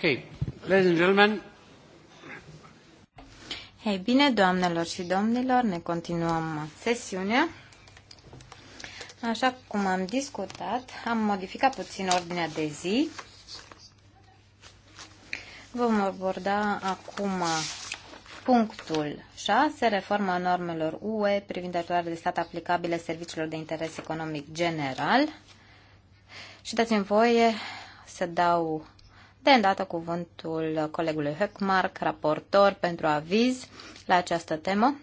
ladies and gentlemen. Hei bine, doamnelor și domnilor, ne continuăm sesiunea. Așa cum am discutat, am modificat puțin ordinea de zi. Vom aborda acum punctul 6, reforma normelor UE privind ajutoarele de stat aplicabile serviciilor de interes economic general. Și dați-mi voie să dau de îndată cuvântul colegului Höckmark, raportor pentru aviz la această temă.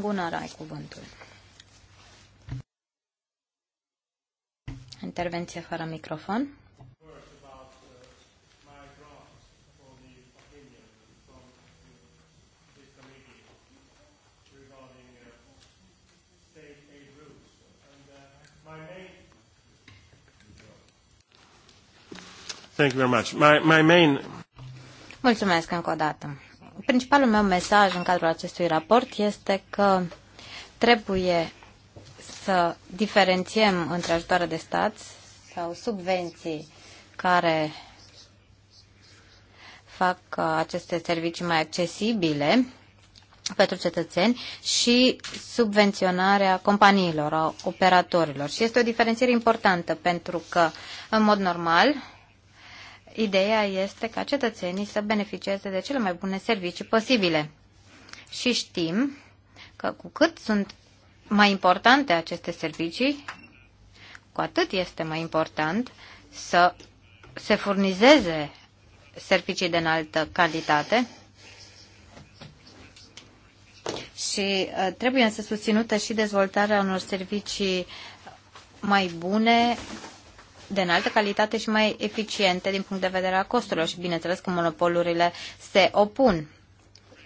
Bună, ai cuvântul. Intervenție fără microfon. Thank you very much. My, my main... Mulțumesc încă o dată. Principalul meu mesaj în cadrul acestui raport este că trebuie să diferențiem între ajutoare de stat sau subvenții care fac aceste servicii mai accesibile pentru cetățeni și subvenționarea companiilor, a operatorilor. Și este o diferențiere importantă pentru că, în mod normal, Ideea este ca cetățenii să beneficieze de cele mai bune servicii posibile. Și știm că cu cât sunt mai importante aceste servicii, cu atât este mai important să se furnizeze servicii de înaltă calitate și uh, trebuie să susținută și dezvoltarea unor servicii mai bune de înaltă calitate și mai eficiente din punct de vedere al costurilor și bineînțeles că monopolurile se opun.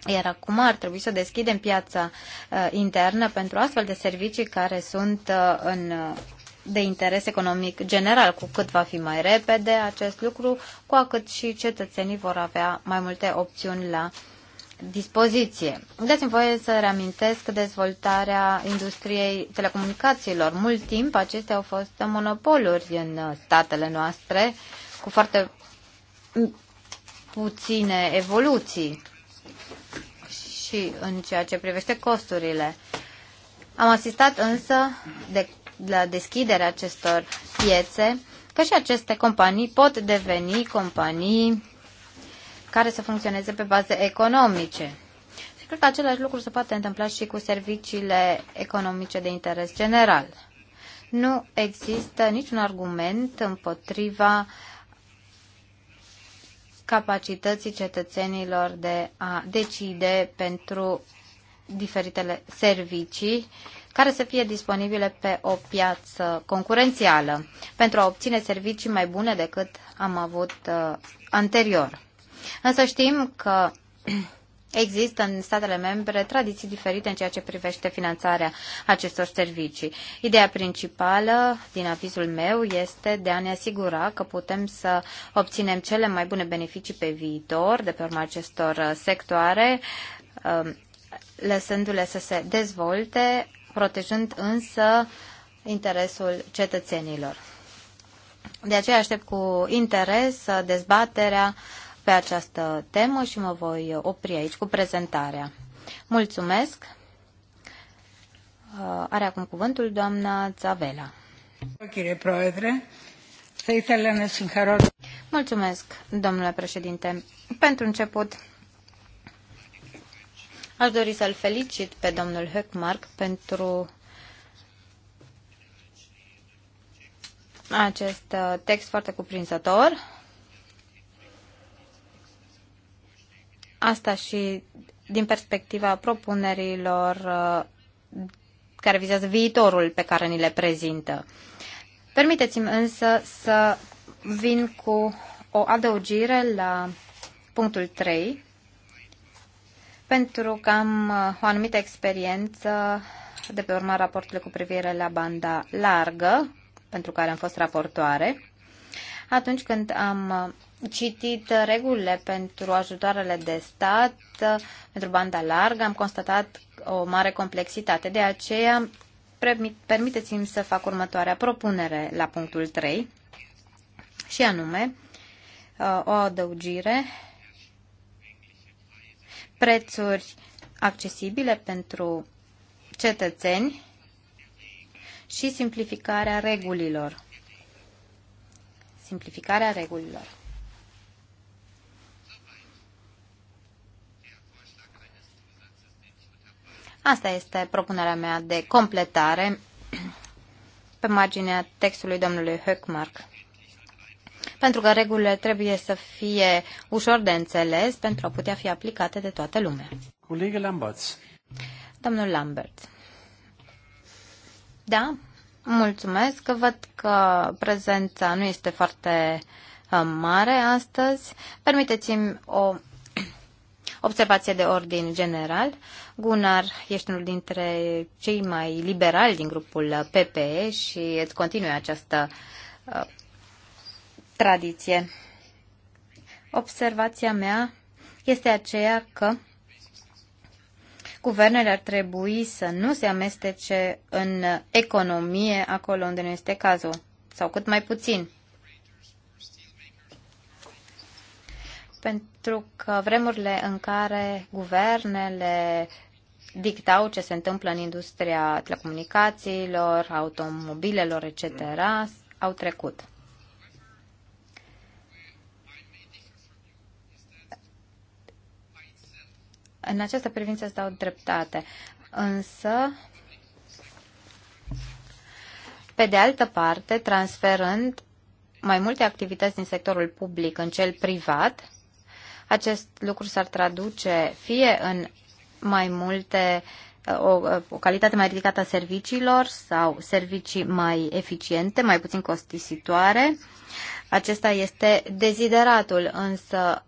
Iar acum ar trebui să deschidem piața uh, internă pentru astfel de servicii care sunt uh, în, uh, de interes economic general. Cu cât va fi mai repede acest lucru, cu cât și cetățenii vor avea mai multe opțiuni la uh, dispoziție. Dați-mi voie să reamintesc dezvoltarea industriei telecomunicațiilor. Mult timp acestea au fost monopoluri în statele noastre, cu foarte puține evoluții și în ceea ce privește costurile. Am asistat însă de, la deschiderea acestor piețe că și aceste companii pot deveni companii care să funcționeze pe baze economice. Și cred că același lucru se poate întâmpla și cu serviciile economice de interes general. Nu există niciun argument împotriva capacității cetățenilor de a decide pentru diferitele servicii care să fie disponibile pe o piață concurențială pentru a obține servicii mai bune decât am avut uh, anterior. Însă știm că Există în statele membre tradiții diferite în ceea ce privește finanțarea acestor servicii. Ideea principală din avizul meu este de a ne asigura că putem să obținem cele mai bune beneficii pe viitor de pe urma acestor uh, sectoare, um, lăsându-le să se dezvolte, protejând însă interesul cetățenilor. De aceea aștept cu interes uh, dezbaterea uh, pe această temă și mă voi opri aici cu prezentarea. Mulțumesc! Uh, are acum cuvântul doamna Țavela. Mulțumesc, domnule președinte. Pentru început, aș dori să-l felicit pe domnul Höckmark pentru acest text foarte cuprinzător Asta și din perspectiva propunerilor uh, care vizează viitorul pe care ni le prezintă. Permiteți-mi însă să vin cu o adăugire la punctul 3, pentru că am uh, o anumită experiență de pe urma raportului cu privire la banda largă, pentru care am fost raportoare, atunci când am uh, citit regulile pentru ajutoarele de stat, pentru banda largă, am constatat o mare complexitate. De aceea, permiteți-mi să fac următoarea propunere la punctul 3, și anume uh, o adăugire prețuri accesibile pentru cetățeni și simplificarea regulilor. Simplificarea regulilor. Asta este propunerea mea de completare pe marginea textului domnului Höckmark. Pentru că regulile trebuie să fie ușor de înțeles pentru a putea fi aplicate de toată lumea. Colegă Lambert. Domnul Lambert. Da, mulțumesc că văd că prezența nu este foarte uh, mare astăzi. Permiteți-mi o Observație de ordin general. Gunnar, ești unul dintre cei mai liberali din grupul PPE și îți continui această uh, tradiție. Observația mea este aceea că guvernele ar trebui să nu se amestece în economie acolo unde nu este cazul, sau cât mai puțin. pentru că vremurile în care guvernele dictau ce se întâmplă în industria telecomunicațiilor, automobilelor, etc., au trecut. În această privință îți dau dreptate. Însă, pe de altă parte, transferând mai multe activități din sectorul public în cel privat, acest lucru s-ar traduce fie în mai multe o, o calitate mai ridicată a serviciilor sau servicii mai eficiente, mai puțin costisitoare. Acesta este dezideratul, însă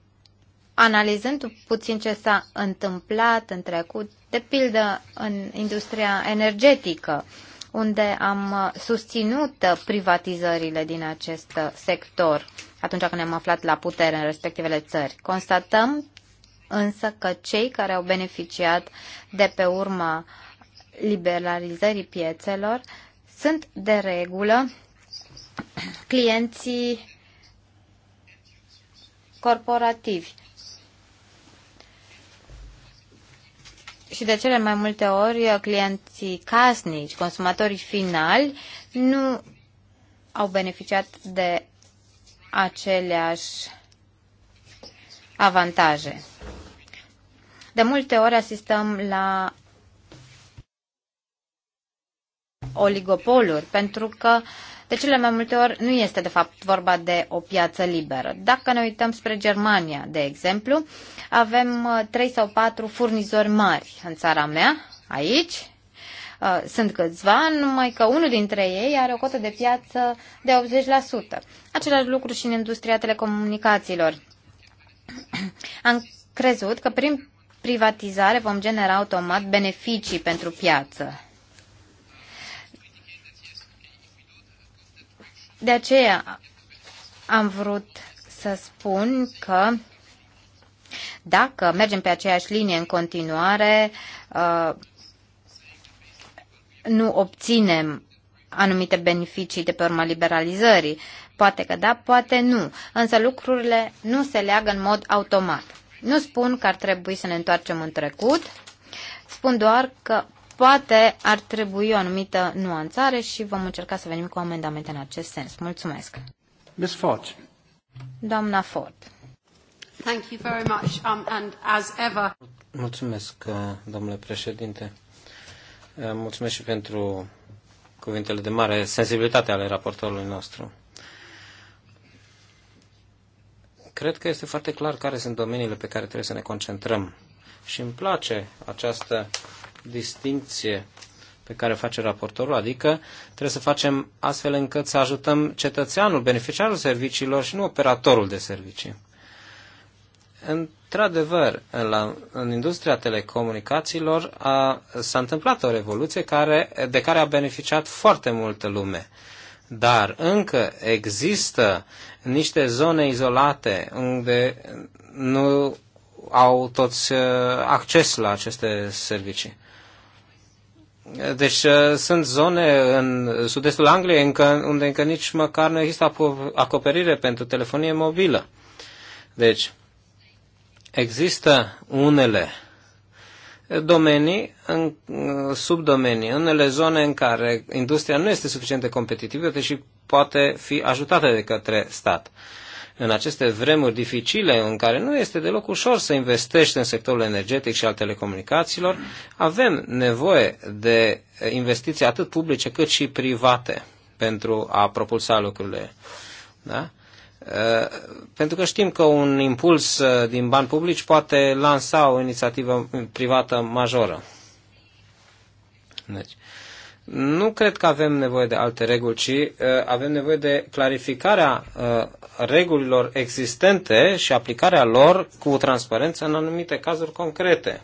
analizând puțin ce s-a întâmplat în trecut, de pildă în industria energetică, unde am susținut privatizările din acest sector atunci când ne-am aflat la putere în respectivele țări. Constatăm însă că cei care au beneficiat de pe urma liberalizării piețelor sunt de regulă clienții corporativi. Și de cele mai multe ori, clienții casnici, consumatorii finali, nu au beneficiat de aceleași avantaje. De multe ori asistăm la oligopoluri, pentru că de cele mai multe ori nu este de fapt vorba de o piață liberă. Dacă ne uităm spre Germania, de exemplu, avem uh, trei sau patru furnizori mari în țara mea, aici, Uh, sunt câțiva, numai că unul dintre ei are o cotă de piață de 80%. Același lucru și în industria telecomunicațiilor. Am crezut că prin privatizare vom genera automat beneficii pentru piață. De aceea am vrut să spun că dacă mergem pe aceeași linie în continuare, uh, nu obținem anumite beneficii de pe urma liberalizării. Poate că da, poate nu. Însă lucrurile nu se leagă în mod automat. Nu spun că ar trebui să ne întoarcem în trecut, spun doar că poate ar trebui o anumită nuanțare și vom încerca să venim cu amendamente în acest sens. Mulțumesc. Ms. Ford. Doamna Ford. Thank you very much, um, and as ever... Mulțumesc, uh, domnule președinte. Eh, mulțumesc și pentru cuvintele de mare sensibilitate ale raportorului nostru. Cred că este foarte clar care sunt domeniile pe care trebuie să ne concentrăm. Și îmi place această distinție pe care o face raportorul, adică trebuie să facem astfel încât să ajutăm cetățeanul, beneficiarul serviciilor și nu operatorul de servicii. Într-adevăr, la, în industria telecomunicațiilor a, s-a întâmplat o revoluție care, de care a beneficiat foarte multă lume. Dar încă există niște zone izolate unde nu au toți uh, acces la aceste servicii. Deci uh, sunt zone în sud-estul Angliei încă, unde încă nici măcar nu există acoperire pentru telefonie mobilă. Deci, Există unele domenii, în, subdomenii, unele zone în care industria nu este suficient de competitivă, deși poate fi ajutată de către stat. În aceste vremuri dificile, în care nu este deloc ușor să investești în sectorul energetic și al telecomunicațiilor, avem nevoie de investiții atât publice cât și private pentru a propulsa lucrurile. Da? Uh, pentru că știm că un impuls uh, din bani publici poate lansa o inițiativă privată majoră. Deci, nu cred că avem nevoie de alte reguli, ci uh, avem nevoie de clarificarea uh, regulilor existente și aplicarea lor cu transparență în anumite cazuri concrete.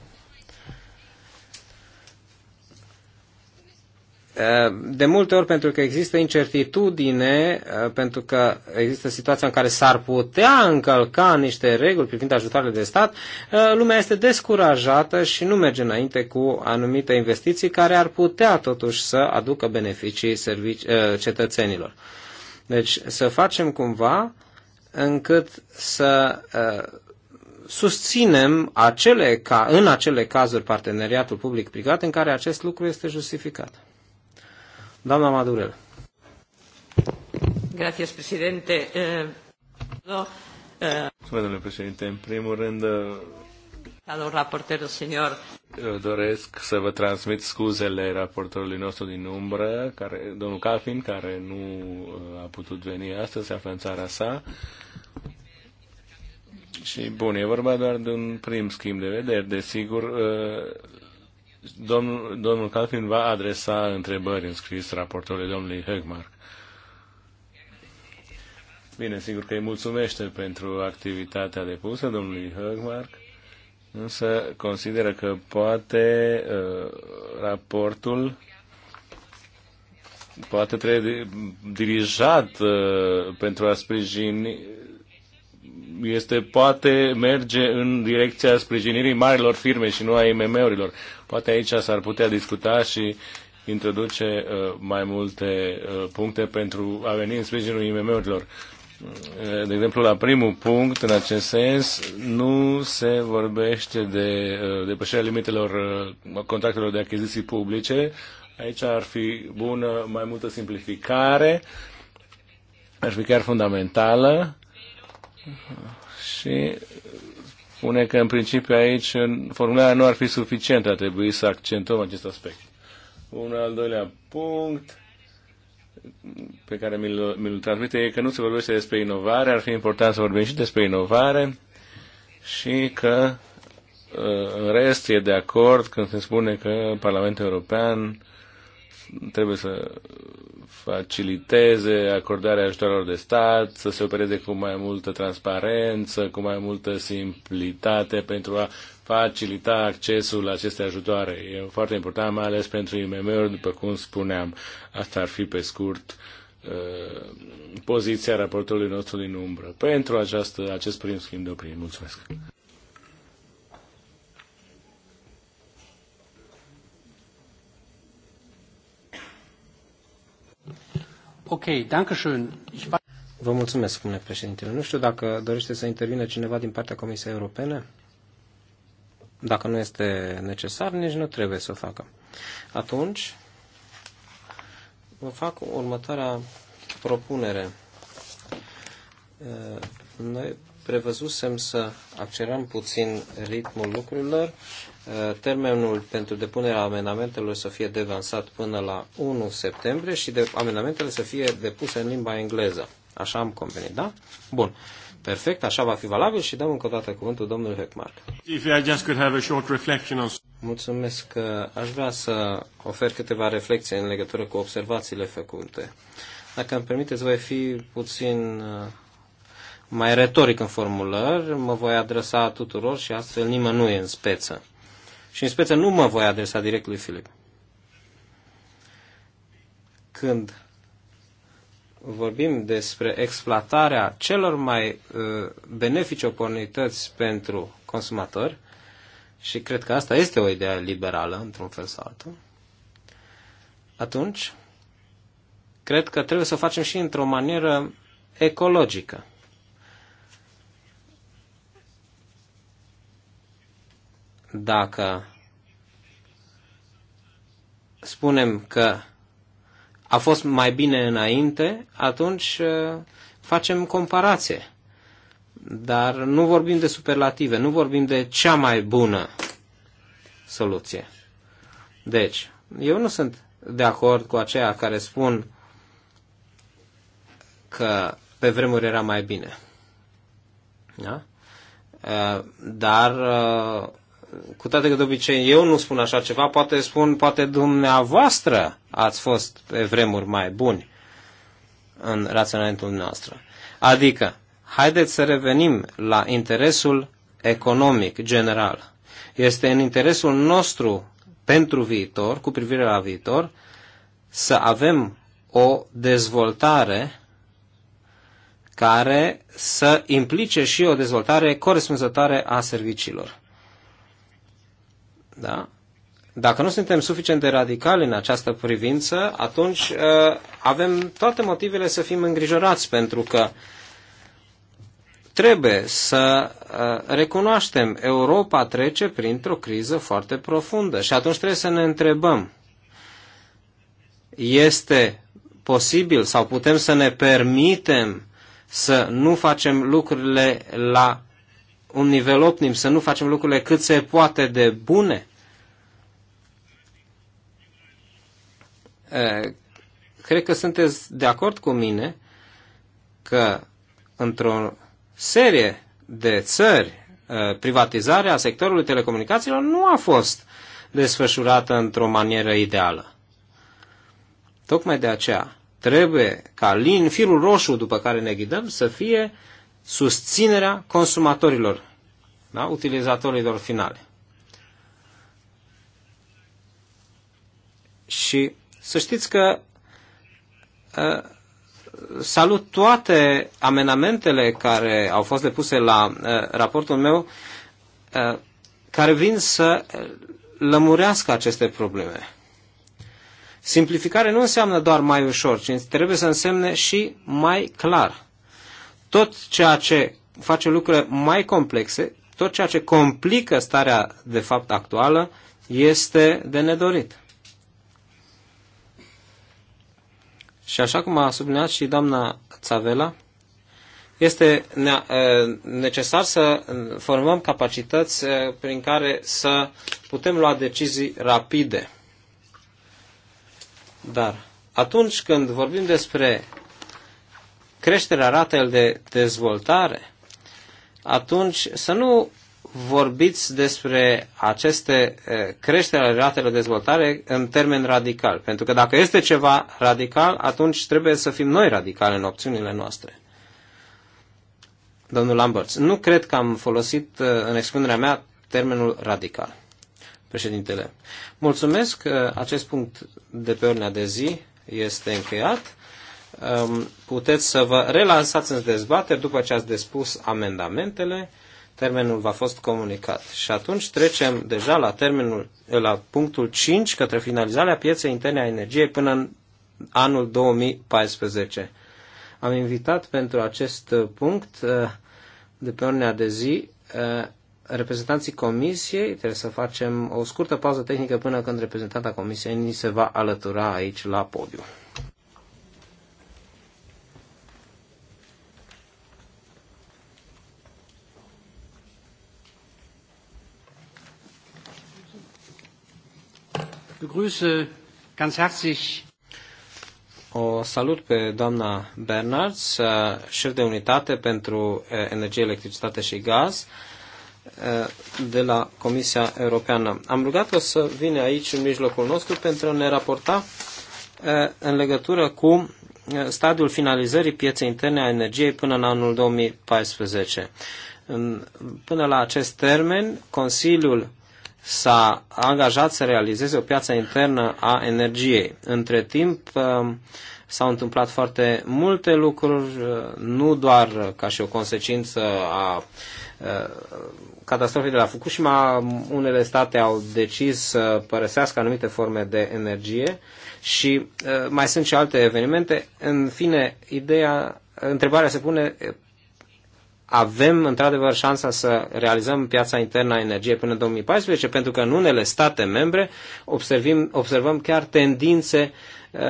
de multe ori pentru că există incertitudine, uh, pentru că există situația în care s-ar putea încălca niște reguli privind ajutoarele de stat, uh, lumea este descurajată și nu merge înainte cu anumite investiții care ar putea totuși să aducă beneficii servici, uh, cetățenilor. Deci să facem cumva încât să susținem acele, ca, în acele cazuri parteneriatul public-privat în care acest lucru este justificat. Doamna Madurel. președinte. Eh, eh, domnule președinte. În primul rând, Doresc să vă transmit scuzele raportorului nostru din umbră, care, domnul Calfin, care nu uh, a putut veni astăzi, se află în țara sa. Și bun, e vorba doar de un prim schimb de vedere, desigur, uh, Domnul, domnul Calfin va adresa întrebări în scris raportorului domnului Högmark. Bine, sigur că îi mulțumește pentru activitatea depusă domnului Högmark, însă consideră că poate uh, raportul poate trebuie dirijat uh, pentru a sprijini este poate merge în direcția sprijinirii marilor firme și nu a IMM-urilor. Poate aici s-ar putea discuta și introduce uh, mai multe uh, puncte pentru a veni în sprijinul IMM-urilor. Uh, de exemplu, la primul punct, în acest sens, nu se vorbește de uh, depășirea limitelor uh, contractelor de achiziții publice. Aici ar fi bună mai multă simplificare, ar fi chiar fundamentală și spune că în principiu aici formularea nu ar fi suficientă, ar trebui să accentuăm acest aspect. Un al doilea punct pe care mi-l, mi transmite e că nu se vorbește despre inovare, ar fi important să vorbim și despre inovare și că uh, în rest e de acord când se spune că Parlamentul European trebuie să faciliteze acordarea ajutorilor de stat, să se opereze cu mai multă transparență, cu mai multă simplitate pentru a facilita accesul la aceste ajutoare. E foarte important, mai ales pentru IMM-uri, după cum spuneam. Asta ar fi pe scurt uh, poziția raportului nostru din umbră pentru această, acest prim schimb de opinie. Mulțumesc! Ok, danke Vă mulțumesc, spune președintele. Nu știu dacă dorește să intervină cineva din partea Comisiei Europene. Dacă nu este necesar, nici nu trebuie să o facă. Atunci, vă fac următoarea propunere. Noi prevăzusem să accelerăm puțin ritmul lucrurilor Uh, termenul pentru depunerea amendamentelor să fie devansat până la 1 septembrie și de, amendamentele să fie depuse în limba engleză. Așa am convenit, da? Bun. Perfect, așa va fi valabil și dăm încă o dată cuvântul domnului Heckmark. Mulțumesc că uh, aș vrea să ofer câteva reflexii în legătură cu observațiile făcute. Dacă îmi permiteți, voi fi puțin uh, mai retoric în formulări, mă voi adresa tuturor și astfel nimănui în speță. Și în speță nu mă voi adresa direct lui Filip. Când vorbim despre exploatarea celor mai uh, benefice oportunități pentru consumatori, și cred că asta este o idee liberală, într-un fel sau altul, atunci cred că trebuie să o facem și într-o manieră ecologică. dacă spunem că a fost mai bine înainte, atunci uh, facem comparație. Dar nu vorbim de superlative, nu vorbim de cea mai bună soluție. Deci, eu nu sunt de acord cu aceia care spun că pe vremuri era mai bine. Da? Uh, dar uh, cu toate că de obicei eu nu spun așa ceva, poate spun, poate dumneavoastră ați fost pe vremuri mai buni în raționamentul nostru. Adică, haideți să revenim la interesul economic general. Este în interesul nostru pentru viitor, cu privire la viitor, să avem o dezvoltare care să implice și o dezvoltare corespunzătoare a serviciilor. Da? Dacă nu suntem suficient de radicali în această privință, atunci uh, avem toate motivele să fim îngrijorați, pentru că trebuie să uh, recunoaștem, Europa trece printr-o criză foarte profundă și atunci trebuie să ne întrebăm, este posibil sau putem să ne permitem să nu facem lucrurile la un nivel optim, să nu facem lucrurile cât se poate de bune? cred că sunteți de acord cu mine că într-o serie de țări privatizarea sectorului telecomunicațiilor nu a fost desfășurată într-o manieră ideală. Tocmai de aceea trebuie ca lin, firul roșu după care ne ghidăm să fie susținerea consumatorilor, da? utilizatorilor finale. Și să știți că ă, salut toate amenamentele care au fost depuse la ă, raportul meu, ă, care vin să lămurească aceste probleme. Simplificare nu înseamnă doar mai ușor, ci trebuie să însemne și mai clar. Tot ceea ce face lucrurile mai complexe, tot ceea ce complică starea de fapt actuală, este de nedorit. Și așa cum a subliniat și doamna Țavela, este necesar să formăm capacități prin care să putem lua decizii rapide. Dar atunci când vorbim despre creșterea ratelor de dezvoltare, atunci să nu vorbiți despre aceste eh, creșteri ale ratelor de dezvoltare în termen radical. Pentru că dacă este ceva radical, atunci trebuie să fim noi radicali în opțiunile noastre. Domnul Lamberts, nu cred că am folosit eh, în expunerea mea termenul radical. Președintele, mulțumesc. Acest punct de pe ordinea de zi este încheiat ehm, puteți să vă relansați în dezbateri după ce ați despus amendamentele termenul va fost comunicat. Și atunci trecem deja la, termenul, la punctul 5, către finalizarea pieței interne a energiei până în anul 2014. Am invitat pentru acest uh, punct uh, de pe ordinea de zi uh, reprezentanții comisiei. Trebuie să facem o scurtă pauză tehnică până când reprezentanta comisiei ni se va alătura aici la podium. begrüße ganz herzlich o salut pe doamna Bernards, uh, șef de unitate pentru uh, energie, electricitate și gaz uh, de la Comisia Europeană. Am rugat-o să vină aici în mijlocul nostru pentru a ne raporta în legătură cu stadiul finalizării pieței interne a energiei până în anul 2014. Până la acest termen, Consiliul s-a angajat să realizeze o piață internă a energiei. Între timp uh, s-au întâmplat foarte multe lucruri, uh, nu doar ca și o consecință a uh, catastrofei de la Fukushima, unele state au decis să părăsească anumite forme de energie și mai sunt și alte evenimente. În fine, ideea, întrebarea se pune avem într-adevăr șansa să realizăm piața internă a energiei până în 2014, pentru că în unele state membre observim, observăm chiar tendințe uh,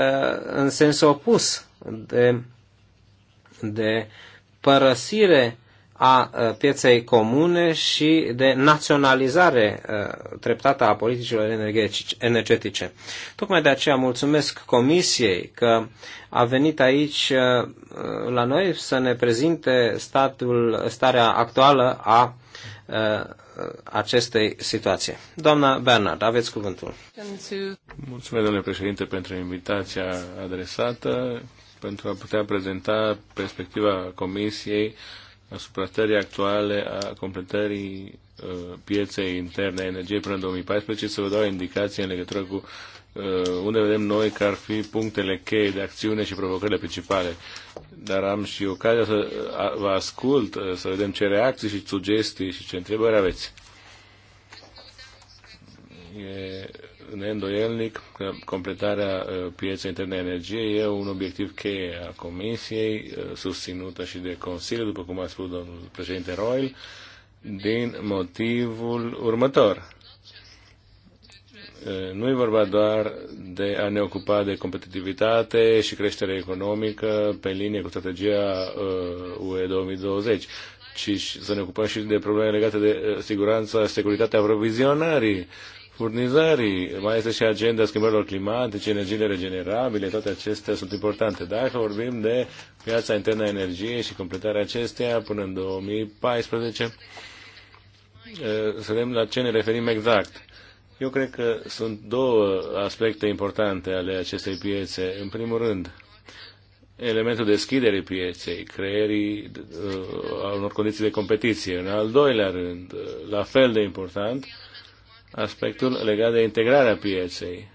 în sens opus de, de părăsire a pieței comune și de naționalizare treptată a politicilor energetice. Tocmai de aceea mulțumesc Comisiei că a venit aici la noi să ne prezinte statul, starea actuală a acestei situații. Doamna Bernard, aveți cuvântul. Mulțumesc, domnule președinte, pentru invitația adresată, pentru a putea prezenta perspectiva Comisiei asupra stării actuale a completării uh, pieței interne a energiei până în 2014 să vă dau indicații în legătură cu uh, unde vedem noi că ar fi punctele cheie de acțiune și provocările principale. Dar am și ocazia să vă ascult, uh, să vedem ce reacții și sugestii și ce întrebări aveți. E neîndoielnic că completarea uh, pieței interne a energiei e un obiectiv cheie a Comisiei, uh, susținută și de Consiliu, după cum a spus domnul președinte Royal, din motivul următor. Uh, nu e vorba doar de a ne ocupa de competitivitate și creștere economică pe linie cu strategia UE 2020, ci să ne ocupăm și de probleme legate de siguranța, securitatea aprovizionării furnizării. Mai este și agenda schimbărilor climatice, energiile regenerabile, toate acestea sunt importante. Dacă vorbim de piața internă a energiei și completarea acesteia până în 2014, să vedem la ce ne referim exact. Eu cred că sunt două aspecte importante ale acestei piețe. În primul rând, elementul deschiderii pieței, creierii uh, a unor condiții de competiție. În al doilea rând, uh, la fel de important, aspectul legat de integrarea pieței.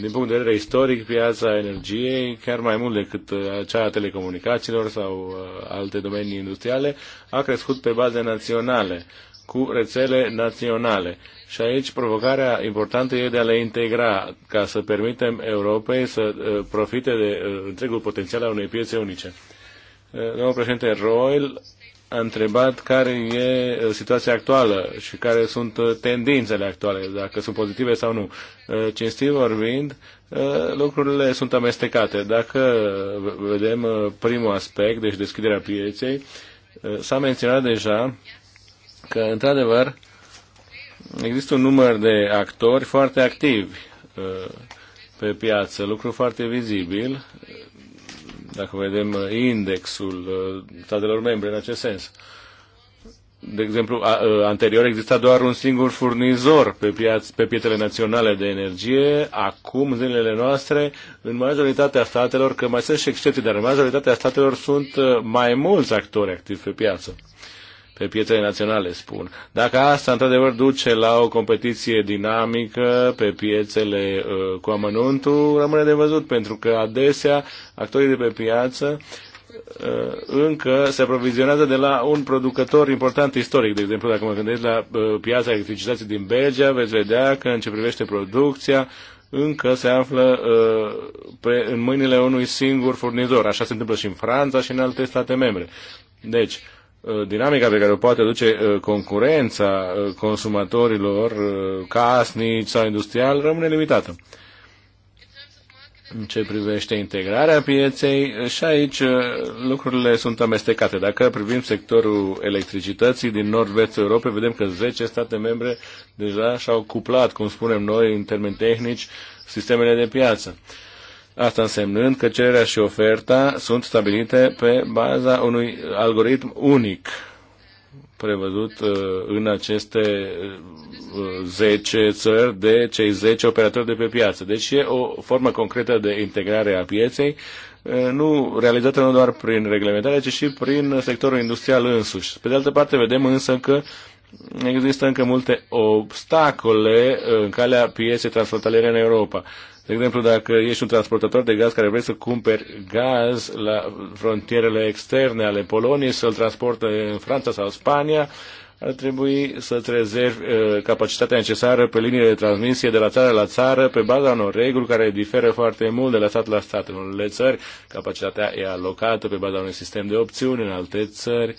Din punct de vedere istoric, piața energiei, chiar mai mult decât uh, cea a telecomunicațiilor sau uh, alte domenii industriale, a crescut pe baze naționale, cu rețele naționale. Și aici provocarea importantă e de a le integra ca să permitem Europei să uh, profite de întregul potențial al unei piețe unice. Domnul președinte Royal a întrebat care e uh, situația actuală și care sunt uh, tendințele actuale, dacă sunt pozitive sau nu. Uh, cinstit vorbind, lucrurile sunt amestecate. Dacă vedem primul aspect, deci deschiderea pieței, s-a menționat deja că, într-adevăr, există un număr de actori foarte activi pe piață, lucru foarte vizibil dacă vedem uh, indexul uh, statelor membre în acest sens. De exemplu, a, a, uh, anterior exista doar un singur furnizor pe, piaț, pe piețele naționale de energie, acum zilele noastre, în majoritatea statelor, că mai sunt și excepții, dar în majoritatea statelor sunt mai mulți actori activi pe piață pe piețele naționale, spun. Dacă asta, într-adevăr, duce la o competiție dinamică pe piețele uh, cu amănuntul, rămâne de văzut, pentru că adesea actorii de pe piață uh, încă se aprovizionează de la un producător important istoric. De exemplu, dacă mă gândesc la uh, piața electricității din Belgia, veți vedea că în ce privește producția, încă se află uh, pe, în mâinile unui singur furnizor. Așa se întâmplă și în Franța și în alte state membre. Deci, Uh, dinamica pe care o poate aduce uh, concurența uh, consumatorilor casnici sau industrial rămâne limitată. În ce privește integrarea pieței, și aici lucrurile sunt amestecate. Dacă privim sectorul electricității din nord-vestul Europei, vedem că 10 state membre deja și-au cuplat, cum spunem noi în termeni tehnici, sistemele de piață. Uh, Asta însemnând că cererea și oferta sunt stabilite pe baza unui algoritm unic prevăzut uh, în aceste 10 uh, țări de cei 10 operatori de pe piață. Deci e o formă concretă de integrare a pieței, uh, nu realizată nu doar prin reglementare, ci și prin sectorul industrial însuși. Pe de altă parte, vedem însă că există încă multe obstacole în calea pieței transfrontaliere în Europa. De exemplu, dacă ești un transportator de gaz care vrei să cumperi gaz la frontierele externe ale Poloniei, să-l transportă în Franța sau Spania, ar trebui să-ți rezervi uh, capacitatea necesară pe liniile de transmisie de la țară la țară pe baza unor reguli care diferă foarte mult de la stat la stat. În unele țări capacitatea e alocată pe baza unui sistem de opțiuni, în alte țări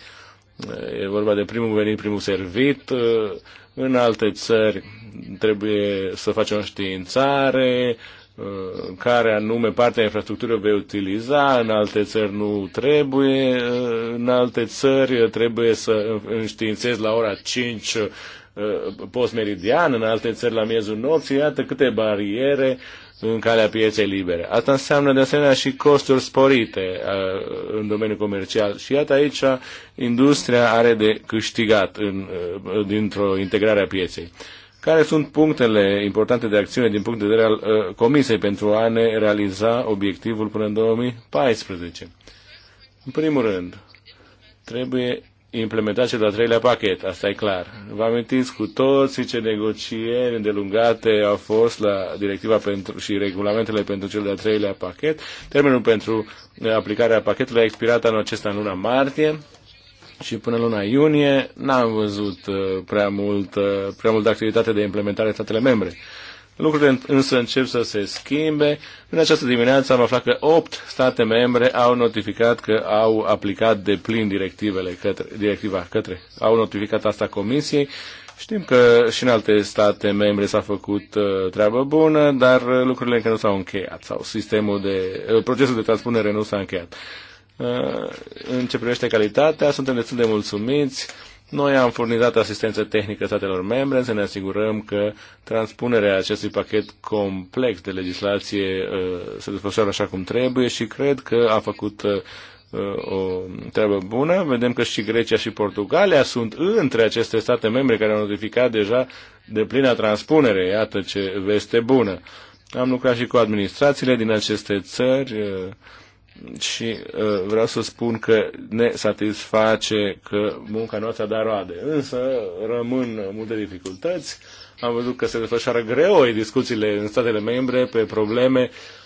uh, e vorba de primul venit, primul servit. Uh, în alte țări trebuie să facem o științare, uh, care anume partea infrastructurii vei utiliza, în alte țări nu trebuie, uh, în alte țări trebuie să înștiințezi la ora 5 uh, post-meridian, în alte țări la miezul nopții, iată câte bariere în calea pieței libere. Asta înseamnă de asemenea și costuri sporite uh, în domeniul comercial. Și iată aici industria are de câștigat în, uh, dintr-o integrare a pieței. Care sunt punctele importante de acțiune din punct de vedere al uh, Comisiei pentru a ne realiza obiectivul până în 2014? În primul rând, trebuie implementat cel de-al treilea pachet, asta e clar. Vă amintiți cu toții ce negocieri îndelungate au fost la directiva pentru, și regulamentele pentru cel de-al treilea pachet. Termenul pentru aplicarea pachetului a expirat anul acesta în luna martie și până luna iunie n-am văzut uh, prea mult, uh, prea mult de activitate de implementare statele membre. Lucrurile însă încep să se schimbe. În această dimineață am aflat că 8 state membre au notificat că au aplicat de plin directivele către, directiva către, au notificat asta comisiei. Știm că și în alte state membre s-a făcut uh, treabă bună, dar uh, lucrurile încă nu s-au încheiat sau sistemul de, uh, procesul de transpunere nu s-a încheiat. Uh, în ce privește calitatea, suntem destul de mulțumiți noi am furnizat asistență tehnică statelor membre să ne asigurăm că transpunerea acestui pachet complex de legislație uh, se desfășoară așa cum trebuie și cred că a făcut uh, o treabă bună. Vedem că și Grecia și Portugalia sunt între aceste state membre care au notificat deja de plina transpunere. Iată ce veste bună. Am lucrat și cu administrațiile din aceste țări uh, și uh, vreau să spun că ne satisface că munca noastră a roade. Însă rămân multe dificultăți. Am văzut că se desfășoară greoi discuțiile în statele membre pe probleme uh,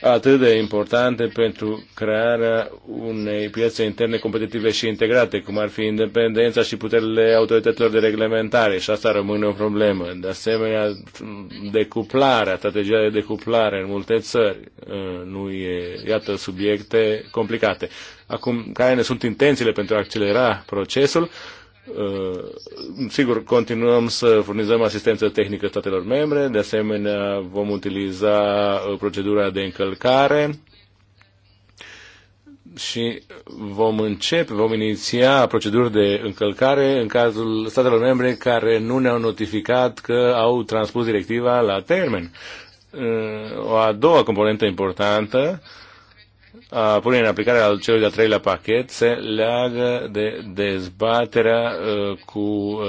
atât de importante pentru crearea unei piețe interne competitive și integrate, cum ar fi independența și puterile autorităților de reglementare, și asta rămâne o problemă. De asemenea, decuplarea, strategia de decuplare în multe țări, ă, nu e, iată, subiecte complicate. Acum, care ne sunt intențiile pentru a accelera procesul? Uh, sigur, continuăm să furnizăm asistență tehnică statelor membre, de asemenea vom utiliza uh, procedura de încălcare și vom începe, vom iniția proceduri de încălcare în cazul statelor membre care nu ne-au notificat că au transpus directiva la termen. Uh, o a doua componentă importantă a pune în aplicare al celui de-al treilea pachet se leagă de dezbaterea uh, cu uh,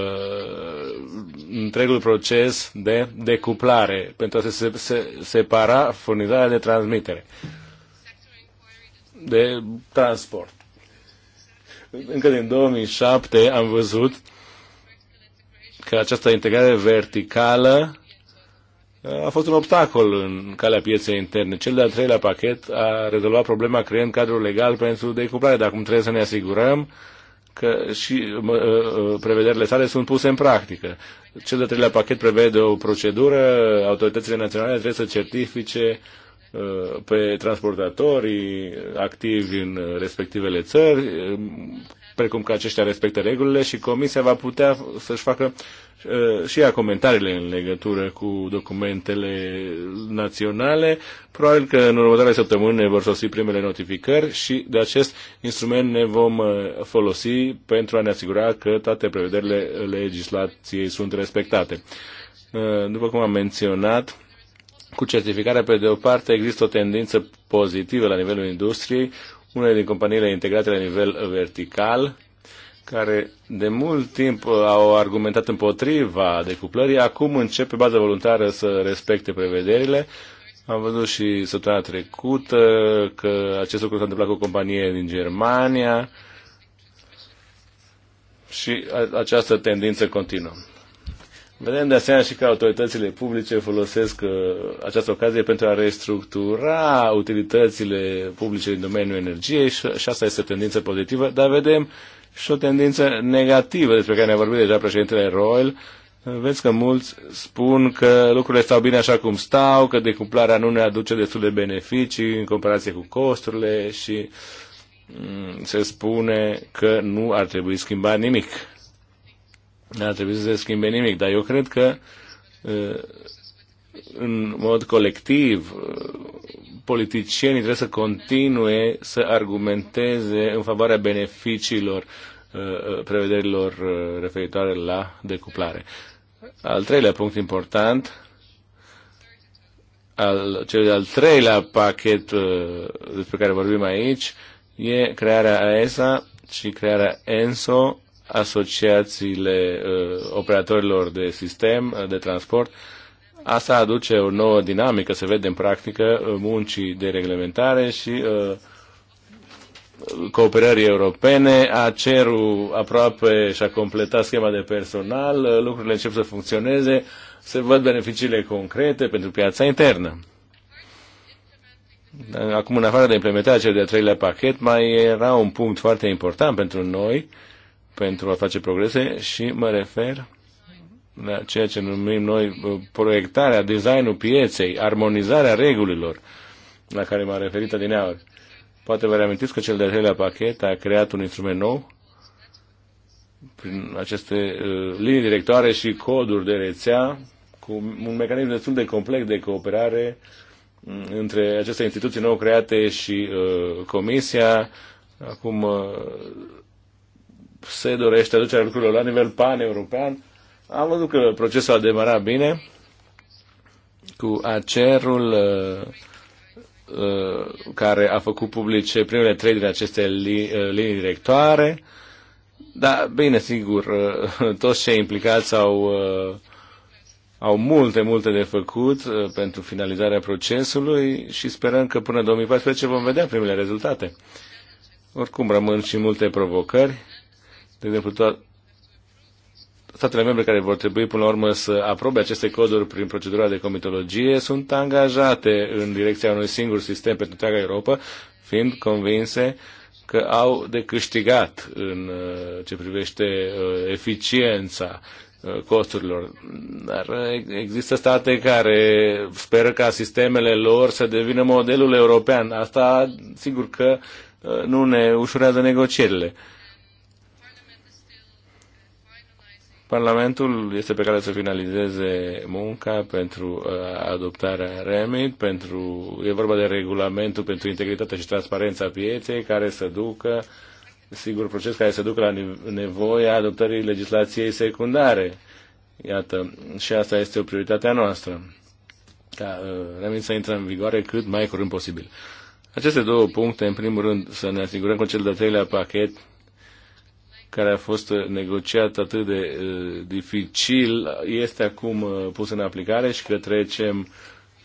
întregul proces de decuplare pentru a se, se, se separa furnizarea de transmitere, de transport. Încă din 2007 am văzut că această integrare verticală a fost un obstacol în calea pieței interne. Cel de-al treilea pachet a rezolvat problema creând cadrul legal pentru decuplare, dar acum trebuie să ne asigurăm că și ă, ă, prevederile sale sunt puse în practică. Cel de-al treilea pachet prevede o procedură, autoritățile naționale trebuie să certifice ă, pe transportatorii activi în respectivele țări precum că aceștia respectă regulile și Comisia va putea să-și facă uh, și ea comentariile în legătură cu documentele naționale. Probabil că în următoarele săptămâni ne vor sosi primele notificări și de acest instrument ne vom uh, folosi pentru a ne asigura că toate prevederile legislației sunt respectate. Uh, după cum am menționat, cu certificarea, pe de o parte, există o tendință pozitivă la nivelul industriei, unele din companiile integrate la nivel vertical, care de mult timp uh, au argumentat împotriva decuplării, acum încep pe bază voluntară să respecte prevederile. Am văzut și săptămâna trecută că acest lucru s-a întâmplat cu o companie din Germania și această tendință continuă. Vedem de asemenea și că autoritățile publice folosesc uh, această ocazie pentru a restructura utilitățile publice din domeniul energiei și, și asta este o tendință pozitivă, dar vedem și o tendință negativă despre care ne-a vorbit deja președintele Royal. Vezi că mulți spun că lucrurile stau bine așa cum stau, că decuplarea nu ne aduce destul de beneficii în comparație cu costurile și mm, se spune că nu ar trebui schimbat nimic n-ar trebui să se schimbe nimic, dar eu cred că în mod colectiv politicienii trebuie să continue să argumenteze în favoarea beneficiilor prevederilor referitoare la decuplare. Al treilea punct important, al, cel de-al treilea pachet despre care vorbim aici, e crearea AESA și crearea ENSO asociațiile uh, operatorilor de sistem uh, de transport. Asta aduce o nouă dinamică, se vede în practică, uh, muncii de reglementare și uh, cooperării europene, a cerut aproape și-a completat schema de personal, lucrurile încep să funcționeze, se văd beneficiile concrete pentru piața internă. Acum, în afară de implementarea cel de-al treilea pachet, mai era un punct foarte important pentru noi, uh, pentru a face progrese și mă refer la ceea ce numim noi uh, proiectarea, designul pieței, armonizarea regulilor la care m a referit adineauri. Poate vă reamintiți că cel de-al treilea pachet a creat un instrument nou prin aceste uh, linii directoare și coduri de rețea cu un mecanism destul de complex de cooperare mm, între aceste instituții nou create și uh, Comisia. Acum uh, se dorește aducerea lucrurilor la nivel pan-european. Am văzut că procesul a demarat bine cu acerul uh, uh, care a făcut publice primele trei din aceste uh, linii directoare. Da, bine, sigur, toți cei implicați au, au multe, multe de făcut pentru finalizarea procesului și sperăm că până 2014 vom vedea primele rezultate. Oricum, rămân și multe provocări de exemplu, statele membre care vor trebui până la urmă să aprobe aceste coduri prin procedura de comitologie sunt angajate în direcția unui singur sistem pentru întreaga Europa, fiind convinse că au de câștigat în uh, ce privește uh, eficiența uh, costurilor. Dar există state care speră ca sistemele lor să devină modelul european. Asta sigur că nu ne ușurează negocierile. Parlamentul este pe care să finalizeze munca pentru uh, adoptarea REMIT, pentru, e vorba de regulamentul pentru integritatea și transparența pieței care să ducă, sigur, proces care să ducă la nevoia adoptării legislației secundare. Iată, și asta este o prioritate a noastră, ca uh, REMIT să intre în vigoare cât mai curând posibil. Aceste două puncte, în primul rând, să ne asigurăm că cel de-al treilea pachet care a fost negociat atât de uh, dificil, este acum uh, pus în aplicare și că trecem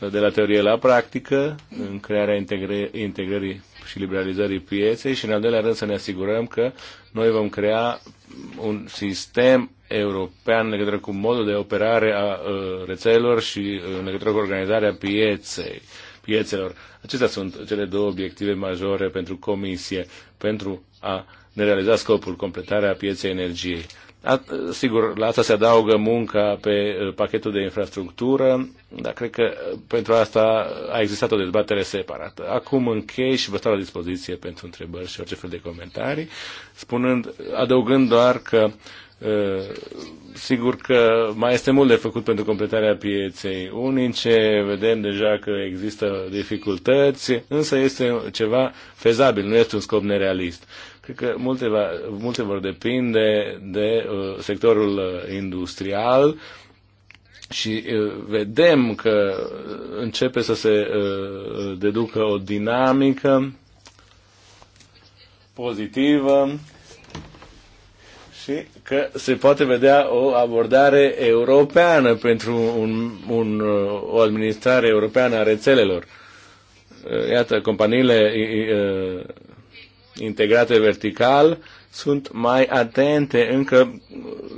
uh, de la teorie la practică în crearea integre, integrării și liberalizării pieței și, în al doilea rând, să ne asigurăm că noi vom crea un sistem european în legătură cu modul de operare a uh, rețelelor și uh, în legătură cu organizarea pieței, piețelor. Acestea sunt cele două obiective majore pentru Comisie, pentru a uh, ne realiza scopul, completarea pieței energiei. A, sigur, la asta se adaugă munca pe uh, pachetul de infrastructură, dar cred că uh, pentru asta a existat o dezbatere separată. Acum închei și vă stau la dispoziție pentru întrebări și orice fel de comentarii, spunând, adăugând doar că uh, sigur că mai este mult de făcut pentru completarea pieței unice, vedem deja că există dificultăți, însă este ceva fezabil, nu este un scop nerealist. Cred că multe, va, multe vor depinde de uh, sectorul uh, industrial și uh, vedem că începe să se uh, deducă o dinamică pozitivă și că se poate vedea o abordare europeană pentru un, un, uh, o administrare europeană a rețelelor. Uh, iată, companiile integrate vertical sunt mai atente încă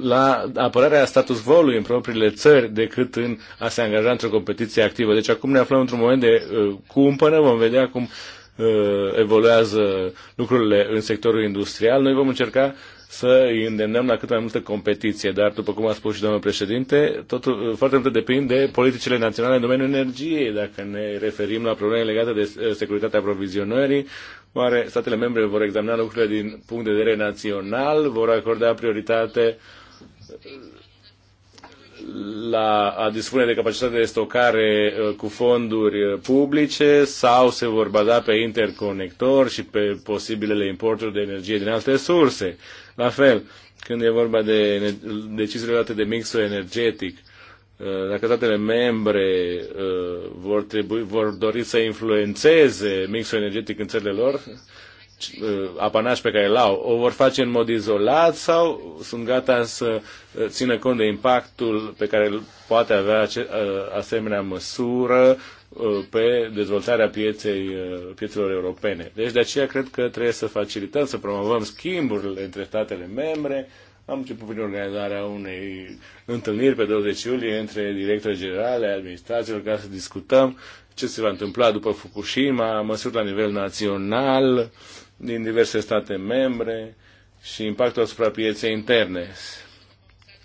la apărarea status quo-ului în propriile țări decât în a se angaja într-o competiție activă. Deci acum ne aflăm într-un moment de uh, cumpără, vom vedea cum uh, evoluează lucrurile în sectorul industrial. Noi vom încerca să îi îndemnăm la cât mai multă competiție, dar după cum a spus și domnul președinte, totul uh, foarte mult depinde de politicile naționale în domeniul energiei, dacă ne referim la probleme legate de uh, securitatea aprovizionării, Oare statele membre vor examina lucrurile din punct de vedere național, vor acorda prioritate la a dispune de capacitate de stocare uh, cu fonduri uh, publice sau se vor baza pe interconector și pe posibilele importuri de energie din alte surse. La fel, când e vorba de deciziile luate de mixul energetic, Uh, dacă statele membre uh, vor, trebui, vor dori să influențeze mixul energetic în țările lor, uh, apanaș pe care îl au, o vor face în mod izolat sau sunt gata să țină cont de impactul pe care îl poate avea asemenea măsură pe dezvoltarea pieței, piețelor europene. Deci de aceea cred că trebuie să facilităm, să promovăm schimburile între statele membre, am început prin organizarea unei întâlniri pe 20 iulie între directorii generale, administrațiilor, ca să discutăm ce se va întâmpla după Fukushima, măsuri la nivel național, din diverse state membre și impactul asupra pieței interne.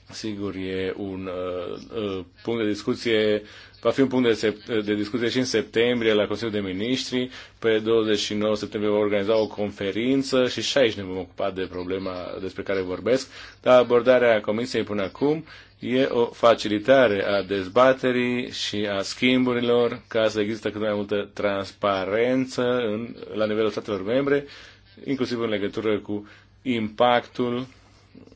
Sigur, e un uh, uh, punct de discuție Va fi un punct de, de discuție și în septembrie la Consiliul de Ministri. Pe 29 septembrie va organiza o conferință și și aici ne vom ocupa de problema despre care vorbesc. Dar abordarea Comisiei până acum e o facilitare a dezbaterii și a schimburilor ca să există cât mai multă transparență în, la nivelul statelor membre, inclusiv în legătură cu impactul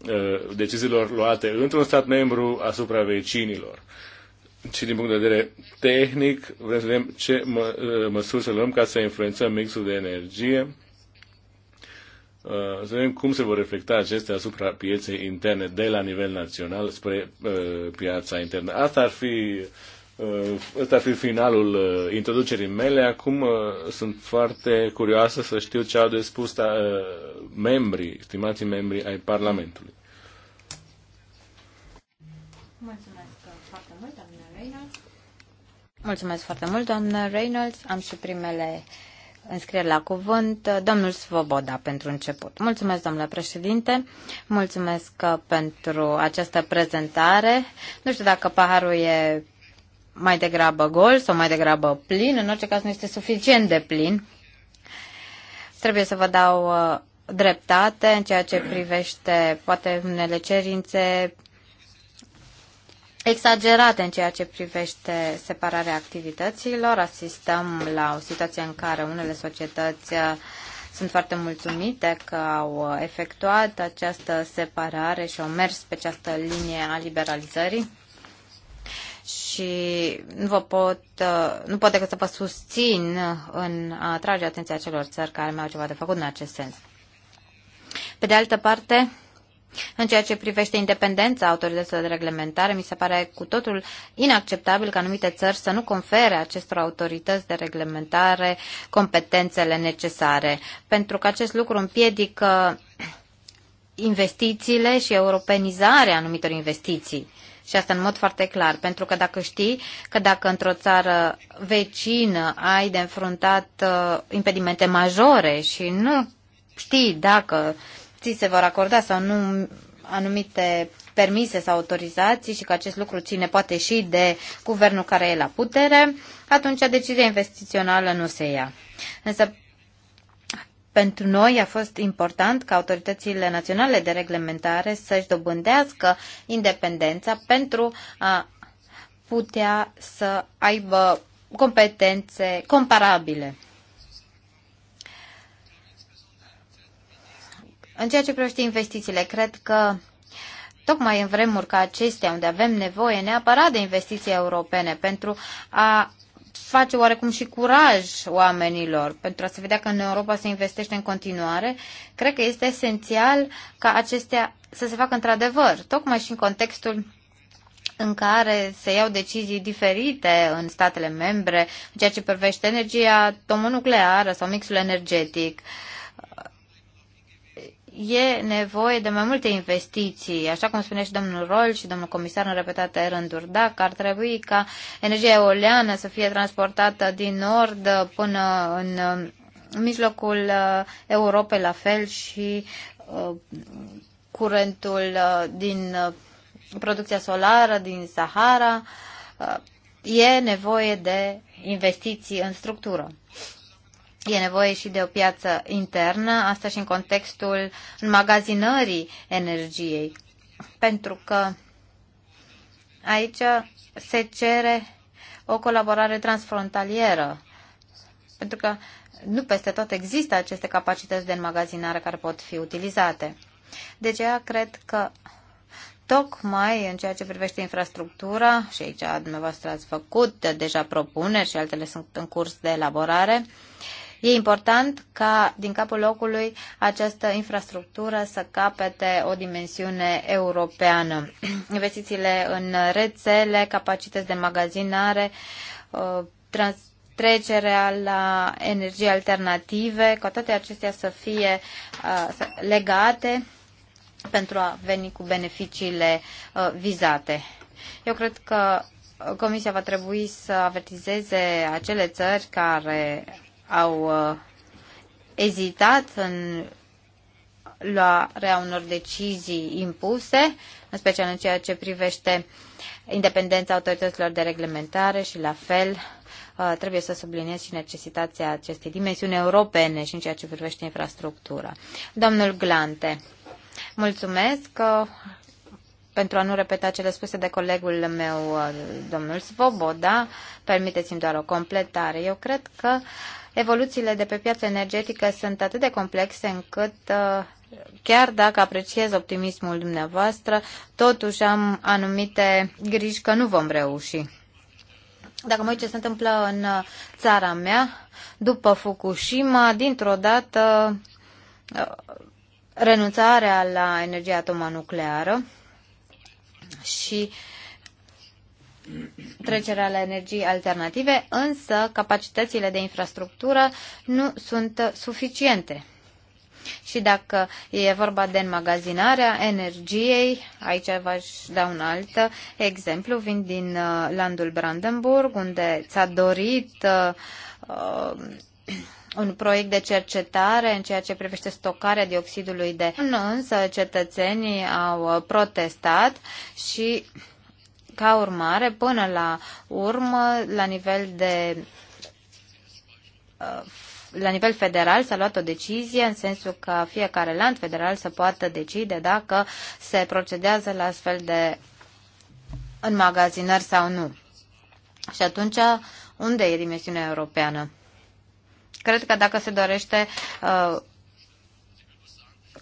uh, deciziilor luate într-un stat membru asupra vecinilor și din punct de vedere tehnic, vrem să vedem ce mă, uh, măsuri să luăm ca să influențăm mixul de energie, uh, să vedem cum se vor reflecta acestea asupra pieței interne de la nivel național spre uh, piața internă. Asta ar fi asta ar fi finalul introducerii mele. Acum sunt foarte curioasă să știu ce au de spus uh, membrii, stimații membrii ai Parlamentului. Mulțumesc. Mulțumesc foarte mult, doamnă Reynolds. Am și primele înscrieri la cuvânt. Domnul Svoboda, pentru început. Mulțumesc, domnule președinte. Mulțumesc uh, pentru această prezentare. Nu știu dacă paharul e mai degrabă gol sau mai degrabă plin. În orice caz, nu este suficient de plin. Trebuie să vă dau uh, dreptate în ceea ce privește poate unele cerințe exagerate în ceea ce privește separarea activităților. Asistăm la o situație în care unele societăți uh, sunt foarte mulțumite că au efectuat această separare și au mers pe această linie a liberalizării. Și nu vă pot, uh, nu pot decât să vă susțin în a atrage atenția celor țări care mai au ceva de făcut în acest sens. Pe de altă parte, în ceea ce privește independența autorităților de reglementare, mi se pare cu totul inacceptabil ca anumite țări să nu confere acestor autorități de reglementare competențele necesare, pentru că acest lucru împiedică investițiile și europenizarea anumitor investiții. Și asta în mod foarte clar, pentru că dacă știi că dacă într-o țară vecină ai de înfruntat uh, impedimente majore și nu știi dacă uh, ți se vor acorda sau nu anumite permise sau autorizații și că acest lucru ține poate și de guvernul care e la putere, atunci decizia investițională nu se ia. Însă pentru noi a fost important ca autoritățile naționale de reglementare să-și dobândească independența pentru a putea să aibă competențe comparabile. În ceea ce privește investițiile, cred că tocmai în vremuri ca acestea, unde avem nevoie neapărat de investiții europene pentru a face oarecum și curaj oamenilor pentru a se vedea că în Europa se investește în continuare, cred că este esențial ca acestea să se facă într-adevăr, tocmai și în contextul în care se iau decizii diferite în statele membre în ceea ce privește energia termonucleară sau mixul energetic. Uh, e nevoie de mai multe investiții, așa cum spune și domnul Rol și domnul comisar în repetate rânduri. Dacă ar trebui ca energia eoliană să fie transportată din nord până în uh, mijlocul uh, Europei, la fel și uh, curentul din producția solară din Sahara, e nevoie de investiții în structură. E nevoie și de o piață internă, asta și în contextul înmagazinării energiei, pentru că aici se cere o colaborare transfrontalieră, pentru că nu peste tot există aceste capacități de înmagazinare care pot fi utilizate. De aceea cred că tocmai în ceea ce privește infrastructura, și aici dumneavoastră ați făcut deja propuneri și altele sunt în curs de elaborare, uh, E important ca din capul locului această infrastructură să capete o dimensiune europeană. Investițiile în rețele, capacități de magazinare, uh, trans trecerea la energii alternative, ca toate acestea să fie uh, legate pentru a veni cu beneficiile uh, vizate. Eu cred că Comisia va trebui să avertizeze acele țări care au uh, ezitat în luarea unor decizii impuse, în special în ceea ce privește independența autorităților de reglementare și la fel uh, trebuie să subliniez și necesitatea acestei dimensiuni europene și în ceea ce privește infrastructura. Domnul Glante, mulțumesc că uh, pentru a nu repeta cele spuse de colegul meu, domnul Svoboda, permiteți-mi doar o completare. Eu cred că uh, Evoluțiile de pe piața energetică sunt atât de complexe încât, uh, chiar dacă apreciez optimismul dumneavoastră, totuși am anumite griji că nu vom reuși. Dacă mă uit ce se întâmplă în uh, țara mea, după Fukushima, dintr-o dată uh, renunțarea la energia atomă nucleară și uh, trecerea la energii alternative, însă capacitățile de infrastructură nu sunt suficiente. Și dacă e vorba de înmagazinarea energiei, aici v-aș da un alt exemplu, vin din uh, landul Brandenburg, unde s-a dorit uh, uh, un proiect de cercetare în ceea ce privește stocarea dioxidului de... Însă cetățenii au protestat și ca urmare, până la urmă, la nivel de uh, la nivel federal s-a luat o decizie în sensul că fiecare land federal să poată decide dacă se procedează la astfel de înmagazinări sau nu. Și atunci, unde e dimensiunea europeană? Cred că dacă se dorește uh,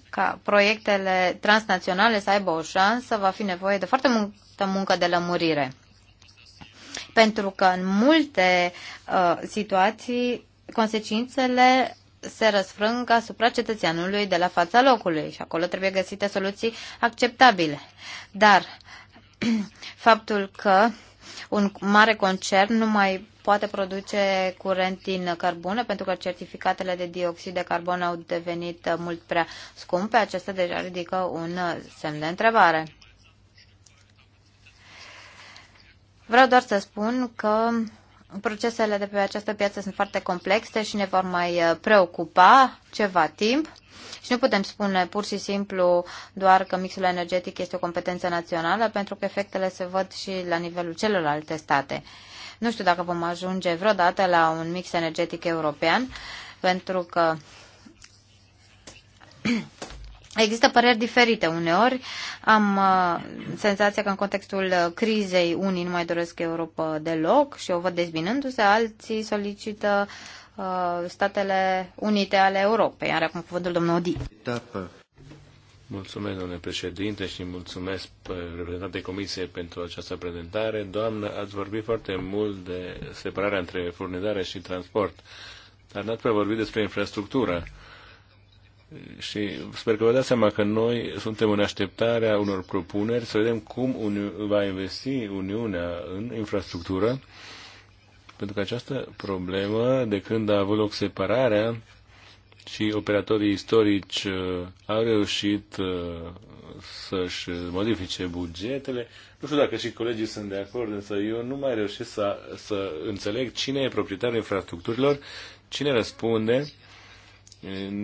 ca proiectele transnaționale să aibă o șansă, va fi nevoie de foarte mult această muncă de lămurire. Pentru că în multe uh, situații consecințele se răsfrâng asupra cetățeanului de la fața locului și acolo trebuie găsite soluții acceptabile. Dar faptul că un mare concern nu mai poate produce curent din cărbune pentru că certificatele de dioxid de carbon au devenit mult prea scumpe, acesta deja ridică un semn de întrebare. Vreau doar să spun că procesele de pe această piață sunt foarte complexe și ne vor mai uh, preocupa ceva timp. Și nu putem spune pur și simplu doar că mixul energetic este o competență națională, pentru că efectele se văd și la nivelul celorlalte state. Nu știu dacă vom ajunge vreodată la un mix energetic european, pentru că Există păreri diferite uneori. Am uh, senzația că în contextul uh, crizei unii nu mai doresc Europa deloc și o văd dezbinându-se, alții solicită uh, Statele Unite ale Europei. Are acum cuvântul domnul Odi. Mulțumesc, domnule președinte, și mulțumesc uh, reprezentante Comisiei pentru această prezentare. Doamnă, ați vorbit foarte mult de separarea între furnizare și transport, dar n-ați prea vorbit despre infrastructură. Uh, și sper că vă dați seama că noi suntem în așteptarea unor propuneri să vedem cum va investi Uniunea în infrastructură, pentru că această problemă, de când a avut loc separarea, și operatorii istorici uh, au reușit uh, să-și modifice bugetele. Nu știu dacă și colegii sunt de acord, însă eu nu mai reușesc să, să înțeleg cine e proprietarul infrastructurilor, cine răspunde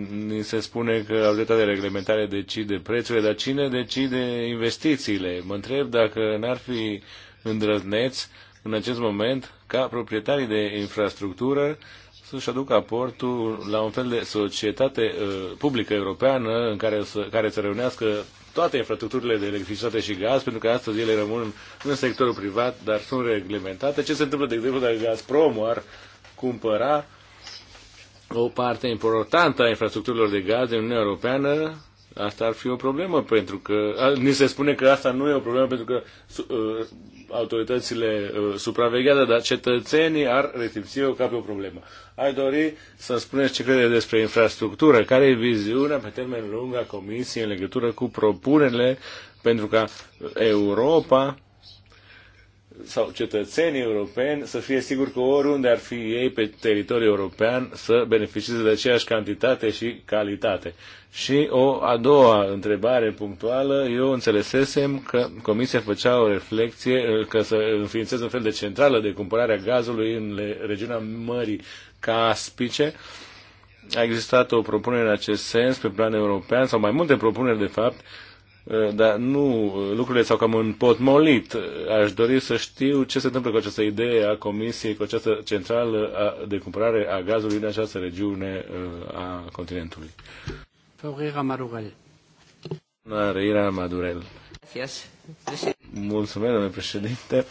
Ni se spune că autoritatea de reglementare decide prețurile, dar cine decide investițiile? Mă întreb dacă n-ar fi îndrăzneți în acest moment ca proprietarii de infrastructură să-și aducă aportul la un fel de societate uh, publică europeană în care să, care să reunească toate infrastructurile de electricitate și gaz, pentru că astăzi ele rămân în sectorul privat, dar sunt reglementate. Ce se întâmplă, de exemplu, dacă Gazprom ar cumpăra o parte importantă a infrastructurilor de gaz în Uniunea Europeană, asta ar fi o problemă, pentru că ni se spune că asta nu e o problemă, pentru că uh, autoritățile uh, supraveghează, dar cetățenii ar resimți-o ca pe o problemă. Ai dori să spuneți ce crede despre infrastructură, care e viziunea pe termen lung a Comisiei în legătură cu propunerile pentru ca Europa sau cetățenii europeni să fie siguri că oriunde ar fi ei pe teritoriul european să beneficieze de aceeași cantitate și calitate. Și o a doua întrebare punctuală, eu înțelesesem că Comisia făcea o reflexie că să înființeze un fel de centrală de cumpărare a gazului în regiunea Mării Caspice, a existat o propunere în acest sens pe plan european, sau mai multe propuneri de fapt, Eh, dar nu, lucrurile s-au cam împotmolit. Aș dori să știu ce se întâmplă cu această idee a Comisiei, cu această centrală de cumpărare a gazului în această regiune eh, a continentului. Făurirea Madurel. Făurirea Madurel. Mulțumesc, domnule președinte.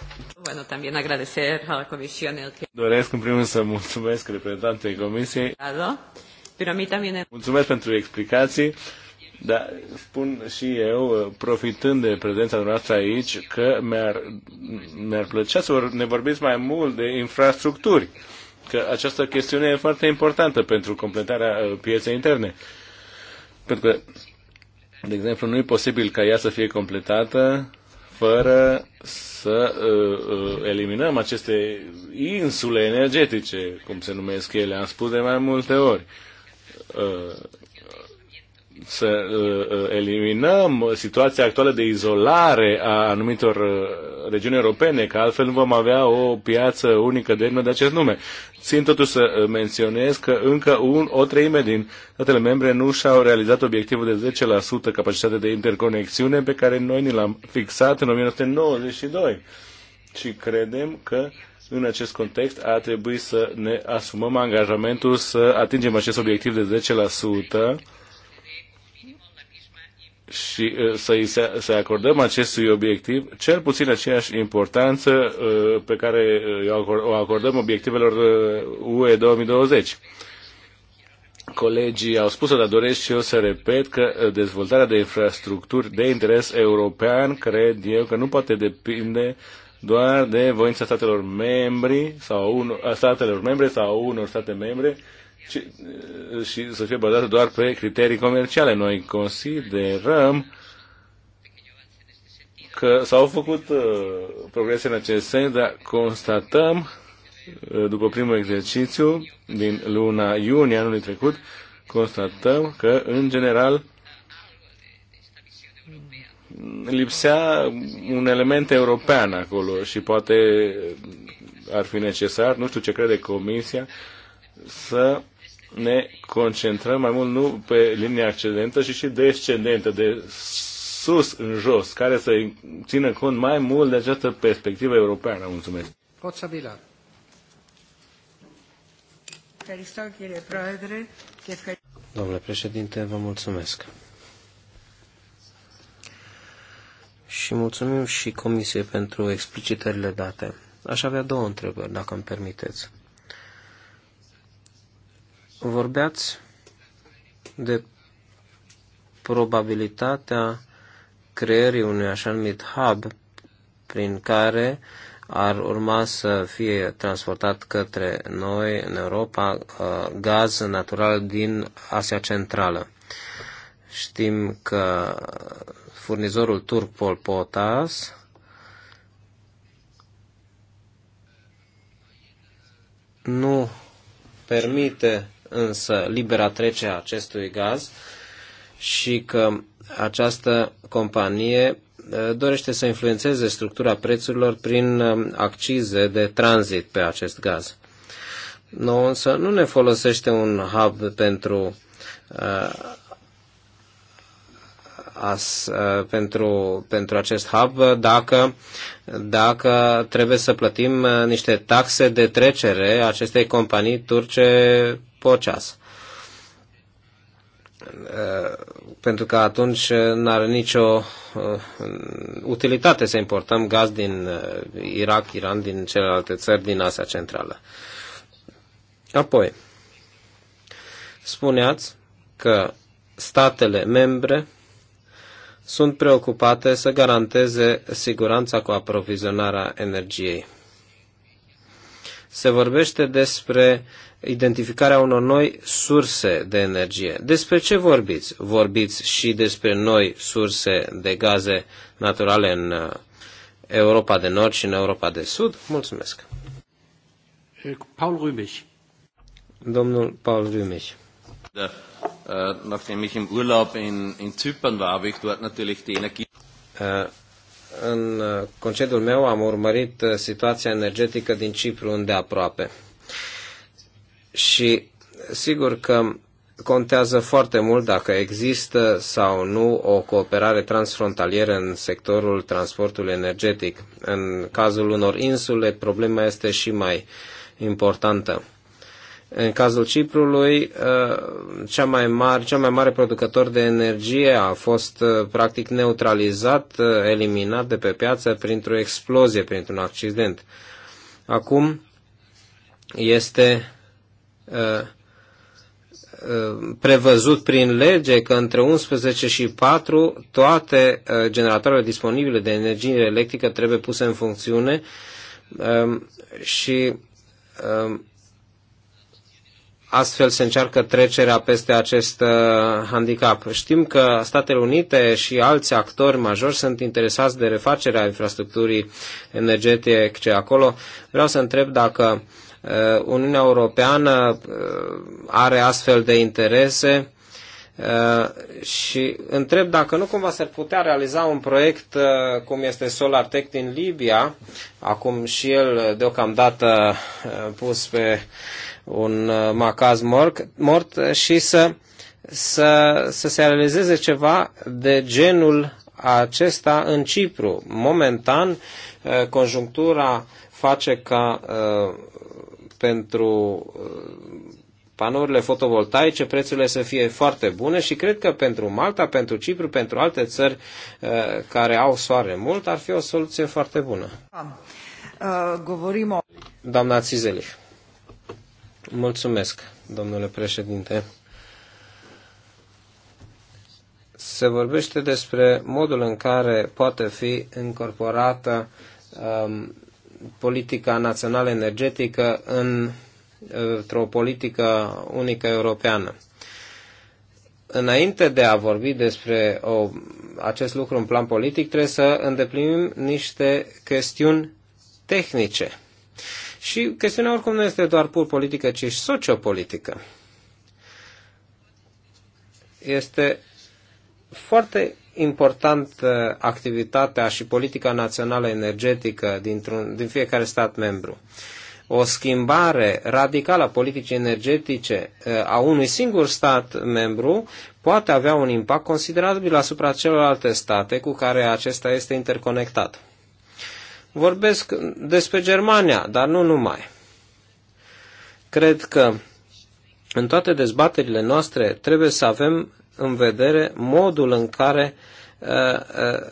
Bueno, también agradecer a la comisión el que... Doresc în primul rând să mulțumesc reprezentantei comisiei. Pero a mí también... Mulțumesc pentru explicații. Dar spun și eu, profitând de prezența noastră aici, că mi-ar, mi-ar plăcea să ne vorbiți mai mult de infrastructuri, că această chestiune e foarte importantă pentru completarea uh, pieței interne. Pentru că, de exemplu, nu e posibil ca ea să fie completată fără să uh, uh, eliminăm aceste insule energetice, cum se numesc ele. Am spus de mai multe ori. Uh, să uh, uh, eliminăm situația actuală de izolare a anumitor uh, regiuni europene, că altfel nu vom avea o piață unică de de acest nume. Țin totuși să menționez că încă un, o treime din statele membre nu și-au realizat obiectivul de 10% capacitate de interconexiune pe care noi ni l-am fixat în 1992. Și credem că în acest context ar trebui să ne asumăm angajamentul să atingem acest obiectiv de 10% și să-i să acordăm acestui obiectiv cel puțin aceeași importanță pe care o acordăm obiectivelor UE 2020. Colegii au spus-o, dar doresc și eu să repet că dezvoltarea de infrastructuri de interes european, cred eu, că nu poate depinde doar de voința statelor membri sau un, statelor membre sau unor state membre, ci, și să fie bazată doar pe criterii comerciale. Noi considerăm că s-au făcut uh, progrese în acest sens, dar constatăm, uh, după primul exercițiu din luna iunie anului trecut, constatăm că, în general, lipsea un element european acolo și poate ar fi necesar, nu știu ce crede Comisia, să ne concentrăm mai mult nu pe linia accidentă, ci și descendentă, de sus în jos, care să țină cont mai mult de această perspectivă europeană. Mulțumesc. Pot să vi Domnule președinte, vă mulțumesc. Și mulțumim și Comisiei pentru explicitările date. Aș avea două întrebări, dacă îmi permiteți vorbeați de probabilitatea creării unui așa numit hub prin care ar urma să fie transportat către noi, în Europa, uh, gaz natural din Asia Centrală. Știm că furnizorul turc Potas nu permite însă libera trecere a acestui gaz și că această companie uh, dorește să influențeze structura prețurilor prin um, accize de tranzit pe acest gaz. Noi însă nu ne folosește un hub pentru uh, as, uh, pentru, pentru acest hub dacă, dacă trebuie să plătim niște taxe de trecere acestei companii turce pe ceas. Eh, pentru că atunci eh, n-are nicio eh, utilitate să importăm gaz din Irak, Iran, din celelalte țări din Asia Centrală. Apoi, spuneați că statele membre sunt preocupate să garanteze siguranța cu aprovizionarea energiei se vorbește despre identificarea unor noi surse de energie. Despre ce vorbiți? Vorbiți și despre noi surse de gaze naturale în uh, Europa de Nord și în Europa de Sud? Mulțumesc. Eh, Paul Rübich. Domnul Paul Rübich. Da. Äh, nachdem ich im Urlaub in, in Zypern war, habe ich dort natürlich die Energie. Uh în uh, concediul meu am urmărit uh, situația energetică din Cipru aproape Și sigur că contează foarte mult dacă există sau nu o cooperare transfrontalieră în sectorul transportului energetic. În cazul unor insule, problema este și mai importantă. În cazul Ciprului, uh, cea mai mare, cea mai mare producător de energie a fost uh, practic neutralizat, uh, eliminat de pe piață printr-o explozie, printr-un accident. Acum este prevăzut prin lege că între 11 și 4 toate generatoarele disponibile de energie electrică trebuie puse în funcțiune um, și um, Astfel se încearcă trecerea peste acest uh, handicap. Știm că Statele Unite și alți actori majori sunt interesați de refacerea infrastructurii energetice acolo. Vreau să întreb dacă uh, Uniunea Europeană uh, are astfel de interese și întreb dacă nu cumva s-ar putea realiza un proiect cum este Solar Tech din Libia, acum și el deocamdată pus pe un uh, macaz mort mort și să, să, să se realizeze ceva de genul acesta în Cipru. Momentan, uh, conjunctura face ca uh, pentru panourile fotovoltaice prețurile să fie foarte bune și cred că pentru Malta, pentru Cipru, pentru alte țări care au soare mult, ar fi o soluție foarte bună. Doamna Țizelich. Mulțumesc, domnule președinte. Se vorbește despre modul în care poate fi incorporată um, politica națională energetică în, într-o politică unică europeană. Înainte de a vorbi despre o, acest lucru în plan politic, trebuie să îndeplinim niște chestiuni tehnice și chestiunea oricum nu este doar pur politică, ci și sociopolitică. Este foarte important uh, activitatea și politica națională energetică dintr-un, din fiecare stat membru. O schimbare radicală a politicii energetice uh, a unui singur stat membru poate avea un impact considerabil asupra celorlalte state cu care acesta este interconectat. Vorbesc despre Germania, dar nu numai. Cred că în toate dezbaterile noastre trebuie să avem în vedere modul în care uh, uh,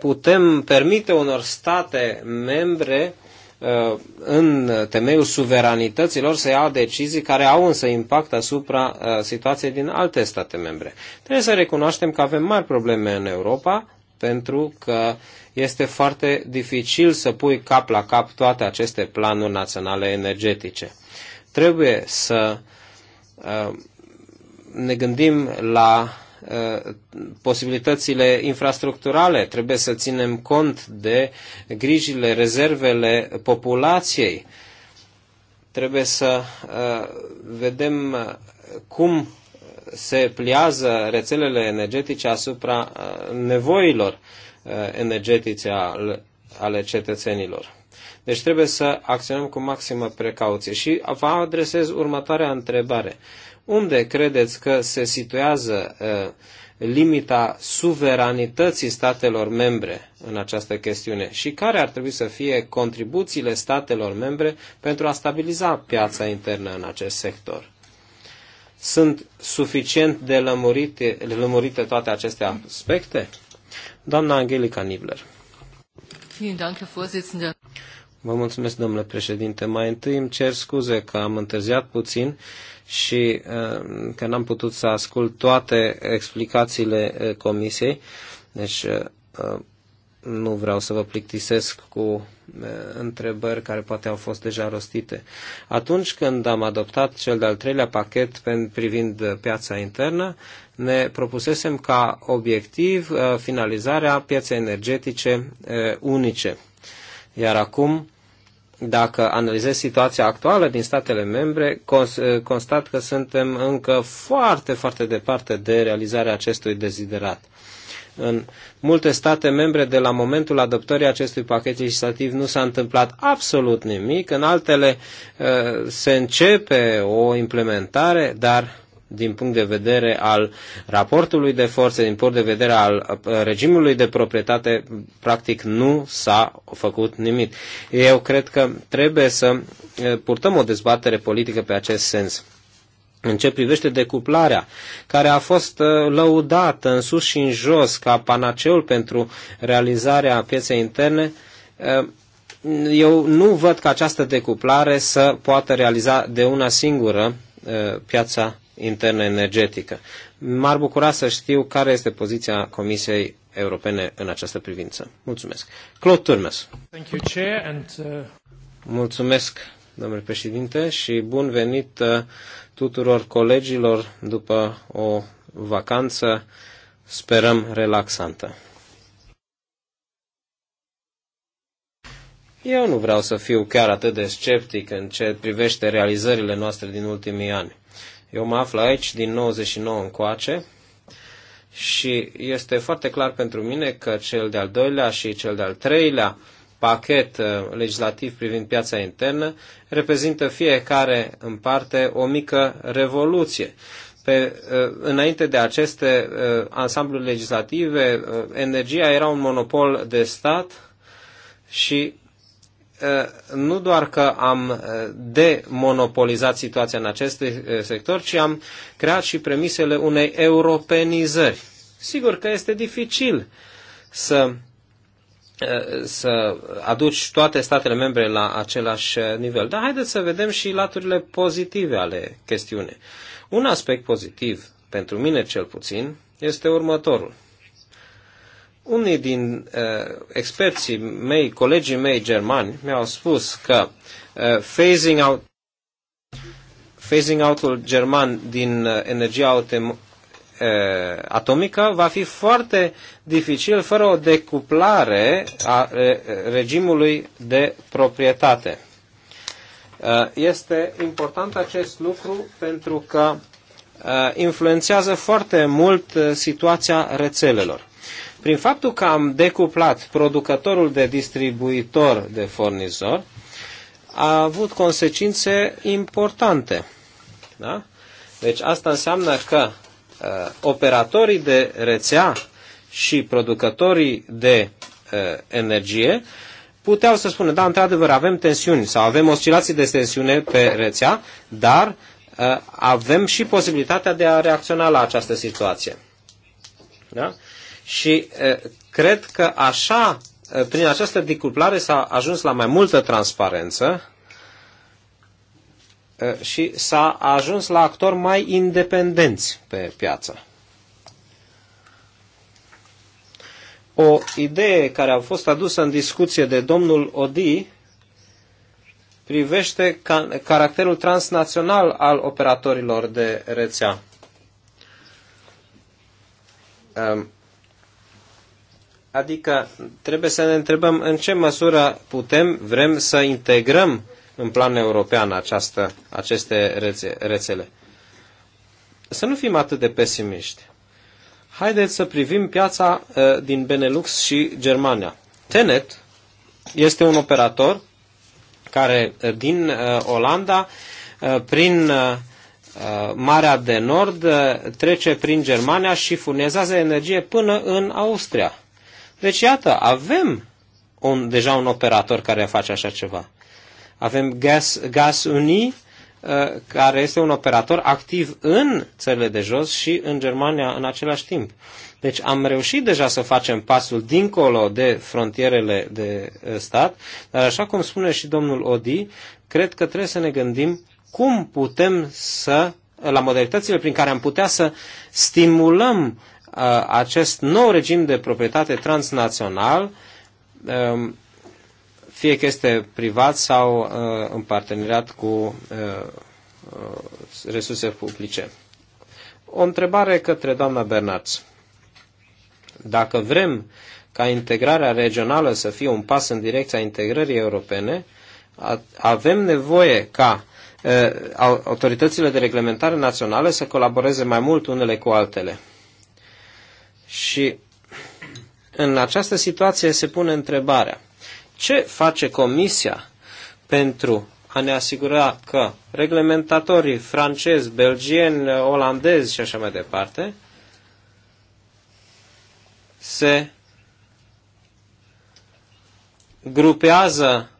putem permite unor state membre uh, în temeiul suveranităților să ia decizii care au însă impact asupra situației din alte state membre. Trebuie să recunoaștem că avem mari probleme în Europa pentru că este foarte dificil să pui cap la cap toate aceste planuri naționale energetice. Trebuie să uh, ne gândim la uh, posibilitățile infrastructurale, trebuie să ținem cont de grijile, rezervele populației, trebuie să uh, vedem cum se pliază rețelele energetice asupra nevoilor. Uh, energetice ale cetățenilor. Deci trebuie să acționăm cu maximă precauție. Și vă adresez următoarea întrebare. Unde credeți că se situează uh, limita suveranității statelor membre în această chestiune și care ar trebui să fie contribuțiile statelor membre pentru a stabiliza piața internă în acest sector? Sunt suficient de lămurite, lămurite toate aceste aspecte? Doamna Angelica Nibler. Vă mulțumesc, domnule președinte. Mai întâi îmi cer scuze că am întârziat puțin și uh, că n-am putut să ascult toate explicațiile uh, comisiei. Deci uh, nu vreau să vă plictisesc cu eh, întrebări care poate au fost deja rostite. Atunci când am adoptat cel de-al treilea pachet privind eh, piața internă, ne propusesem ca obiectiv eh, finalizarea pieței energetice unice. Iar acum, dacă analizez situația actuală din statele membre, constat că suntem încă foarte, foarte departe de realizarea acestui deziderat. În multe state membre, de la momentul adoptării acestui pachet legislativ, nu s-a întâmplat absolut nimic. În altele uh, se începe o implementare, dar din punct de vedere al raportului de forțe, din punct de vedere al uh, regimului de proprietate, practic nu s-a făcut nimic. Eu cred că trebuie să uh, purtăm o dezbatere politică pe acest sens. În ce privește decuplarea, care a fost uh, lăudată în sus și în jos ca panaceul pentru realizarea pieței interne, uh, eu nu văd că această decuplare să poată realiza de una singură uh, piața internă energetică. M-ar bucura să știu care este poziția Comisiei Europene în această privință. Mulțumesc. Claude Turmes. Thank you, Chair, and, uh... Mulțumesc, domnule președinte, și bun venit tuturor colegilor după o vacanță, sperăm, relaxantă. Eu nu vreau să fiu chiar atât de sceptic în ce privește realizările noastre din ultimii ani. Eu mă aflu aici din 99 încoace și este foarte clar pentru mine că cel de-al doilea și cel de-al treilea pachet uh, legislativ privind piața internă reprezintă fiecare în parte o mică revoluție. Pe, uh, înainte de aceste uh, ansambluri legislative, energia era un monopol de stat și nu doar că am demonopolizat situația în acest sector, ci am creat și premisele unei europenizări. Sigur că este dificil să să aduci toate statele membre la același nivel. Dar haideți să vedem și laturile pozitive ale chestiunii. Un aspect pozitiv, pentru mine cel puțin, este următorul. Unii din uh, experții mei, colegii mei germani, mi-au spus că uh, phasing out phasing out-ul german din uh, energia Eh, atomică va fi foarte dificil fără o decuplare a eh, regimului de proprietate. Eh, este important acest lucru pentru că influențează foarte mult situația rețelelor. Prin faptul că am decuplat producătorul de distribuitor de furnizor, a avut consecințe importante. Da? Deci asta înseamnă că Uh, operatorii de rețea și producătorii de uh, energie puteau să spună, da, într-adevăr, avem tensiuni sau avem oscilații de tensiune pe rețea, dar uh, avem și posibilitatea de a reacționa la această situație. Da? Și cred că așa, prin această decuplare s-a ajuns la mai multă transparență și s-a ajuns la actori mai independenți pe piață. O idee care a fost adusă în discuție de domnul Odi privește caracterul transnațional al operatorilor de rețea. Adică trebuie să ne întrebăm în ce măsură putem, vrem să integrăm în plan european această, aceste rețele. Să nu fim atât de pesimiști. Haideți să privim piața ă, din Benelux și Germania. Tenet este un operator care ă, din ă, Olanda, prin Marea de Nord, trece prin Germania și furnizează energie până în Austria. Deci, iată, avem un, deja un operator care face așa ceva. Avem Gas, Gas uh, care este un operator activ în țările de jos și în Germania în același timp. Deci am reușit deja să facem pasul dincolo de frontierele de uh, stat, dar așa cum spune și domnul Odi, cred că trebuie să ne gândim cum putem să, la modalitățile prin care am putea să stimulăm uh, acest nou regim de proprietate transnațional um, fie că este privat sau uh, în parteneriat cu uh, uh, resurse publice. O întrebare către doamna Bernards. Dacă vrem ca integrarea regională să fie un pas în direcția integrării europene, avem nevoie ca uh, autoritățile de reglementare naționale să colaboreze mai mult unele cu altele. Și în această situație se pune întrebarea ce face Comisia pentru a ne asigura că reglementatorii francezi, belgieni, olandezi și așa mai departe se grupează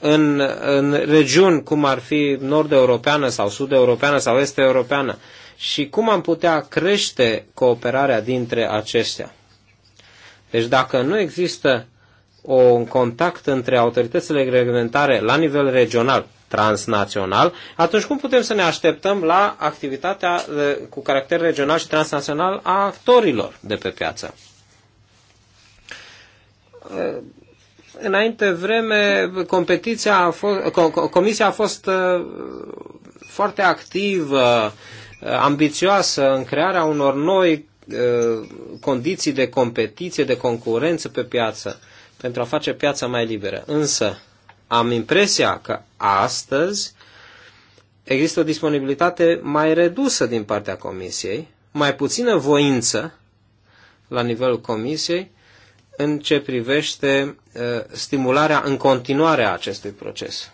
în, în regiuni cum ar fi nord-europeană sau sud-europeană sau est-europeană și cum am putea crește cooperarea dintre aceștia. Deci dacă nu există un contact între autoritățile reglementare la nivel regional, transnațional, atunci cum putem să ne așteptăm la activitatea cu caracter regional și transnațional a actorilor de pe piață? Înainte vreme, competiția a fost, comisia a fost uh, foarte activă, uh, ambițioasă în crearea unor noi uh, condiții de competiție, de concurență pe piață pentru a face piața mai liberă. Însă am impresia că astăzi există o disponibilitate mai redusă din partea Comisiei, mai puțină voință la nivelul Comisiei în ce privește uh, stimularea în continuare a acestui proces.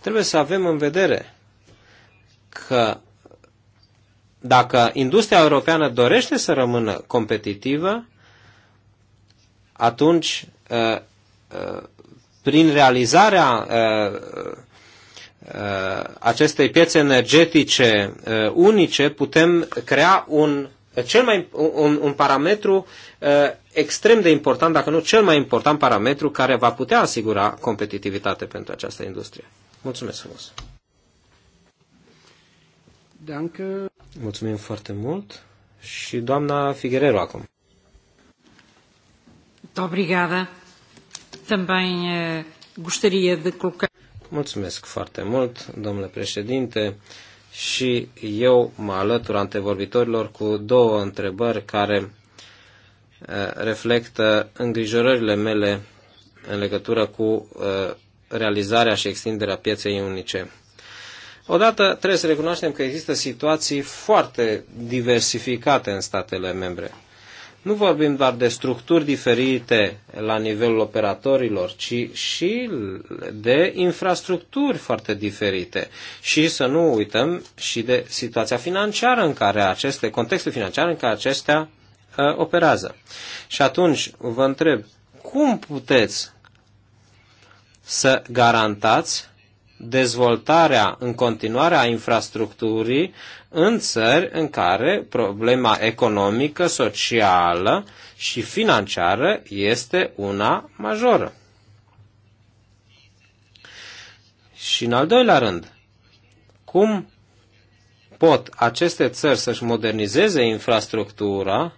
Trebuie să avem în vedere că dacă industria europeană dorește să rămână competitivă, atunci uh, uh, prin realizarea uh, acestei piețe energetice unice putem crea un cel mai, un, un parametru extrem de important, dacă nu cel mai important parametru care va putea asigura competitivitate pentru această industrie. Mulțumesc frumos! Danke. Mulțumim foarte mult și doamna Figuerero acum. Eh, Mulțumesc foarte mult, domnule președinte, și eu mă alătur antevorbitorilor cu două întrebări care eh, reflectă îngrijorările mele în legătură cu eh, realizarea și extinderea pieței unice. Odată trebuie să recunoaștem că există situații foarte diversificate în statele membre. Nu vorbim doar de structuri diferite la nivelul operatorilor, ci și de infrastructuri foarte diferite. Și să nu uităm și de situația financiară în care aceste, contextul financiar în care acestea uh, operează. Și atunci vă întreb, cum puteți să garantați dezvoltarea în continuare a infrastructurii în țări în care problema economică, socială și financiară este una majoră. Și în al doilea rând, cum pot aceste țări să-și modernizeze infrastructura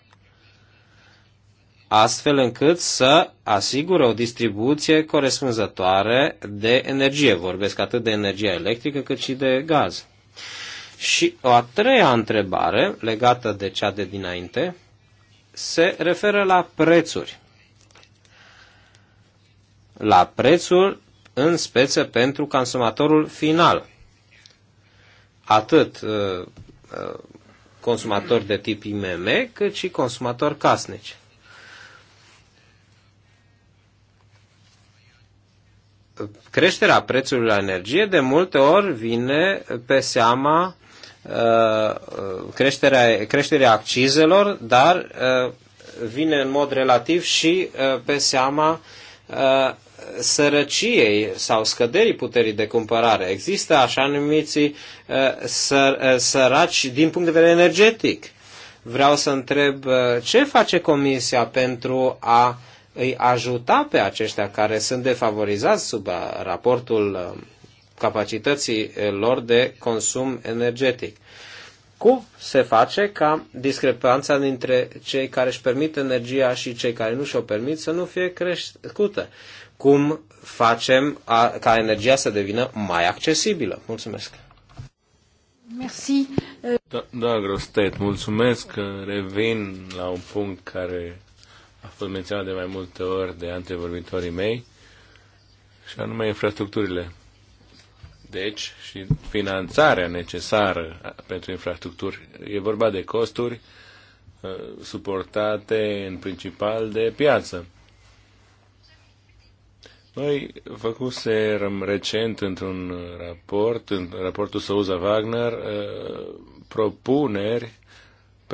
astfel încât să asigure o distribuție corespunzătoare de energie. Vorbesc atât de energie electrică cât și de gaz. Și o a treia întrebare, legată de cea de dinainte, se referă la prețuri. La prețul în speță pentru consumatorul final. Atât uh, uh, consumatori de tip IMM, cât și consumatori casnici. creșterea prețului la energie de multe ori vine pe seama uh, creșterea, creșterea accizelor, dar uh, vine în mod relativ și uh, pe seama sărăciei sau scăderii puterii de cumpărare. Există așa numiți săr, săraci din punct de vedere energetic. Vreau să întreb ce face Comisia pentru a uh, îi ajuta pe aceștia care sunt defavorizați sub uh, raportul uh, capacității uh, lor de consum energetic. Cum se face ca discrepanța dintre cei care își permit energia și cei care nu și-o permit să nu fie crescută? Cum facem a, ca energia să devină mai accesibilă? Mulțumesc! Merci. Da, da Grostet, mulțumesc că revin la un punct care a fost menționat de mai multe ori de antevorbitorii mei, și anume infrastructurile. Deci, și finanțarea necesară pentru infrastructuri. E vorba de costuri uh, suportate în principal de piață. Noi făcusem recent într-un raport, în raportul Souza Wagner, uh, propuneri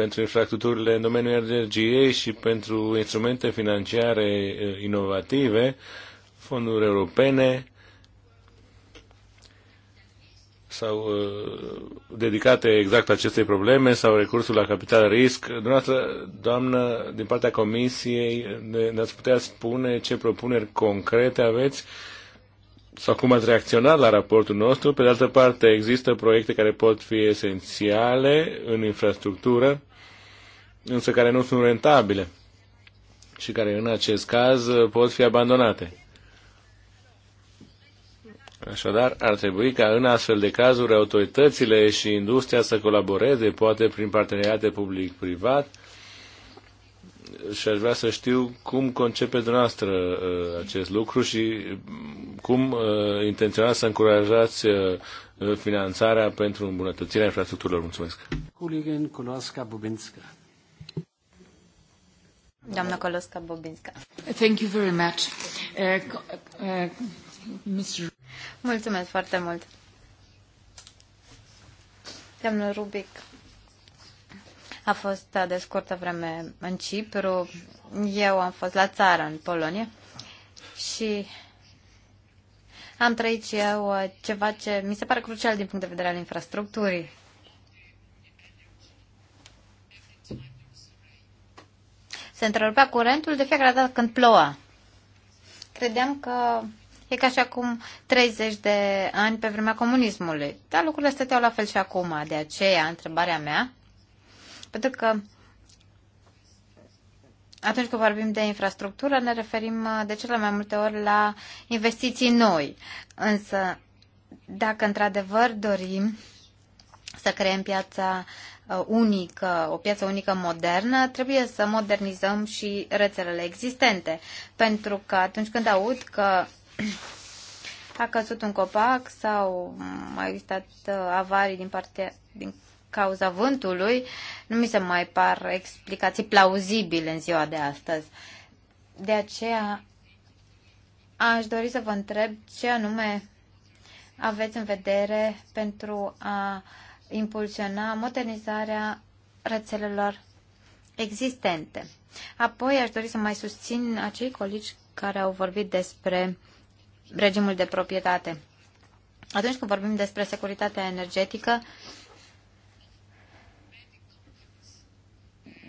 pentru infrastructurile în domeniul energiei și pentru instrumente financiare eh, inovative, fonduri europene sau eh, dedicate exact acestei probleme sau recursul la capital risc. Dumneavoastră, doamnă, din partea Comisiei, ne-ați putea spune ce propuneri concrete aveți uh, sau cum ați reacționat la raportul nostru. Pe de altă parte, există proiecte care pot fi esențiale în infrastructură, însă care nu sunt rentabile și care în acest caz pot fi abandonate. Așadar, ar trebui ca în astfel de cazuri autoritățile și industria să colaboreze, poate prin parteneriate public-privat, și aș vrea să știu cum concepe dumneavoastră uh, acest lucru și cum uh, intenționați să încurajați uh, finanțarea pentru îmbunătățirea infrastructurilor. Mulțumesc. Colegin Coloasca Bubinska. Doamna Coloasca Bobinska. Thank you very much. Uh, uh, Mulțumesc foarte mult. Doamna Rubic a fost uh, de scurtă vreme în Cipru, eu am fost la țară în Polonia și am trăit și eu uh, ceva ce mi se pare crucial din punct de vedere al infrastructurii. Se întrerupea curentul de fiecare dată când ploua. Credeam că e ca și acum 30 de ani pe vremea comunismului, dar lucrurile stăteau la fel și acum. De aceea, întrebarea mea pentru că atunci când vorbim de infrastructură, ne referim uh, de cele mai multe ori la investiții noi. Însă, dacă într-adevăr dorim să creăm piața uh, unică, o piață unică modernă, trebuie să modernizăm și rețelele existente. Pentru că atunci când aud că a căzut un copac sau a existat uh, avarii din partea din cauza vântului, nu mi se mai par explicații plauzibile în ziua de astăzi. De aceea aș dori să vă întreb ce anume aveți în vedere pentru a impulsiona modernizarea rețelelor existente. Apoi aș dori să mai susțin acei colegi care au vorbit despre regimul de proprietate. Atunci când vorbim despre securitatea energetică,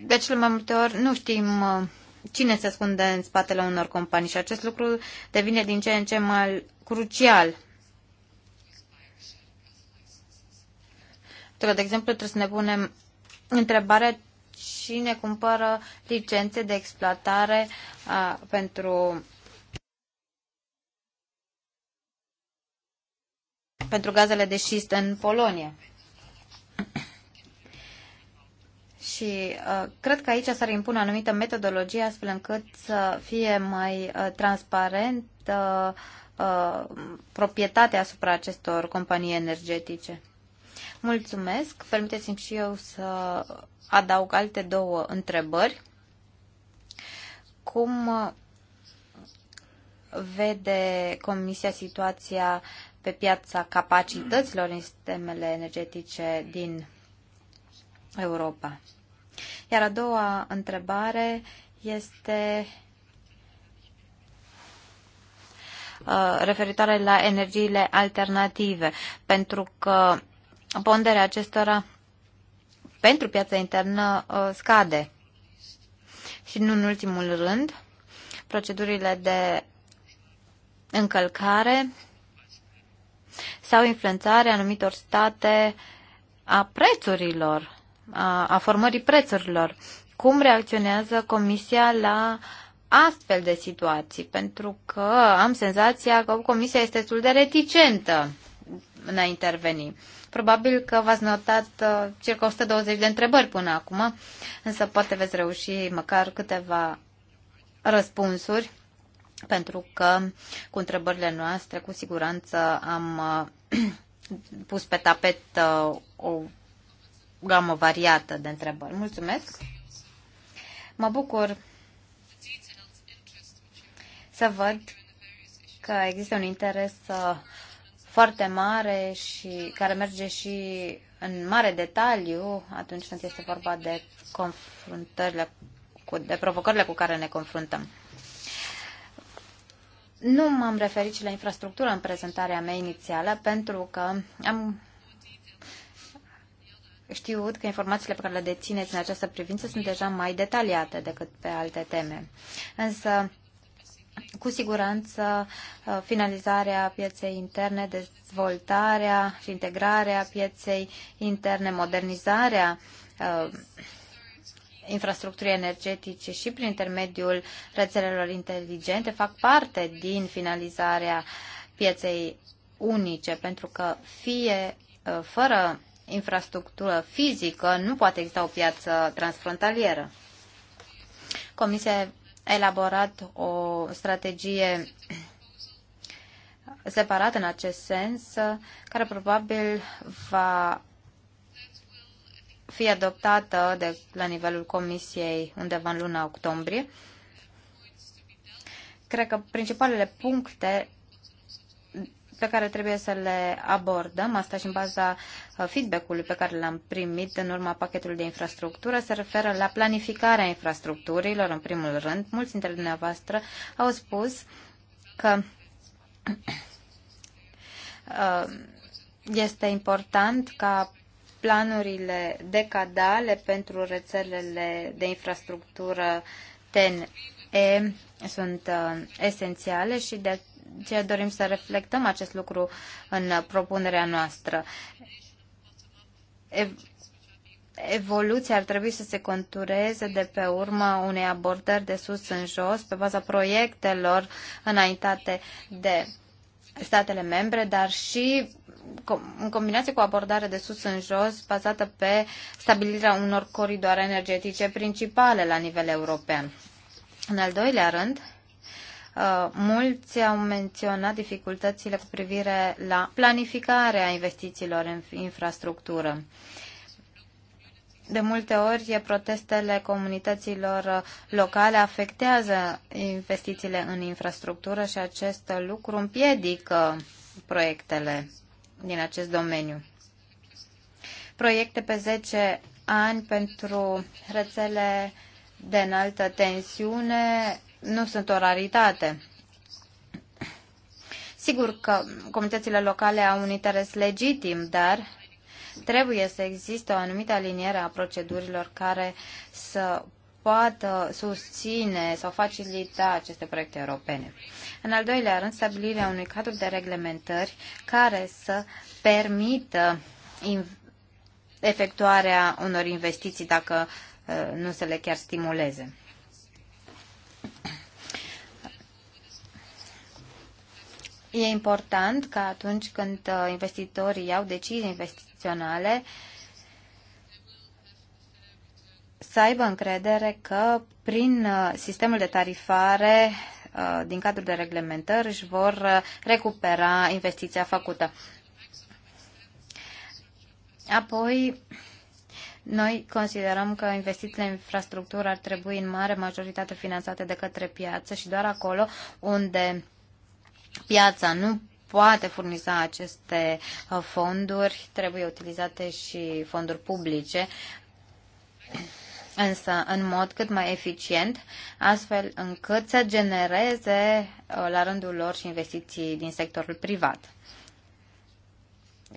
de cele mai multe ori nu știm uh, cine se ascunde în spatele unor companii și acest lucru devine din ce în ce mai crucial. Că, de exemplu, trebuie să ne punem întrebarea cine cumpără licențe de exploatare a, uh, pentru pentru gazele de șist în Polonia. Și uh, cred că aici s-ar impune o anumită metodologie astfel încât să fie mai uh, transparent uh, uh, proprietatea asupra acestor companii energetice. Mulțumesc. Permiteți-mi și eu să adaug alte două întrebări. Cum uh, vede Comisia situația pe piața capacităților în sistemele energetice din Europa? Iar a doua întrebare este uh, referitoare la energiile alternative, pentru că ponderea acestora pentru piața internă uh, scade. Și nu în ultimul rând, procedurile de încălcare sau influențare anumitor state a prețurilor a, formării prețurilor. Cum reacționează Comisia la astfel de situații? Pentru că am senzația că Comisia este destul de reticentă în a interveni. Probabil că v-ați notat uh, circa 120 de întrebări până acum, însă poate veți reuși măcar câteva răspunsuri, pentru că cu întrebările noastre, cu siguranță, am uh, pus pe tapet uh, o gamă variată de întrebări. Mulțumesc! Mă bucur să văd că există un interes uh, foarte mare și care merge și în mare detaliu atunci când este vorba de confruntările cu, de provocările cu care ne confruntăm. Nu m-am referit și la infrastructură în prezentarea mea inițială pentru că am știut că informațiile pe care le dețineți în această privință sunt deja mai detaliate decât pe alte teme. Însă, cu siguranță, uh, finalizarea pieței interne, dezvoltarea și integrarea pieței interne, modernizarea uh, infrastructurii energetice și prin intermediul rețelelor inteligente fac parte din finalizarea pieței unice, pentru că fie uh, fără infrastructură fizică, nu poate exista o piață transfrontalieră. Comisia a elaborat o strategie separată în acest sens, care probabil va fi adoptată de, la nivelul Comisiei undeva în luna octombrie. Cred că principalele puncte pe care trebuie să le abordăm, asta și în baza uh, feedback-ului pe care l-am primit în urma pachetului de infrastructură, se referă la planificarea infrastructurilor, în primul rând. Mulți dintre dumneavoastră au spus că uh, este important ca planurile decadale pentru rețelele de infrastructură TEN-E sunt uh, esențiale și de ce dorim să reflectăm acest lucru în propunerea noastră. Ev evoluția ar trebui să se contureze de pe urma unei abordări de sus în jos, pe baza proiectelor înaintate de statele membre, dar și în combinație cu abordare de sus în jos, bazată pe stabilirea unor coridoare energetice principale la nivel european. În al doilea rând, Uh, mulți au menționat dificultățile cu privire la planificarea investițiilor în infrastructură. De multe ori, protestele comunităților locale afectează investițiile în infrastructură și acest lucru împiedică proiectele din acest domeniu. Proiecte pe 10 ani pentru rețele de înaltă tensiune nu sunt o raritate. Sigur că comunitățile locale au un interes legitim, dar trebuie să existe o anumită aliniere a procedurilor care să poată susține sau facilita aceste proiecte europene. În al doilea rând, stabilirea unui cadru de reglementări care să permită efectuarea unor investiții dacă uh, nu se le chiar stimuleze. E important ca atunci când uh, investitorii iau decizii investiționale să aibă încredere că prin uh, sistemul de tarifare uh, din cadrul de reglementări își vor recupera investiția făcută. Apoi, noi considerăm că investițiile în infrastructură ar trebui în mare majoritate finanțate de către piață și doar acolo unde piața nu poate furniza aceste uh, fonduri, trebuie utilizate și fonduri publice, însă în mod cât mai eficient, astfel încât să genereze uh, la rândul lor și investiții din sectorul privat.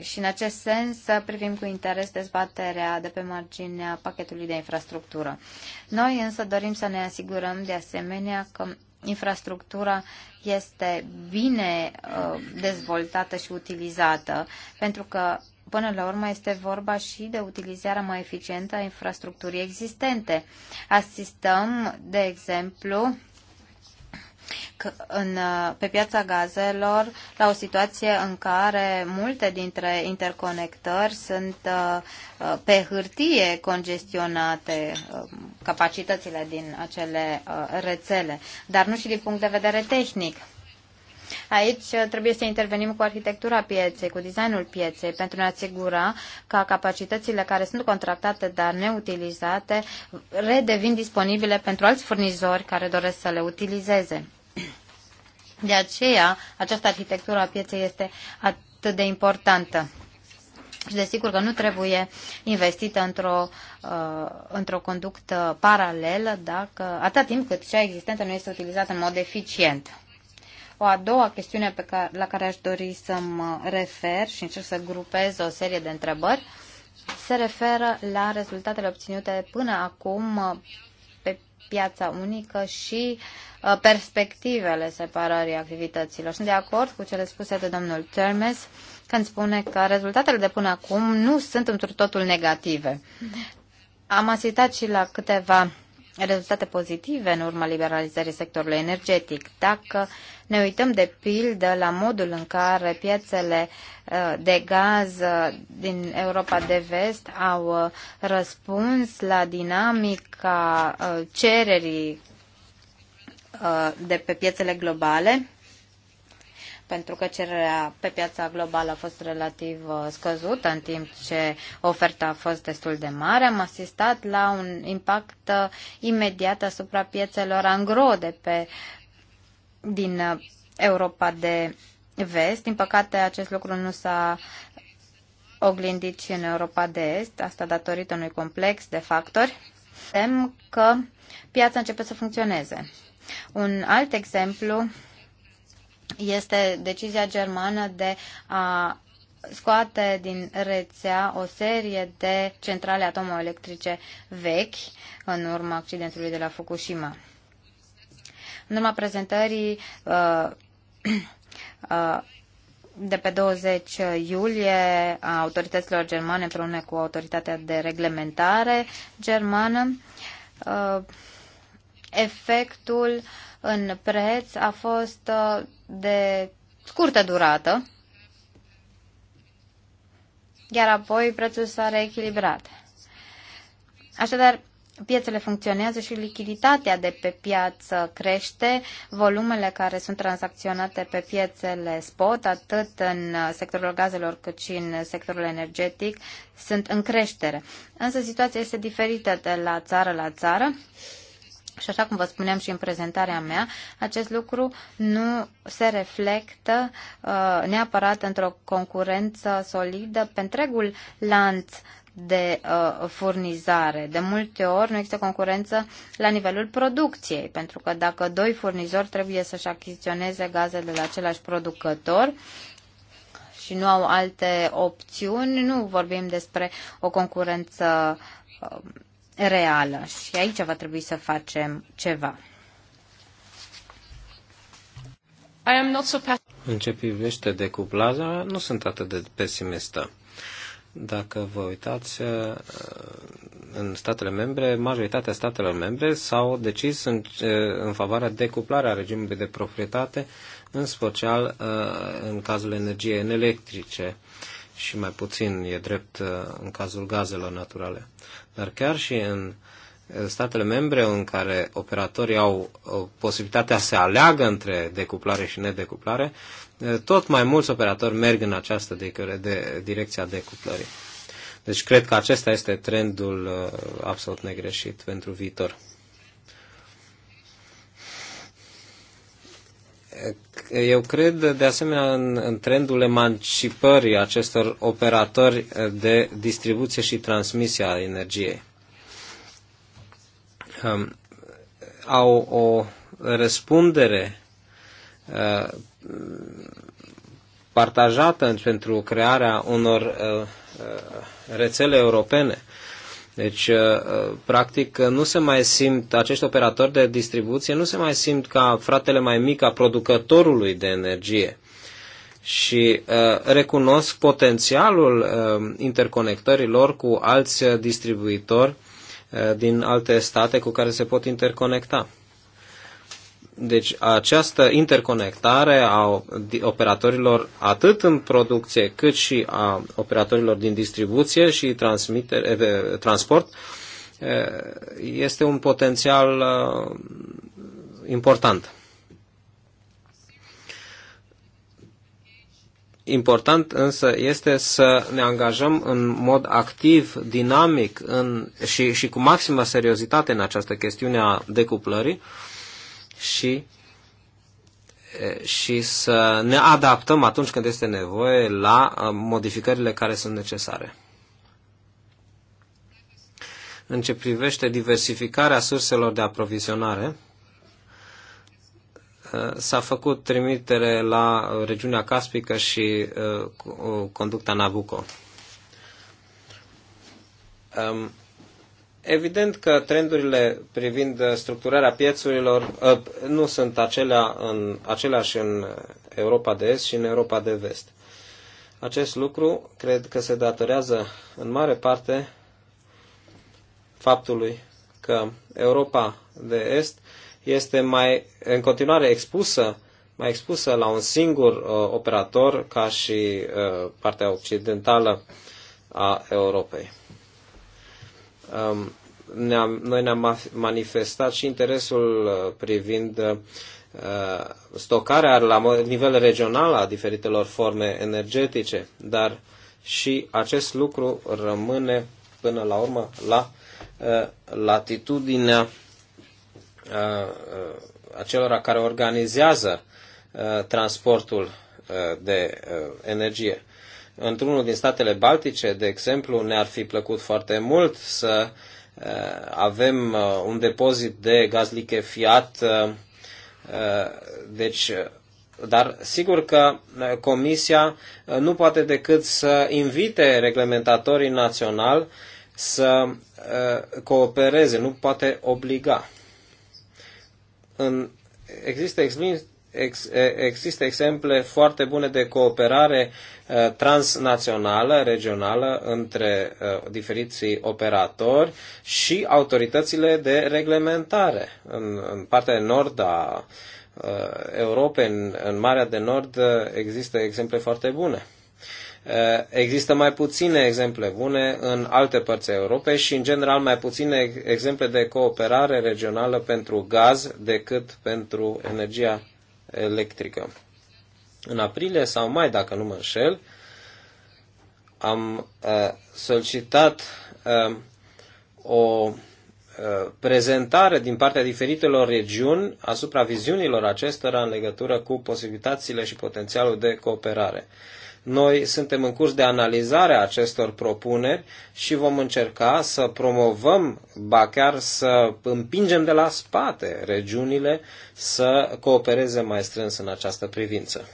Și în acest sens privim cu interes dezbaterea de pe marginea pachetului de infrastructură. Noi însă dorim să ne asigurăm de asemenea că infrastructura este bine uh, dezvoltată și utilizată, pentru că Până la urmă este vorba și de utilizarea mai eficientă a infrastructurii existente. Asistăm, de exemplu, că în, uh, pe piața gazelor la o situație în care multe dintre interconectări sunt uh, pe hârtie congestionate um, capacitățile din acele uh, rețele, dar nu și din punct de vedere tehnic. Aici uh, trebuie să intervenim cu arhitectura pieței, cu designul pieței, pentru a ne asigura că capacitățile care sunt contractate, dar neutilizate, redevin disponibile pentru alți furnizori care doresc să le utilizeze. De aceea, această arhitectură a pieței este atât de importantă. Și desigur că nu trebuie investită într-o, uh, într-o conductă paralelă dacă, atât timp cât cea existentă nu este utilizată în mod eficient. O a doua chestiune pe care, la care aș dori să mă refer și încerc să grupez o serie de întrebări se referă la rezultatele obținute până acum uh, pe piața unică și uh, perspectivele separării activităților. Sunt de acord cu cele spuse de domnul Termes când spune că rezultatele de până acum nu sunt într totul negative. Am asistat și la câteva rezultate pozitive în urma liberalizării sectorului energetic. Dacă ne uităm de pildă la modul în care piețele uh, de gaz uh, din Europa de Vest au uh, răspuns la dinamica cererii de pe piețele globale, pentru că cererea pe piața globală a fost relativ uh, scăzută, în timp ce oferta a fost destul de mare. Am asistat la un impact uh, imediat asupra piețelor angro de pe, din uh, Europa de vest. Din păcate, acest lucru nu s-a oglindit și în Europa de Est, asta datorită unui complex de factori, tem că piața începe să funcționeze. Un alt exemplu este decizia germană de a scoate din rețea o serie de centrale atomoelectrice vechi în urma accidentului de la Fukushima. În urma prezentării uh, uh, de pe 20 iulie a autorităților germane împreună cu autoritatea de reglementare germană, uh, efectul uh, în preț a fost uh, de scurtă durată, iar apoi prețul s-a reechilibrat. Așadar, piețele funcționează și lichiditatea de pe piață crește, volumele care sunt tranzacționate pe piețele spot, atât în sectorul gazelor cât și în sectorul energetic, sunt în creștere. Însă situația este diferită de la țară la țară și așa cum vă spuneam și în prezentarea mea, acest lucru nu se reflectă uh, neapărat într-o concurență solidă pe întregul lanț de uh, furnizare. De multe ori nu există concurență la nivelul producției, pentru că dacă doi furnizori trebuie să-și achiziționeze gaze de la același producător, și nu au alte opțiuni, nu vorbim despre o concurență uh, reală și aici va trebui să facem ceva. I am not so în ce privește decuplarea, nu sunt atât de pesimistă. Dacă vă uitați, uh, în statele membre, majoritatea statelor membre s-au decis în, uh, în favoarea decuplarea regimului de proprietate, în special uh, în cazul energiei electrice și mai puțin e drept uh, în cazul gazelor naturale. Dar chiar și în uh, statele membre în care operatorii au posibilitatea să aleagă între decuplare și nedecuplare, uh, tot mai mulți operatori merg în această direcție a direcția decuplării. Deci cred că acesta este trendul absolut negreșit pentru viitor. Eu cred de asemenea în, în trendul emancipării acestor operatori de distribuție și transmisie a energiei. Um, au o răspundere uh, partajată pentru crearea unor uh, uh rețele europene deci, uh, uh, practic, uh, nu se mai simt, acești operatori de distribuție nu se mai simt ca fratele mai mic a producătorului de energie. Și recunosc potențialul interconectărilor cu alți distribuitori din alte state cu care se pot interconecta. Deci această interconectare a operatorilor atât în producție cât și a operatorilor din distribuție și transport este un potențial uh, important. Important însă este să ne angajăm în mod activ, dinamic în, și, și cu maximă seriozitate în această chestiune a decuplării, uh, și, și să ne adaptăm atunci când este nevoie la modificările care sunt necesare. În ce privește diversificarea surselor de aprovizionare, s-a făcut trimitere la regiunea caspică și conducta Nabucco. Evident că trendurile privind structurarea piețurilor ă, nu sunt acelea în, aceleași în Europa de Est și în Europa de Vest. Acest lucru cred că se datorează în mare parte faptului că Europa de Est este mai în continuare expusă mai expusă la un singur uh, operator ca și uh, partea occidentală a Europei. Um, ne-am, noi ne-am manifestat și interesul uh, privind uh, stocarea la nivel regional a diferitelor forme energetice, dar și acest lucru rămâne până la urmă la uh, latitudinea acelora care organizează transportul de energie într-unul din statele baltice, de exemplu, ne-ar fi plăcut foarte mult să uh, avem uh, un depozit de gaz lichefiat, uh, deci dar sigur că Comisia nu poate decât să invite reglementatorii naționali să coopereze, nu poate obliga. În, există ex, există exemple foarte bune de cooperare transnațională, regională, între diferiții operatori și autoritățile de reglementare. În, în partea de nord a Europei, în, în Marea de Nord, există exemple foarte bune. Există mai puține exemple bune în alte părți ale Europei și, în general, mai puține exemple de cooperare regională pentru gaz decât pentru energia electrică. În aprilie sau mai, dacă nu mă înșel, am uh, solicitat uh, o uh, prezentare din partea diferitelor regiuni asupra viziunilor acestora în legătură cu posibilitățile și potențialul de cooperare. Noi suntem în curs de analizare a acestor propuneri și vom încerca să promovăm, ba chiar să împingem de la spate regiunile să coopereze mai strâns în această privință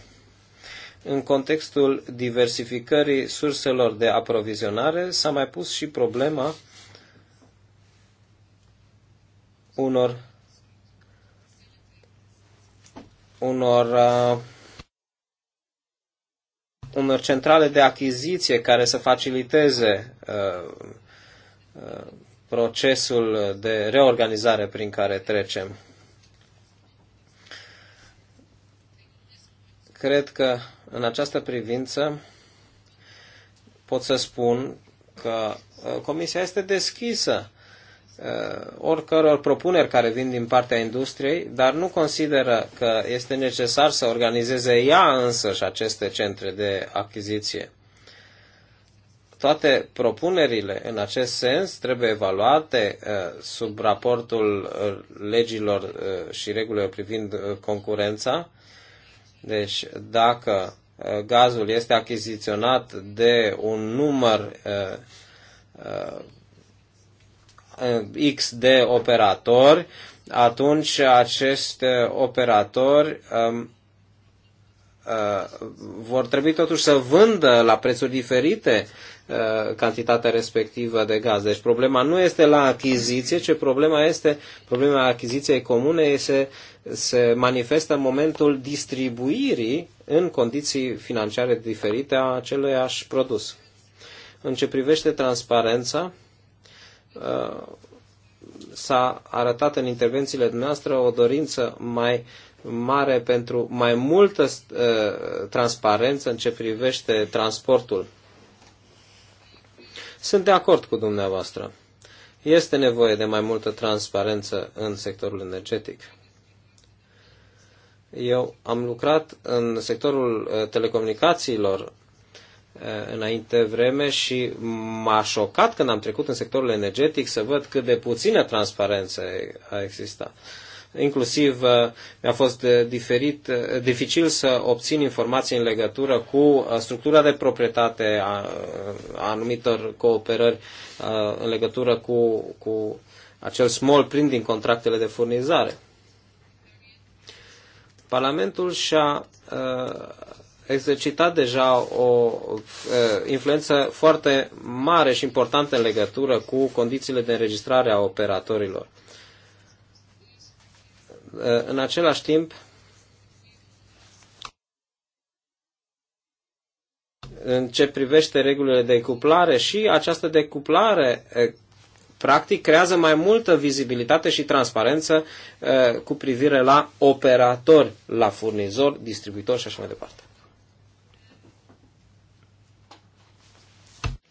în contextul diversificării surselor de aprovizionare s-a mai pus și problema unor unor uh, unor centrale de achiziție care să faciliteze uh, uh, procesul de reorganizare prin care trecem. Cred că în această privință pot să spun că uh, Comisia este deschisă Uh, oricăror propuneri care vin din partea industriei, dar nu consideră că este necesar să organizeze ea însăși aceste centre de achiziție. Toate propunerile în acest sens trebuie evaluate uh, sub raportul uh, legilor și regulilor privind concurența. Deci, dacă gazul este achiziționat de un număr Eh, X de operatori, atunci acest eh, operator ehm, eh, vor trebui totuși să vândă la prețuri diferite cantitatea respectivă de gaz. Deci problema nu este la achiziție, ci problema este, problema achiziției comune este, se manifestă în momentul distribuirii în condiții financiare diferite a aceluiași produs. În ce privește transparența, Uh, s-a arătat în intervențiile dumneavoastră o dorință mai mare pentru mai multă uh, transparență în ce privește transportul. Sunt de acord cu dumneavoastră. Este nevoie de mai multă transparență în sectorul energetic. Eu am lucrat în sectorul uh, telecomunicațiilor Uh, înainte vreme și m-a șocat când am trecut în sectorul energetic să văd cât de puțină transparență a existat. Inclusiv uh, mi-a fost uh, diferit, dificil să obțin informații în legătură cu structura de proprietate a, a anumitor cooperări în legătură cu, cu acel small print din contractele de furnizare. Parlamentul și-a exercitat deja o influență foarte mare și importantă în legătură cu condițiile de înregistrare a operatorilor. În același timp, în ce privește regulile de decuplare și această decuplare practic creează mai multă vizibilitate și transparență cu privire la operatori, la furnizori, distribuitori și așa mai departe.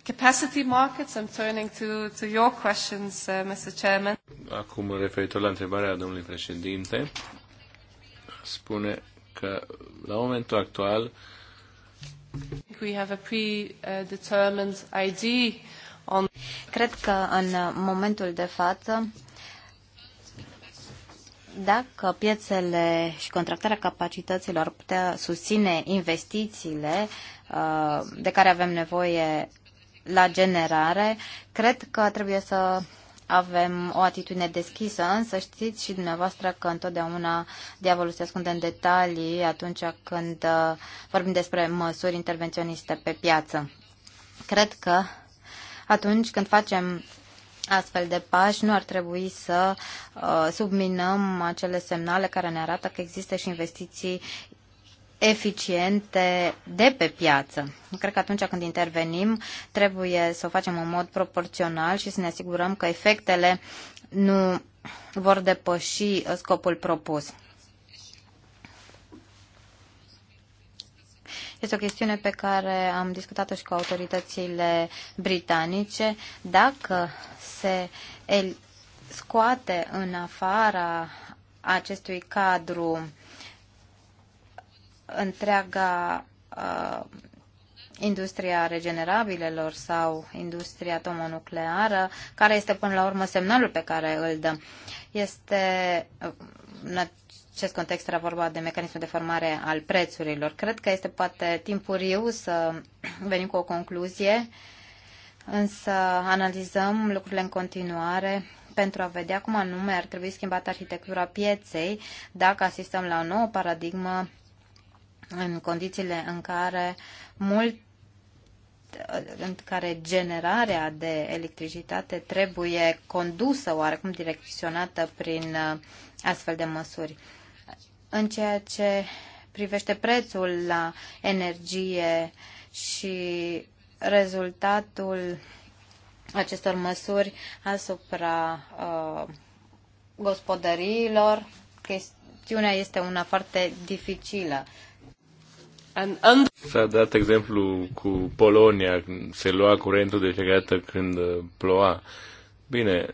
Capacity markets, I'm turning to, to your questions, uh, Mr. Chairman. Acum, referitor la întrebarea domnului președinte, spune că la momentul actual We have a predetermined ID on... Cred că în momentul de față dacă piețele și contractarea capacităților putea susține investițiile uh, de care avem nevoie la generare. Cred că trebuie să avem o atitudine deschisă, însă știți și dumneavoastră că întotdeauna diavolul se ascunde în detalii atunci când uh, vorbim despre măsuri intervenționiste pe piață. Cred că atunci când facem astfel de pași, nu ar trebui să uh, subminăm acele semnale care ne arată că există și investiții eficiente de pe piață. Cred că atunci când intervenim trebuie să o facem în mod proporțional și să ne asigurăm că efectele nu vor depăși uh, scopul propus. Este o chestiune pe care am discutat-o și cu autoritățile britanice. Dacă se scoate în afara acestui cadru întreaga uh, industria regenerabilelor sau industria tomonucleară, care este până la urmă semnalul pe care îl dăm. Este, uh, în acest context era vorba de mecanismul de formare al prețurilor. Cred că este poate timpuriu să venim cu o concluzie, însă analizăm lucrurile în continuare pentru a vedea cum anume ar trebui schimbată arhitectura pieței dacă asistăm la o nouă paradigmă în condițiile în care mult în care generarea de electricitate trebuie condusă oarecum direcționată prin uh, astfel de măsuri. În ceea ce privește prețul la energie și rezultatul acestor măsuri asupra uh, gospodăriilor, chestiunea este una foarte dificilă. S-a dat exemplu cu Polonia, se lua curentul de fiecare dată când uh, ploua. Bine,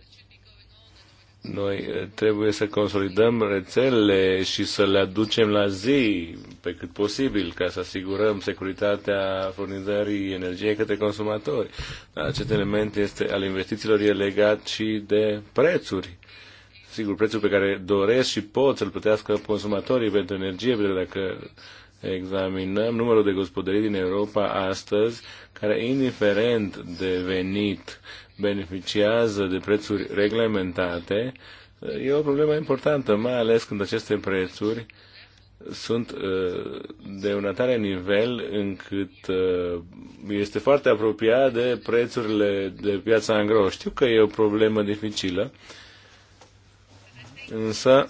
noi uh, trebuie să consolidăm rețelele și să le aducem la zi pe cât posibil ca să asigurăm securitatea furnizării energiei către consumatori. Acest element este al investițiilor e legat și de prețuri. Sigur, prețul pe care doresc și pot să-l plătească consumatorii pentru energie, pentru că dacă examinăm numărul de gospodării din Europa astăzi care, indiferent de venit, beneficiază de prețuri reglementate, e o problemă importantă, mai ales când aceste prețuri sunt uh, de un atare nivel încât uh, este foarte apropiat de prețurile de piața gros. Știu că e o problemă dificilă, însă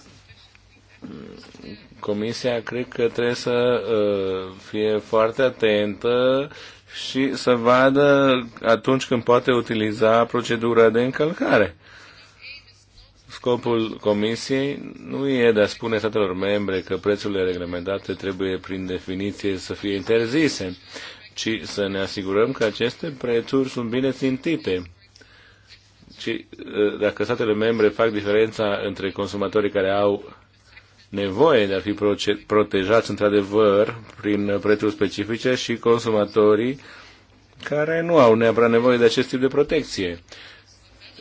Comisia cred că trebuie să uh, fie foarte atentă și să vadă atunci când poate utiliza procedura de încălcare. Scopul Comisiei nu e de a spune statelor membre că prețurile reglementate trebuie prin definiție să fie interzise, ci să ne asigurăm că aceste prețuri sunt bine țintite. Ci, uh, dacă statele membre fac diferența între consumatorii care au nevoie de a fi protejați într-adevăr prin prețuri specifice și consumatorii care nu au neapărat nevoie de acest tip de protecție.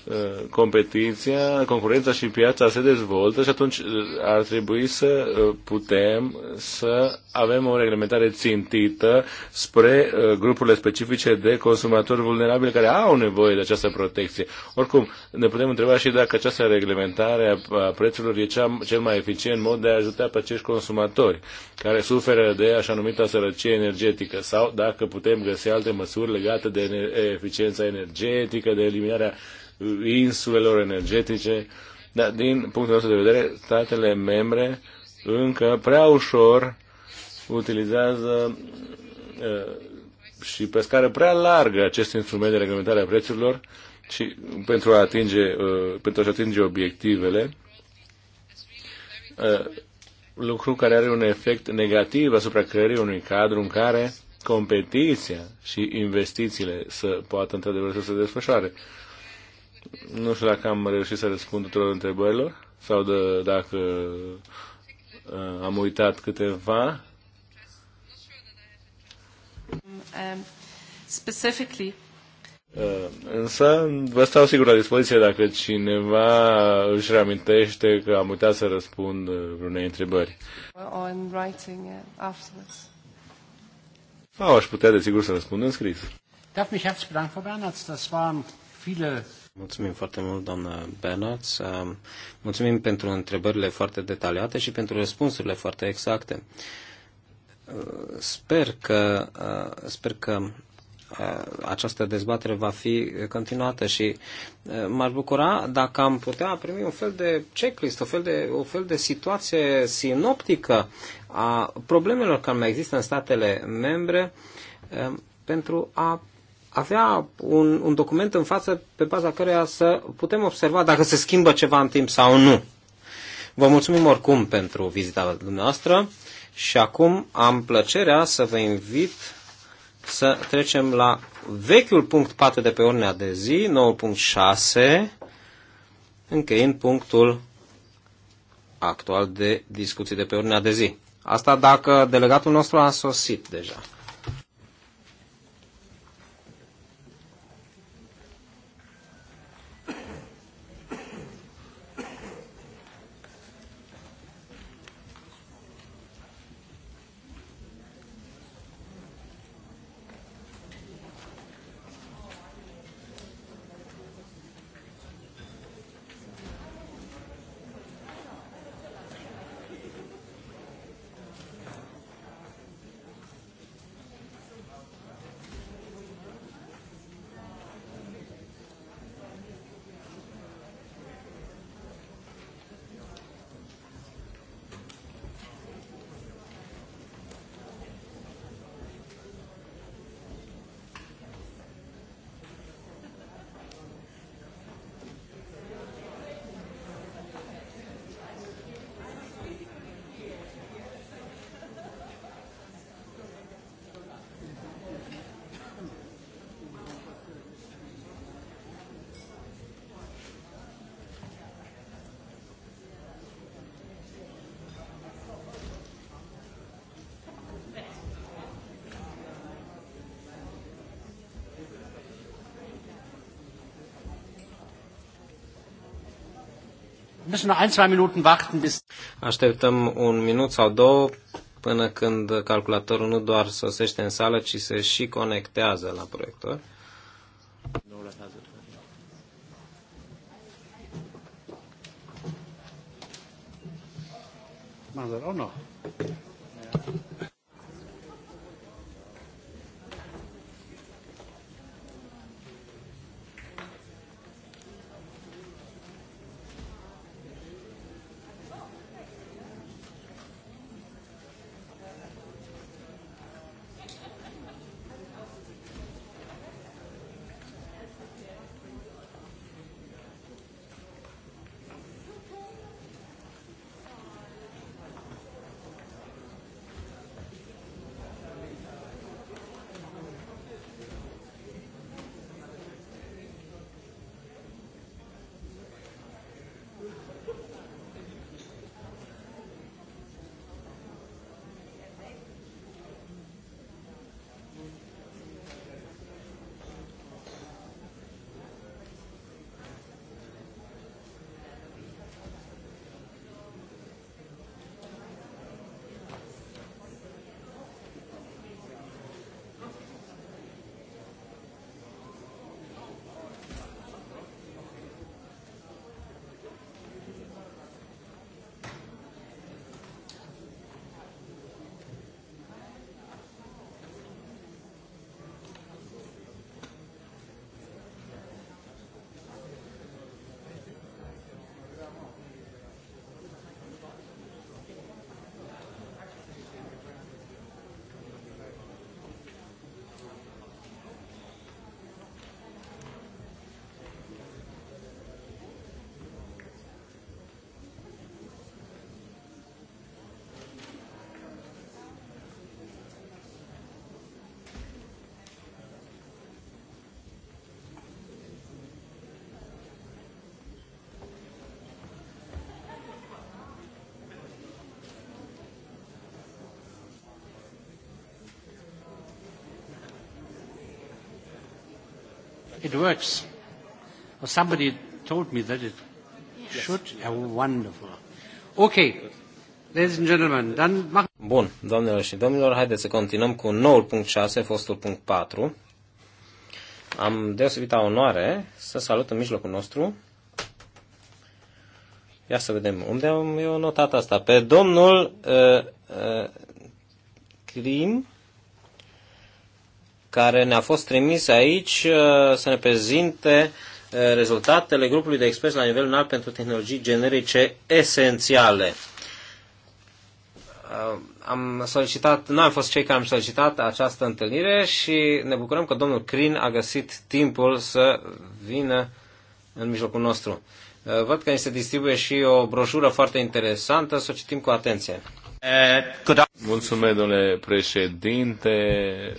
Uh, competiția, concurența și piața se dezvoltă și atunci uh, ar trebui să uh, putem să avem o reglementare țintită spre grupurile specifice de consumatori vulnerabili care au nevoie de această protecție. Oricum, ne putem întreba și dacă această reglementare a prețurilor e cea, cel mai eficient mod de a ajuta pe acești consumatori care suferă de așa numita sărăcie energetică sau dacă putem găsi alte măsuri legate de eficiența energetică, de eliminarea uh, insulelor energetice, dar din punctul nostru de vedere, statele membre încă prea ușor utilizează uh, și pe scară prea largă acest instrument de reglementare a prețurilor și pentru a atinge, uh, pentru a atinge obiectivele, uh, lucru care are un efect negativ asupra creării unui cadru în care competiția și investițiile să poată într-adevăr să se desfășoare. Nu știu dacă am reușit să răspund tuturor întrebărilor sau de, dacă uh, am uitat câteva. Um, specifically. Uh, însă vă stau sigur la dispoziție dacă cineva își reamintește că am uitat să răspund uh, vreunei întrebări. Uh, sau aș putea, desigur, să răspund în scris. Darf mich herzlich bedanken, Frau Bernhardt. Das waren viele Mulțumim foarte mult, doamnă Bernards. Mulțumim pentru întrebările foarte detaliate și pentru răspunsurile foarte exacte. Uh, sper că, uh, sper că uh, această dezbatere va fi continuată și m-aș bucura dacă am putea primi un fel de checklist, o fel de, o fel de situație sinoptică a problemelor care mai există în statele membre pentru a avea un, un document în față pe baza căreia să putem observa dacă se schimbă ceva în timp sau nu. Vă mulțumim oricum pentru vizita dumneavoastră și acum am plăcerea să vă invit să trecem la vechiul punct 4 de pe ordinea de zi, noul punct 6, încheind punctul actual de discuții de pe ordinea de zi. Asta dacă delegatul nostru a sosit deja. Așteptăm un minut sau două până când calculatorul nu doar sosește în sală, ci se și conectează la proiector. It works. Well, somebody told me that it should. Yes. Oh, wonderful. Okay. Ladies and gentlemen, then... Bun, doamnelor și domnilor, haideți să continuăm cu noul punct 6, fostul punct 4. Am deosebită onoare să salut în mijlocul nostru. Ia să vedem, unde am eu notat asta? Pe domnul uh, uh, Crim care ne-a fost trimis aici uh, să ne prezinte uh, rezultatele grupului de experți la nivel înalt pentru tehnologii generice esențiale. Uh, am solicitat, noi am fost cei care am solicitat această întâlnire și ne bucurăm că domnul Crin a găsit timpul să vină în mijlocul nostru. Văd că ni se distribuie și o broșură foarte interesantă, să o citim cu atenție. Uh, Mulțumesc, domnule președinte.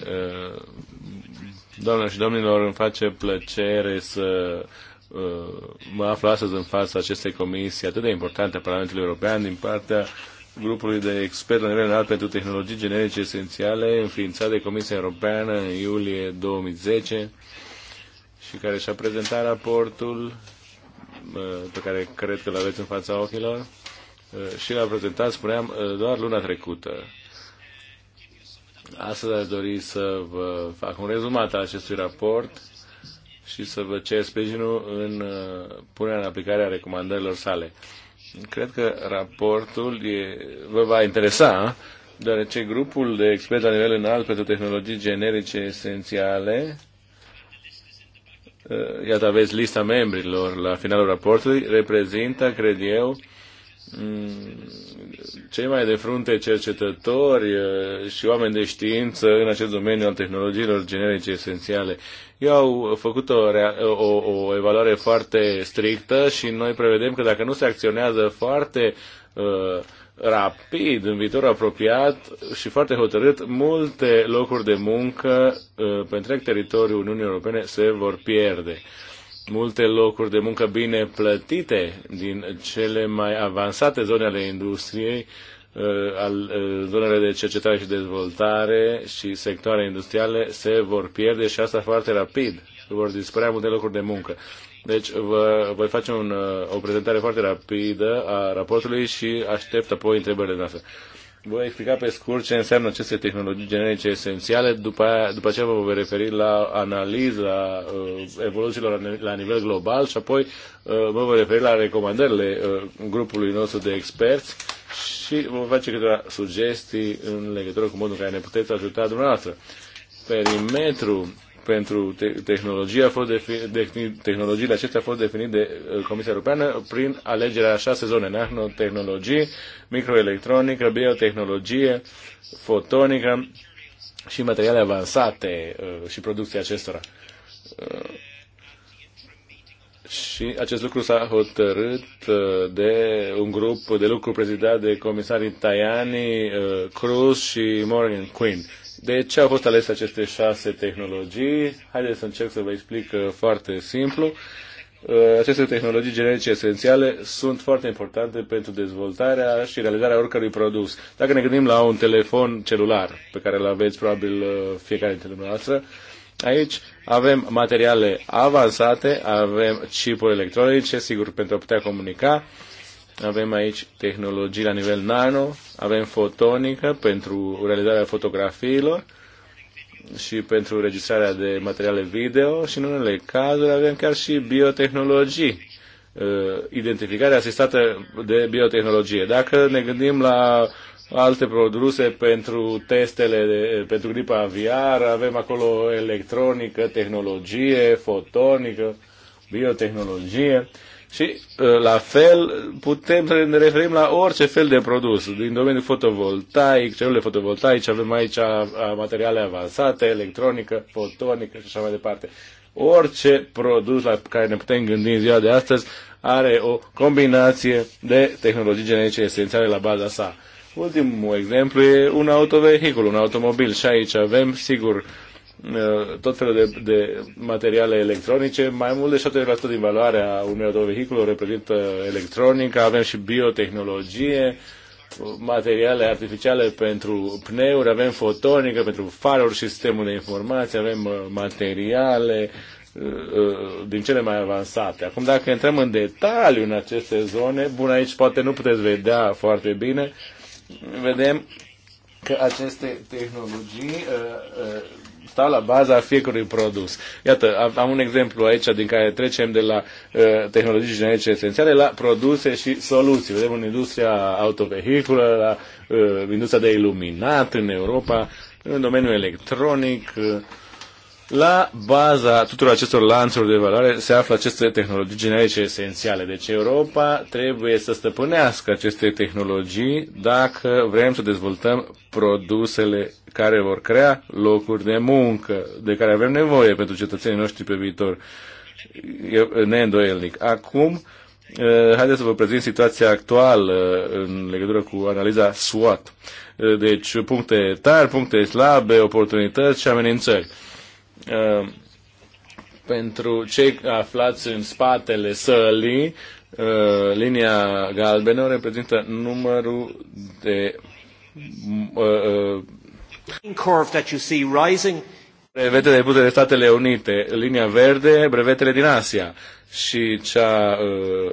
Uh, doamnelor și domnilor, îmi face plăcere să uh, mă aflu astăzi în fața acestei comisii atât de importante a Parlamentului European din partea grupului de expert la nivel înalt pentru tehnologii generice esențiale înființat de Comisia Europeană în iulie 2010 și care și-a prezentat raportul pe care cred că l aveți în fața ochilor Uh, și l a prezentat, spuneam, uh, doar luna trecută. Astăzi aș dori să vă fac un rezumat al acestui raport și să vă cer sprijinul în uh, punerea în aplicare a recomandărilor sale. Cred că raportul e, vă va interesa, deoarece grupul de experți la nivel înalt pentru tehnologii generice esențiale, iată aveți lista membrilor la finalul raportului, reprezintă, cred eu, Mm, cei mai de frunte cercetători eh, și oameni de știință în acest domeniu al tehnologiilor generice esențiale. Eu au făcut o, o, o evaluare foarte strictă și noi prevedem că dacă nu se acționează foarte uh, rapid, în viitor apropiat și foarte hotărât, multe locuri de muncă uh, pe întreg teritoriul Uniunii Europene se vor pierde. Uh, multe locuri de muncă bine plătite din cele mai avansate zone ale industriei, uh, al uh, zonele de cercetare și dezvoltare și sectoare industriale se vor pierde și asta foarte rapid. Vor dispărea multe locuri de muncă. Deci vă, voi face un, uh, o prezentare foarte rapidă a raportului și aștept apoi întrebările noastre voi explica pe scurt ce înseamnă aceste tehnologii generice esențiale, după, aia, după aceea vă voi referi la analiza uh, evoluțiilor la nivel global și apoi uh, mă voi referi la recomandările uh, grupului nostru de experți și vă face câteva sugestii în legătură cu modul în care ne puteți ajuta dumneavoastră. Perimetrul pentru te- tehnologie a fost defini, de, tehnologiile acestea a fost definit de uh, Comisia Europeană prin alegerea a șase zone, nanotehnologie, microelectronică, biotehnologie, fotonică și materiale avansate uh, și producția acestora. Uh, și acest lucru s-a hotărât de un grup de lucru prezidat de comisarii Tajani, Cruz și Morgan Quinn de ce au fost alese aceste șase tehnologii? Haideți să încerc să vă explic uh, foarte simplu. Uh, aceste tehnologii generice esențiale sunt foarte importante pentru dezvoltarea și realizarea oricărui produs. Dacă ne gândim la un telefon celular, pe care îl aveți probabil uh, fiecare dintre dumneavoastră, Aici avem materiale avansate, avem chipuri electronice, sigur, pentru a putea comunica, avem aici tehnologii la nivel nano, avem fotonică pentru realizarea fotografiilor și pentru registrarea de materiale video și în unele cazuri avem chiar și biotehnologii uh, identificarea asistată de biotehnologie. Dacă ne gândim la alte produse pentru testele de, pentru gripa aviară, avem acolo electronică, tehnologie, fotonică, biotehnologie. Și uh, la fel putem să ne referim la orice fel de produs. Din domeniul fotovoltaic, celule fotovoltaice, avem aici materiale avansate, electronică, fotonică și așa mai departe. Orice produs la care ne putem gândi în ziua de astăzi are o combinație de tehnologii genetice esențiale la baza sa. Ultimul exemplu e un autovehicul, un automobil și aici avem, sigur, Uh, tot felul de, de materiale electronice. Mai mult de 70% din valoarea unui autovehicul reprezintă electronică, avem și biotehnologie, materiale artificiale pentru pneuri, avem fotonică pentru faruri și sistemul de informații, avem uh, materiale uh, din cele mai avansate. Acum, dacă intrăm în detaliu în aceste zone, bun, aici poate nu puteți vedea foarte bine, vedem că aceste tehnologii uh, uh, stau la baza fiecărui produs. Iată, am un exemplu aici din care trecem de la uh, tehnologii generice esențiale la produse și soluții. Vedem în industria autovehiculă, la uh, industria de iluminat în Europa, în domeniul electronic, uh, la baza tuturor acestor lanțuri de valoare se află aceste tehnologii generice esențiale. Deci Europa trebuie să stăpânească aceste tehnologii dacă vrem să dezvoltăm produsele care vor crea locuri de muncă, de care avem nevoie pentru cetățenii noștri pe viitor. E neîndoielnic. Acum, eh, haideți să vă prezint situația actuală în legătură cu analiza SWOT. Eh, deci, puncte tari, puncte slabe, oportunități și amenințări. Uh, pentru cei aflați în spatele sălii, uh, linia galbenă reprezintă numărul de uh, curve that you see rising brevetele de de Statele Unite, linia verde, brevetele din Asia și cea uh,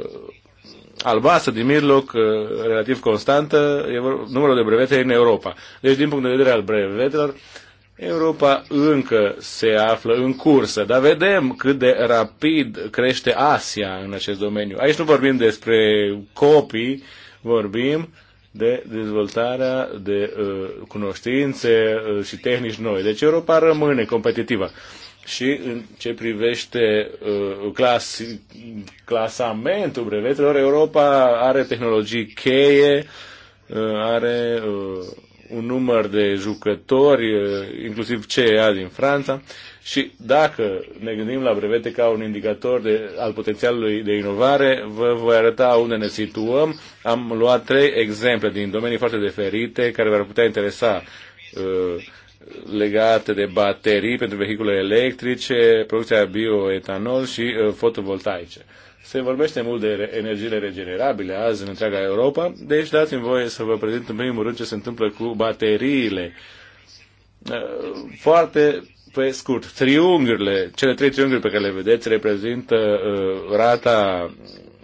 albastră din mijloc, uh, relativ constantă, e numărul de brevete în Europa. Deci, din punct de vedere al brevetelor, Europa încă se află în cursă, dar vedem cât de rapid crește Asia în acest domeniu. Aici nu vorbim despre copii, vorbim de dezvoltarea de uh, cunoștințe uh, și tehnici noi. Deci Europa rămâne competitivă. Și în ce privește uh, clas, clasamentul brevetelor, Europa are tehnologii cheie, uh, are uh, un număr de jucători, eh, inclusiv CEA din Franța, și dacă ne gândim la brevete ca un indicator de, al potențialului de inovare, vă voi arăta unde ne situăm. Am luat trei exemple din domenii foarte diferite care v-ar putea interesa eh, legate de baterii pentru vehicule electrice, producția bioetanol și eh, fotovoltaice. Se vorbește mult de energiile regenerabile azi în întreaga Europa, deci dați-mi voie să vă prezint în primul rând ce se întâmplă cu bateriile. Uh, foarte pe scurt, triunghiurile, cele trei triunghiuri pe care le vedeți reprezintă uh, rata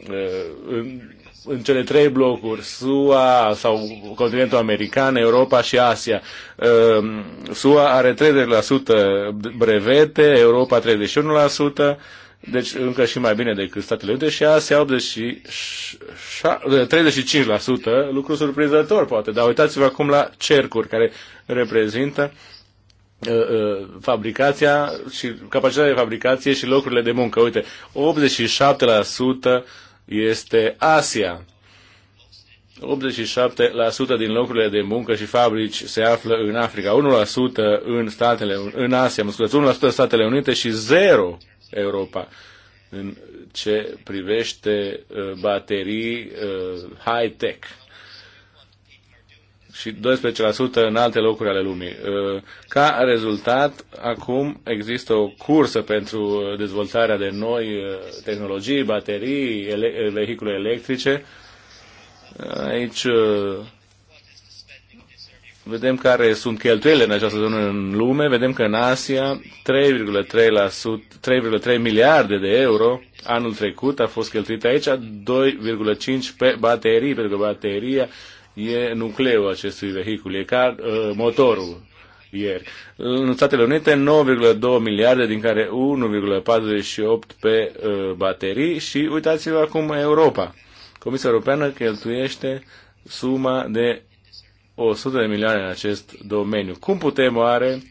uh, în, în cele trei blocuri, SUA sau continentul american, Europa și Asia. Uh, SUA are 30% brevete, Europa 31%, deci încă și mai bine decât Statele Unite și Asia 85%, lucru surprinzător poate, dar uitați-vă acum la cercuri care reprezintă uh, uh, fabricația și capacitatea de fabricație și locurile de muncă. Uite, 87% este Asia. 87% din locurile de muncă și fabrici se află în Africa, 1% în statele în Asia, mă scuzați, 1% în Statele Unite și Europa în ce privește uh, baterii uh, high-tech și 12% în alte locuri ale lumii. Uh, ca rezultat, acum există o cursă pentru dezvoltarea de noi tehnologii, baterii, ele vehicule electrice. Aici vedem care sunt cheltuielile în această zonă în lume, vedem că în Asia 3,3 miliarde de euro anul trecut a fost cheltuit aici, 2,5 pe baterii, pentru că bateria e nucleul acestui vehicul, e car uh, motorul ieri. În Statele Unite 9,2 miliarde, din care 1,48 pe uh, baterii și uitați-vă acum Europa. Comisia Europeană cheltuiește suma de 100 de milioane în acest domeniu. Cum putem oare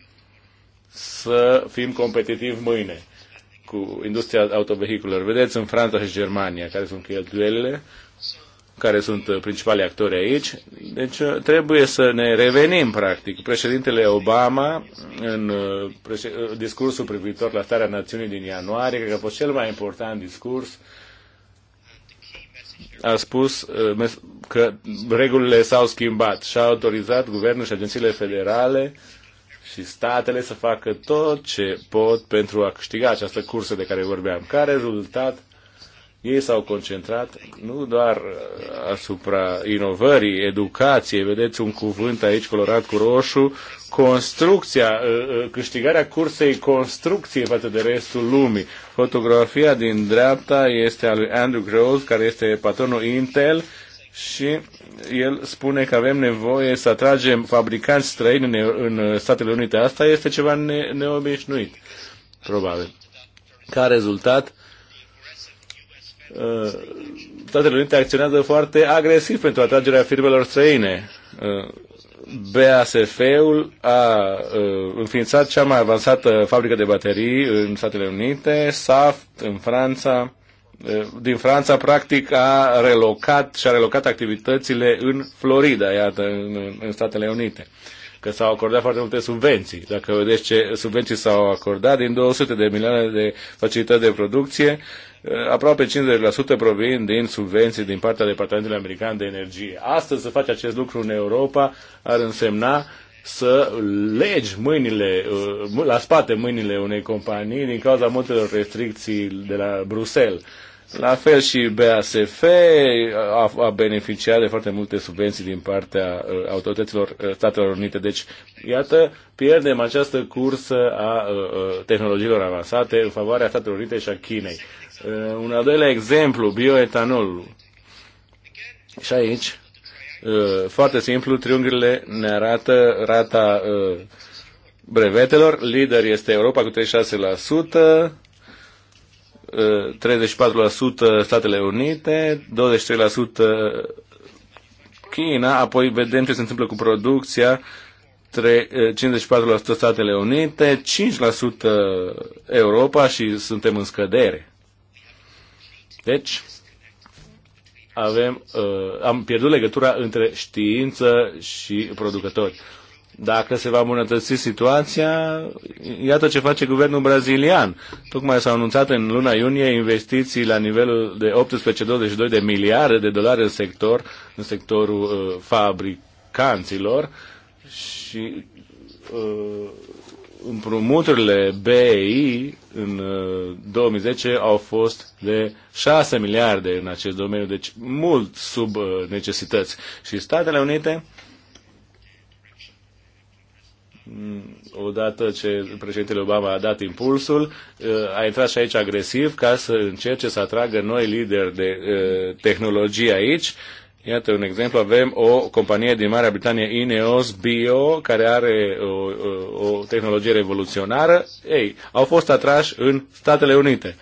să fim competitivi mâine cu industria autovehiculelor? Vedeți în Franța și Germania care sunt cheltuielile, care sunt uh, principalii actori aici. Deci uh, trebuie să ne revenim, practic. Președintele Obama, în uh, discursul privitor la starea națiunii din ianuarie, cred că a fost cel mai important discurs a spus uh, că regulile s-au schimbat și a autorizat guvernul și agențiile federale și statele să facă tot ce pot pentru a câștiga această cursă de care vorbeam. Ca rezultat, ei s-au concentrat nu doar uh, asupra inovării, educației, vedeți un cuvânt aici colorat cu roșu, construcția, uh, uh, câștigarea cursei construcție față de restul lumii. Fotografia din dreapta este a lui Andrew Groves, care este patronul Intel, și el spune că avem nevoie să atragem fabricanți străini în, în Statele Unite. Asta este ceva ne, neobișnuit, probabil. Ca rezultat, uh, Uh, Statele Unite acționează foarte agresiv pentru atragerea firmelor străine. Uh, BASF-ul a uh, înființat cea mai avansată fabrică de baterii în Statele Unite, SAFT în Franța. Din Franța, practic, a relocat și-a relocat activitățile în Florida, iată, în, în Statele Unite. Uh, că s-au acordat foarte multe subvenții. Dacă vedeți ce subvenții s-au acordat, din 200 de milioane de facilități de producție, eh, aproape 50% provin din subvenții din partea Departamentului American de Energie. Astăzi să faci acest lucru în Europa ar însemna să legi mâinile, eh, la spate mâinile unei companii din cauza multelor restricții de la Bruxelles. La fel și BASF a, a beneficiat de foarte multe subvenții din partea uh, autorităților uh, Statelor Unite. Deci, iată, pierdem această cursă a, a uh, tehnologiilor avansate în favoarea Statelor Unite și a Chinei. A, un al doilea exemplu, bioetanol. Și aici, a, foarte simplu, triunghiurile ne arată rata brevetelor. Lider este Europa cu 36%, 34% Statele Unite, 23% China, apoi vedem ce se întâmplă cu producția, 54% Statele Unite, 5% Europa și suntem în scădere. Deci, avem, uh, am pierdut legătura între știință și producători. Dacă se va îmbunătăți situația, iată ce face guvernul brazilian. Tocmai s-au anunțat în luna iunie investiții la nivelul de 18-22 de miliarde de dolari în sector, în sectorul uh, fabricanților și uh, împrumuturile BEI în 2010 uh, au fost de 6 miliarde în acest domeniu, deci mult sub uh, necesități. Și Statele Unite odată ce președintele Obama a dat impulsul, eh, a intrat și aici agresiv ca să încerce să atragă noi lideri de eh, tehnologie aici. Iată un exemplu, avem o companie din Marea Britanie, Ineos Bio, care are o, o, o tehnologie revoluționară. Ei, au fost atrași în Statele Unite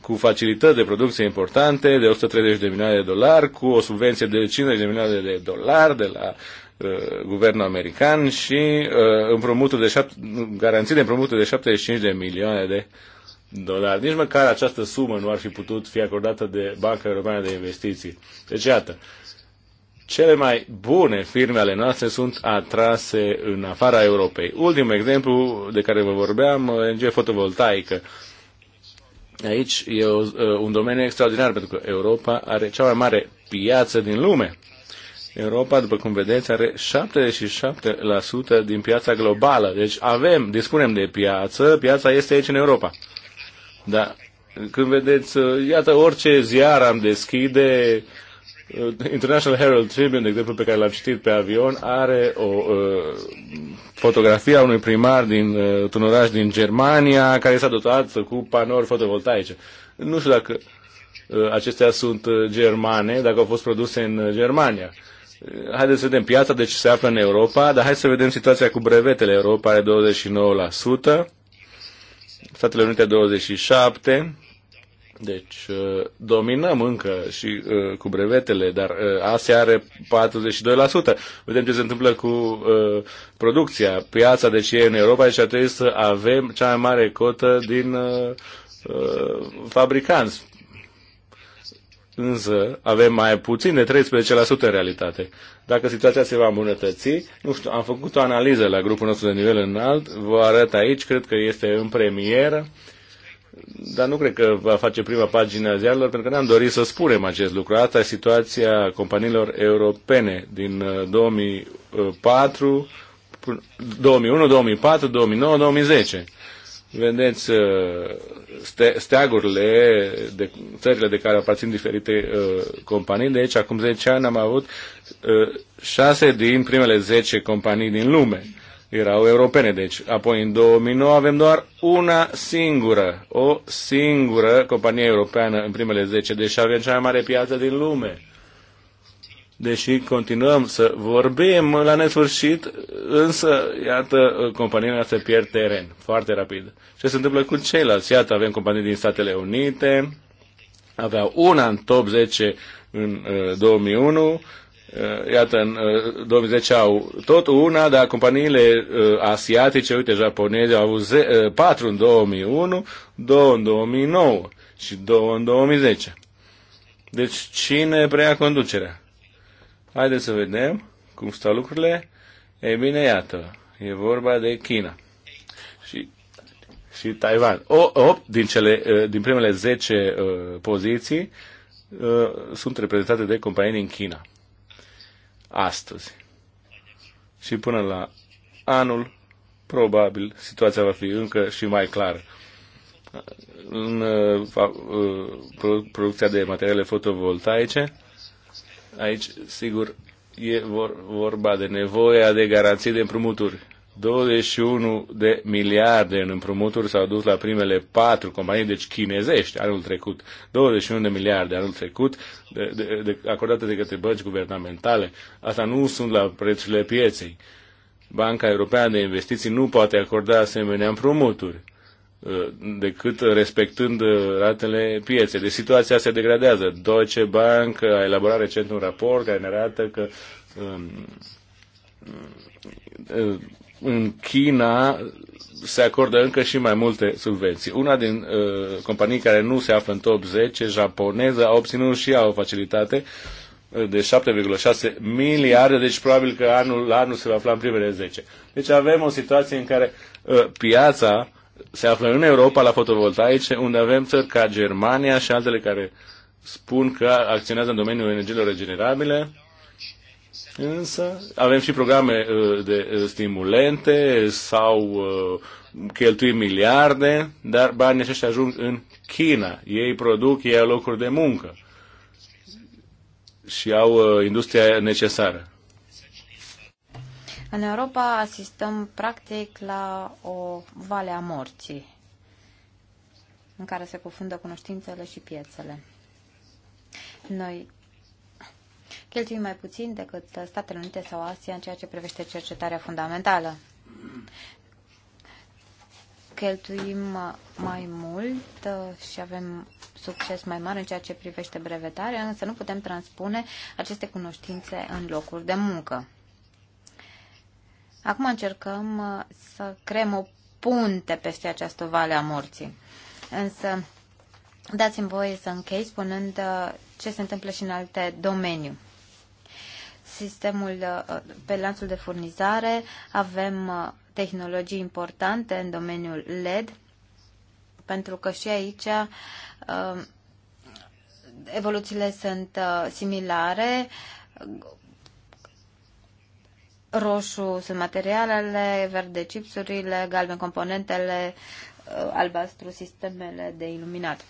cu facilități de producție importante de 130 de milioane de dolari, cu o subvenție de 50 de milioane de dolari de la Uh, guvernul american și uh, împrumutul de șapte garanții de împrumutul de 75 de milioane de dolari. Nici măcar această sumă nu ar fi putut fi acordată de Banca Europeană de Investiții. Deci, iată, cele mai bune firme ale noastre sunt atrase în afara Europei. Ultimul exemplu de care vă vorbeam, uh, NG fotovoltaică. Aici e o, un domeniu extraordinar pentru că Europa are cea mai mare piață din lume Europa, după cum vedeți, are 77% din piața globală. Deci avem, dispunem de piață, piața este aici în Europa. Da. când vedeți, uh, iată, orice ziar am deschide, uh, International Herald Tribune, de exemplu, pe care l-am citit pe avion, are o uh, fotografie a unui primar din uh, un oraș din Germania care s-a dotat cu panouri fotovoltaice. Nu știu dacă uh, acestea sunt uh, germane, dacă au fost produse în Germania. Uh, haideți să vedem, piața deci se află în Europa, dar hai să vedem situația cu brevetele. Europa are 29%, Statele Unite 27%, deci uh, dominăm încă și uh, cu brevetele, dar uh, Asia are 42%. Vedem ce se întâmplă cu producția. Piața deci e în Europa și ar trebui să avem cea mai mare cotă din fabricanți însă avem mai puțin de 13% în realitate. Dacă situația se va îmbunătăți, nu știu, am făcut o analiză la grupul nostru de nivel înalt, vă arăt aici, cred că este în premieră, dar nu cred că va face prima pagină a ziarilor, pentru că ne-am dorit să spunem acest lucru. Asta e situația companiilor europene din 2004, 2001, 2004, 2009, 2010. Vedeți uh, steagurile de țările de care aparțin diferite uh, companii. Deci, acum 10 ani am avut 6 uh, din primele 10 companii din lume. Erau europene, deci. Apoi, în 2009, avem doar una singură, o singură companie europeană în primele 10. Deci avem cea mai mare piață din lume Deși continuăm să vorbim la nesfârșit, însă, iată, compania noastră pierd teren foarte rapid. Ce se întâmplă cu ceilalți? Iată, avem companii din Statele Unite, avea una în top 10 în uh, 2001, uh, Iată, în 2010 uh, au tot una, dar companiile uh, asiatice, uite, japoneze, au avut 4 în 2001, 2 în 2009 și 2 în 2010. Deci cine preia conducerea? Haideți să vedem cum stau lucrurile. E bine, iată, e vorba de China și, și Taiwan. O, 8 din, cele, eh, din primele 10 uh, eh, poziții uh, sunt reprezentate de companii din China. Astăzi. Și până la anul, probabil, situația va fi încă și mai clară în producția de materiale fotovoltaice Aici, sigur, e vor, vorba de nevoia de garanții de împrumuturi. 21 de miliarde în împrumuturi s-au dus la primele patru companii, deci chinezești, anul trecut. 21 de miliarde anul trecut, de, de, de, acordate de către bănci guvernamentale. Asta nu sunt la prețurile pieței. Banca Europeană de Investiții nu poate acorda asemenea împrumuturi decât respectând ratele pieței. Deci situația se degradează. Deutsche Bank a elaborat recent un raport care ne arată că um, um, în China se acordă încă și mai multe subvenții. Una din uh, companii care nu se află în top 10, japoneză, a obținut și ea o facilitate uh, de 7,6 miliarde, deci probabil că anul, anul se va afla în primele 10. Deci avem o situație în care uh, piața se află în Europa la fotovoltaice, unde avem țări ca Germania și altele care spun că acționează în domeniul energiilor regenerabile, însă avem și programe uh, de uh, stimulente sau uh, cheltui miliarde, dar banii aceștia ajung în China. Ei produc, ei au locuri de muncă și au industria necesară. În Europa asistăm practic la o vale a morții în care se cufundă cunoștințele și piețele. Noi cheltuim mai puțin decât Statele Unite sau Asia în ceea ce privește cercetarea fundamentală. Cheltuim mai mult și avem succes mai mare în ceea ce privește brevetarea, însă nu putem transpune aceste cunoștințe în locuri de muncă. Acum încercăm uh, să creăm o punte peste această vale a morții. Însă, dați-mi voie să închei spunând uh, ce se întâmplă și în alte domenii. Sistemul uh, pe lanțul de furnizare, avem tehnologii importante în domeniul LED, pentru că și aici evoluțiile sunt similare roșu sunt materialele, verde chipsurile, galben componentele, uh, albastru sistemele de iluminat.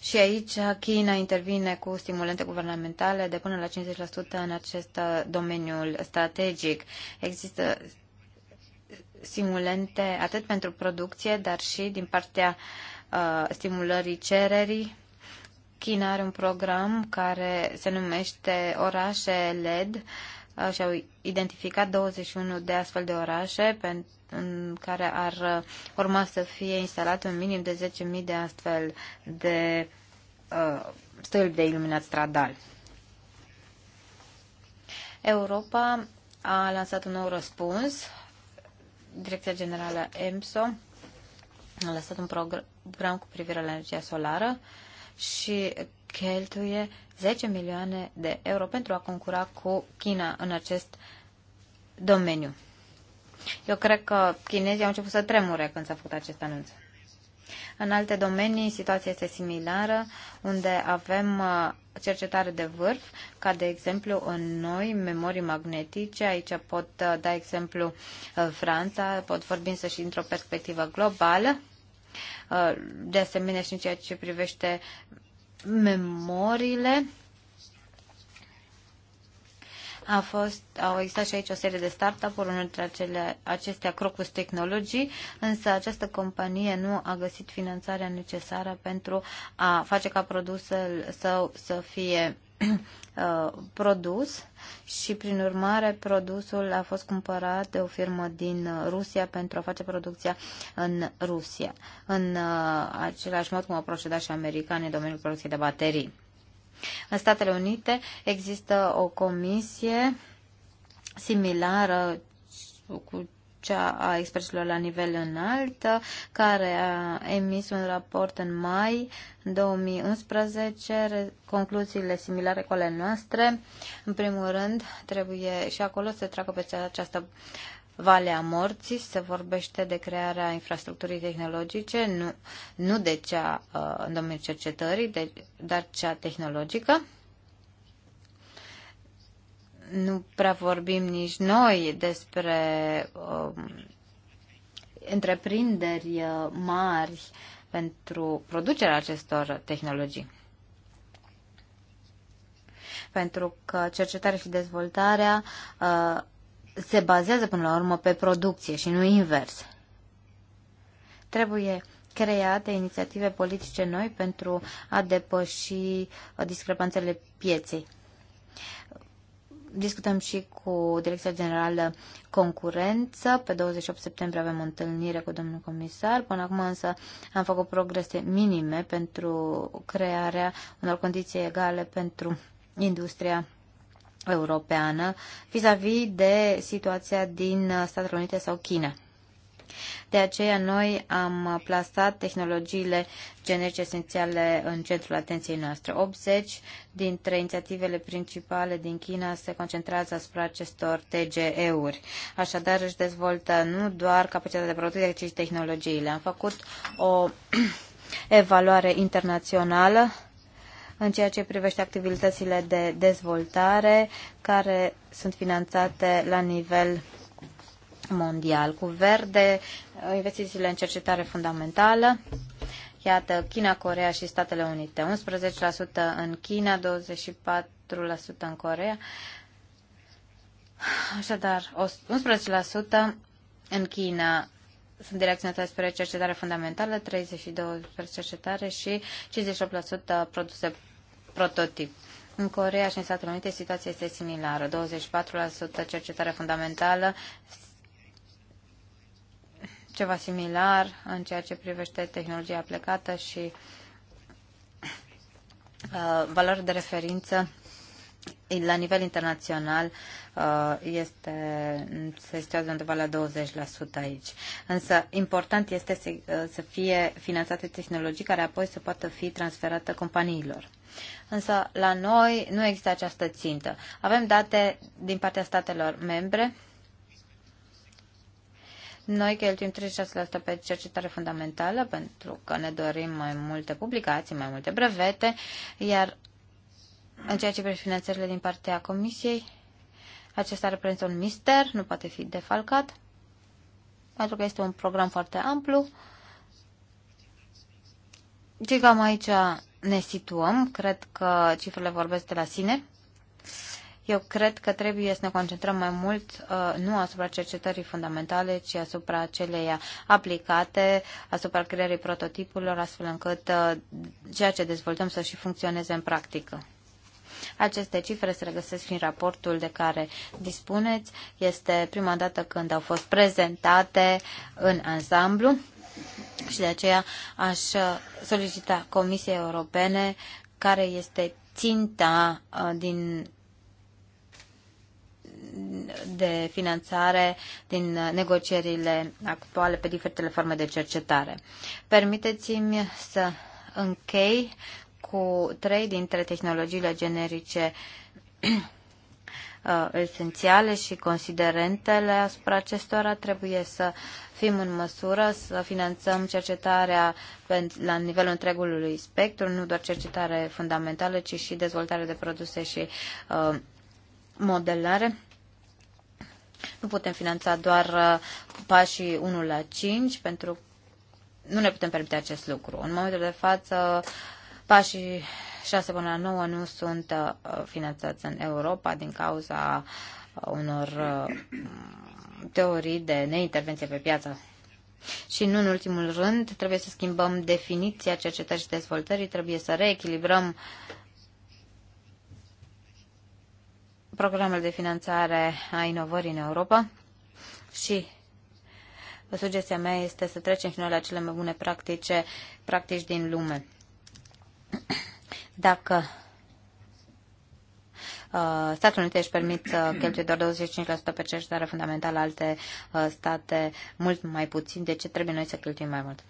Și aici China intervine cu stimulente guvernamentale de până la 50% în acest domeniu strategic. Există stimulente atât pentru producție, dar și din partea uh, stimulării cererii. China are un program care se numește Orașe LED, uh, Uh, și-au identificat 21 de astfel de orașe în care ar uh, urma să fie instalat un minim de 10.000 de astfel de uh, stâlpi de iluminat stradal. Europa a lansat un nou răspuns. Direcția Generală EMSO a lansat un program cu privire la energia solară și cheltuie 10 milioane de euro pentru a concura cu China în acest domeniu. Eu cred că chinezii au început să tremure când s-a făcut acest anunț. În alte domenii, situația este similară, unde avem uh, cercetare de vârf, ca de exemplu în noi memorii magnetice. Aici pot uh, da exemplu uh, Franța, pot vorbi însă și într-o perspectivă globală. De asemenea și în ceea ce privește memoriile. A fost, au existat și aici o serie de startup-uri, unul dintre acele, acestea Crocus Technology, însă această companie nu a găsit finanțarea necesară pentru a face ca produsul său să fie Uh, produs și, prin urmare, produsul a fost cumpărat de o firmă din Rusia pentru a face producția în Rusia. În uh, același mod cum au procedat și americanii în domeniul producției de baterii. În Statele Unite există o comisie similară cu cea a experților la nivel înalt, care a emis un raport în mai 2011, concluziile similare cu ale noastre. În primul rând, trebuie și acolo să treacă pe această Valea Morții se vorbește de crearea infrastructurii tehnologice, nu, nu de cea uh, în domeniul cercetării, de, dar cea tehnologică nu prea vorbim nici noi despre um, uh, întreprinderi mari pentru producerea acestor tehnologii. Pentru că cercetarea și dezvoltarea uh, se bazează până la urmă pe producție și nu invers. Trebuie create inițiative politice noi pentru a depăși uh, discrepanțele pieței. Discutăm și cu Direcția Generală Concurență. Pe 28 septembrie avem o întâlnire cu domnul comisar. Până acum însă am făcut progrese minime pentru crearea unor condiții egale pentru industria europeană vis-a-vis -vis de situația din Statele Unite sau China. De aceea noi am plasat tehnologiile generice esențiale în centrul atenției noastre. 80 dintre inițiativele principale din China se concentrează asupra acestor TGE-uri. Așadar își dezvoltă nu doar capacitatea de producție, ci și tehnologiile. Am făcut o evaluare internațională în ceea ce privește activitățile de dezvoltare care sunt finanțate la nivel mondial, cu verde, investițiile în cercetare fundamentală, Iată, China, Corea și Statele Unite. 11% în China, 24% în Corea. Așadar, 11% în China sunt direcționate spre cercetare fundamentală, 32% spre cercetare și 58% produse prototip. În Corea și în Statele Unite situația este similară, 24% cercetare fundamentală, ceva similar în ceea ce privește tehnologia aplicată și uh, valori de referință la nivel internațional uh, este, se situează undeva la 20% aici. Însă important este să, uh, să fie finanțate tehnologii care apoi să poată fi transferată companiilor. Însă la noi nu există această țintă. Avem date din partea statelor membre noi cheltuim 36% pe cercetare fundamentală pentru că ne dorim mai multe publicații, mai multe brevete, iar în ceea ce privește finanțările din partea Comisiei, acesta reprezintă un mister, nu poate fi defalcat, pentru că este un program foarte amplu. Ce cam aici ne situăm, cred că cifrele vorbesc de la sine. Eu cred că trebuie să ne concentrăm mai mult uh, nu asupra cercetării fundamentale, ci asupra celei aplicate, asupra creării prototipurilor, astfel încât uh, ceea ce dezvoltăm să și funcționeze în practică. Aceste cifre se regăsesc și în raportul de care dispuneți. Este prima dată când au fost prezentate în ansamblu și de aceea aș uh, solicita Comisiei Europene care este ținta din de finanțare din negocierile actuale pe diferitele forme de cercetare. Permiteți-mi să închei cu trei dintre tehnologiile generice uh, esențiale și considerentele asupra acestora trebuie să fim în măsură să finanțăm cercetarea la nivelul întregului spectru, nu doar cercetare fundamentală, ci și dezvoltare de produse și uh, modelare. Nu putem finanța doar uh, pașii 1 la 5 pentru nu ne putem permite acest lucru. În momentul de față, pașii 6 până la 9 nu sunt uh, finanțați în Europa din cauza uh, unor teorii de neintervenție pe piață. Și nu în ultimul rând, trebuie să schimbăm definiția cercetării și dezvoltării, trebuie să reechilibrăm programul de finanțare a inovării în Europa și sugestia mea este să trecem și noi la cele mai bune practice, practici din lume. Dacă uh, Statele Unite își permit să uh, cheltuie doar 25% pe cercetare fundamentală, alte uh, state mult mai puțin, de ce trebuie noi să cheltuim mai mult?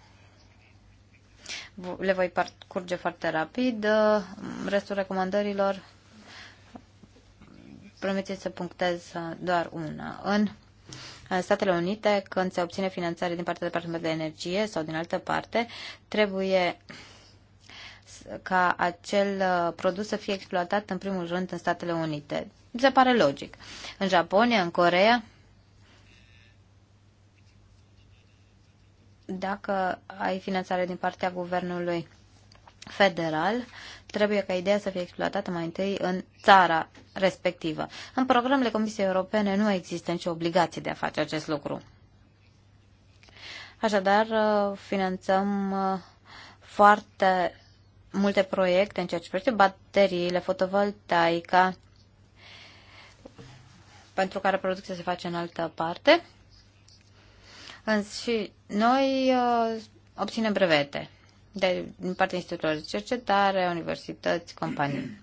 Le voi parcurge foarte rapid. Uh, restul recomandărilor promite să punctez doar una. În uh, Statele Unite, când se obține finanțare din partea Departamentului de Energie sau din altă parte, trebuie ca acel uh, produs să fie exploatat în primul rând în Statele Unite. Mi se pare logic. În Japonia, în Corea, dacă ai finanțare din partea guvernului federal, trebuie ca ideea să fie exploatată mai întâi în țara respectivă. În programele Comisiei Europene nu există nicio obligație de a face acest lucru. Așadar, uh, finanțăm uh, foarte multe proiecte în ceea ce privește bateriile, fotovoltaica, pentru care producția se face în altă parte. Și noi uh, obținem brevete de, din partea institutelor de cercetare, universități, companii.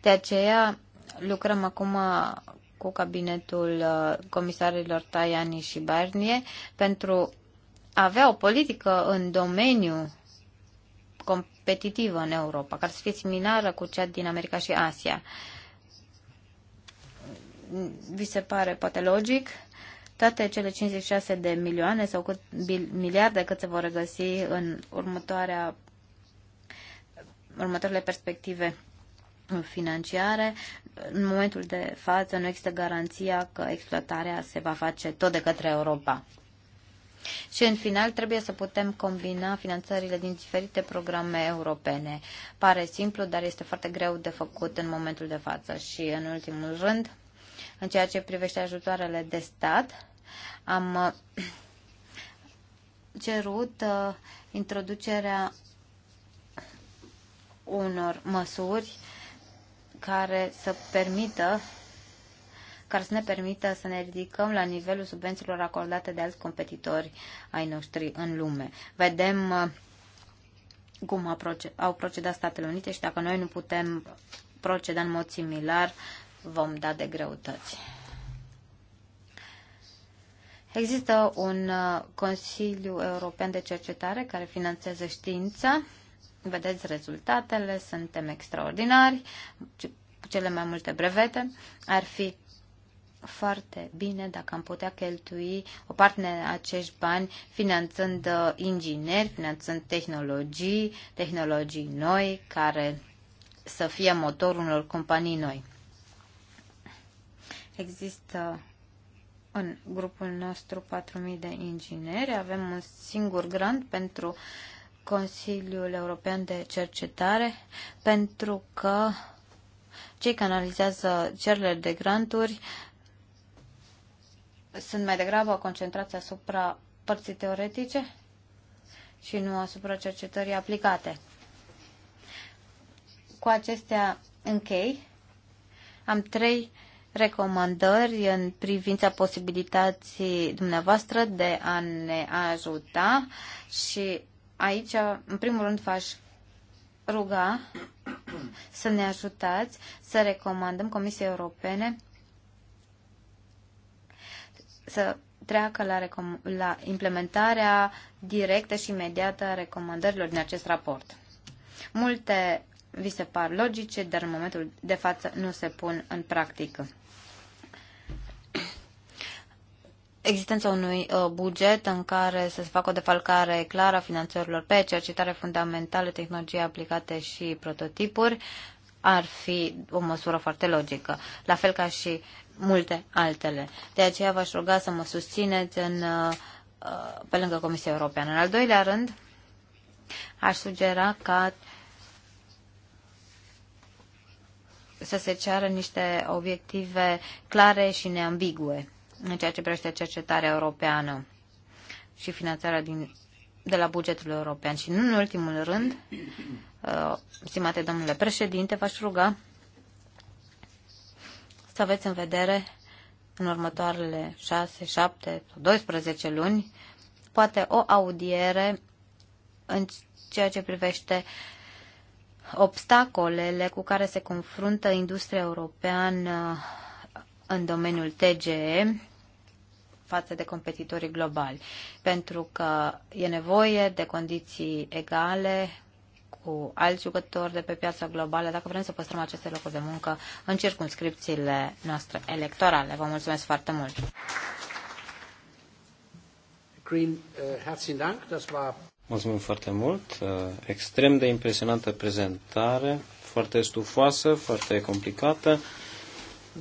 De aceea lucrăm acum uh, cu cabinetul uh, comisarilor Tajani și Barnier pentru a avea o politică în domeniu competitivă în Europa, care să fie similară cu cea din America și Asia. Vi se pare poate logic toate cele 56 de milioane sau cât, miliarde cât se vor regăsi în următoarea, următoarele perspective financiare. În momentul de față nu există garanția că exploatarea se va face tot de către Europa. Și în final trebuie să putem combina finanțările din diferite programe europene. Pare simplu, dar este foarte greu de făcut în momentul de față. Și în ultimul rând, în ceea ce privește ajutoarele de stat, am uh, cerut uh, introducerea unor măsuri care să permită care să ne permită să ne ridicăm la nivelul subvențiilor acordate de alți competitori ai noștri în lume. Vedem uh, cum au procedat Statele Unite și dacă noi nu putem proceda în mod similar, vom da de greutăți. Există un uh, Consiliu European de Cercetare care finanțează știința. Vedeți rezultatele, suntem extraordinari, cele mai multe brevete. Ar fi foarte bine dacă am putea cheltui o parte din acești bani finanțând uh, ingineri, finanțând tehnologii, tehnologii noi care să fie motorul unor companii noi. Există în grupul nostru 4.000 de ingineri. Avem un singur grant pentru Consiliul European de Cercetare, pentru că cei care analizează cererile de granturi sunt mai degrabă concentrați asupra părții teoretice și nu asupra cercetării aplicate. Cu acestea închei. Am trei recomandări în privința posibilității dumneavoastră de a ne ajuta și aici, în primul rând, v-aș ruga să ne ajutați să recomandăm Comisiei Europene să treacă la, la implementarea directă și imediată a recomandărilor din acest raport. Multe vi se par logice, dar în momentul de față nu se pun în practică. existența unui uh, buget în care să se facă o defalcare clară a finanțărilor pe cercetare fundamentală, tehnologie aplicate și prototipuri, ar fi o măsură foarte logică, la fel ca și multe altele. De aceea v-aș ruga să mă susțineți în, uh, uh, pe lângă Comisia Europeană. În al doilea rând, aș sugera ca să se ceară niște obiective clare și neambigue în ceea ce privește cercetarea europeană și finanțarea din, de la bugetul european. Și nu în ultimul rând, uh, stimate domnule președinte, v-aș ruga să aveți în vedere în următoarele 6, 7, 12 luni, poate o audiere în ceea ce privește obstacolele cu care se confruntă industria europeană în domeniul TGE față de competitorii globali, pentru că e nevoie de condiții egale cu alți jucători de pe piața globală dacă vrem să păstrăm aceste locuri de muncă în circunscripțiile noastre electorale. Vă mulțumesc foarte mult! Uh, Mulțumim foarte mult. Uh, extrem de impresionantă prezentare, foarte stufoasă, foarte complicată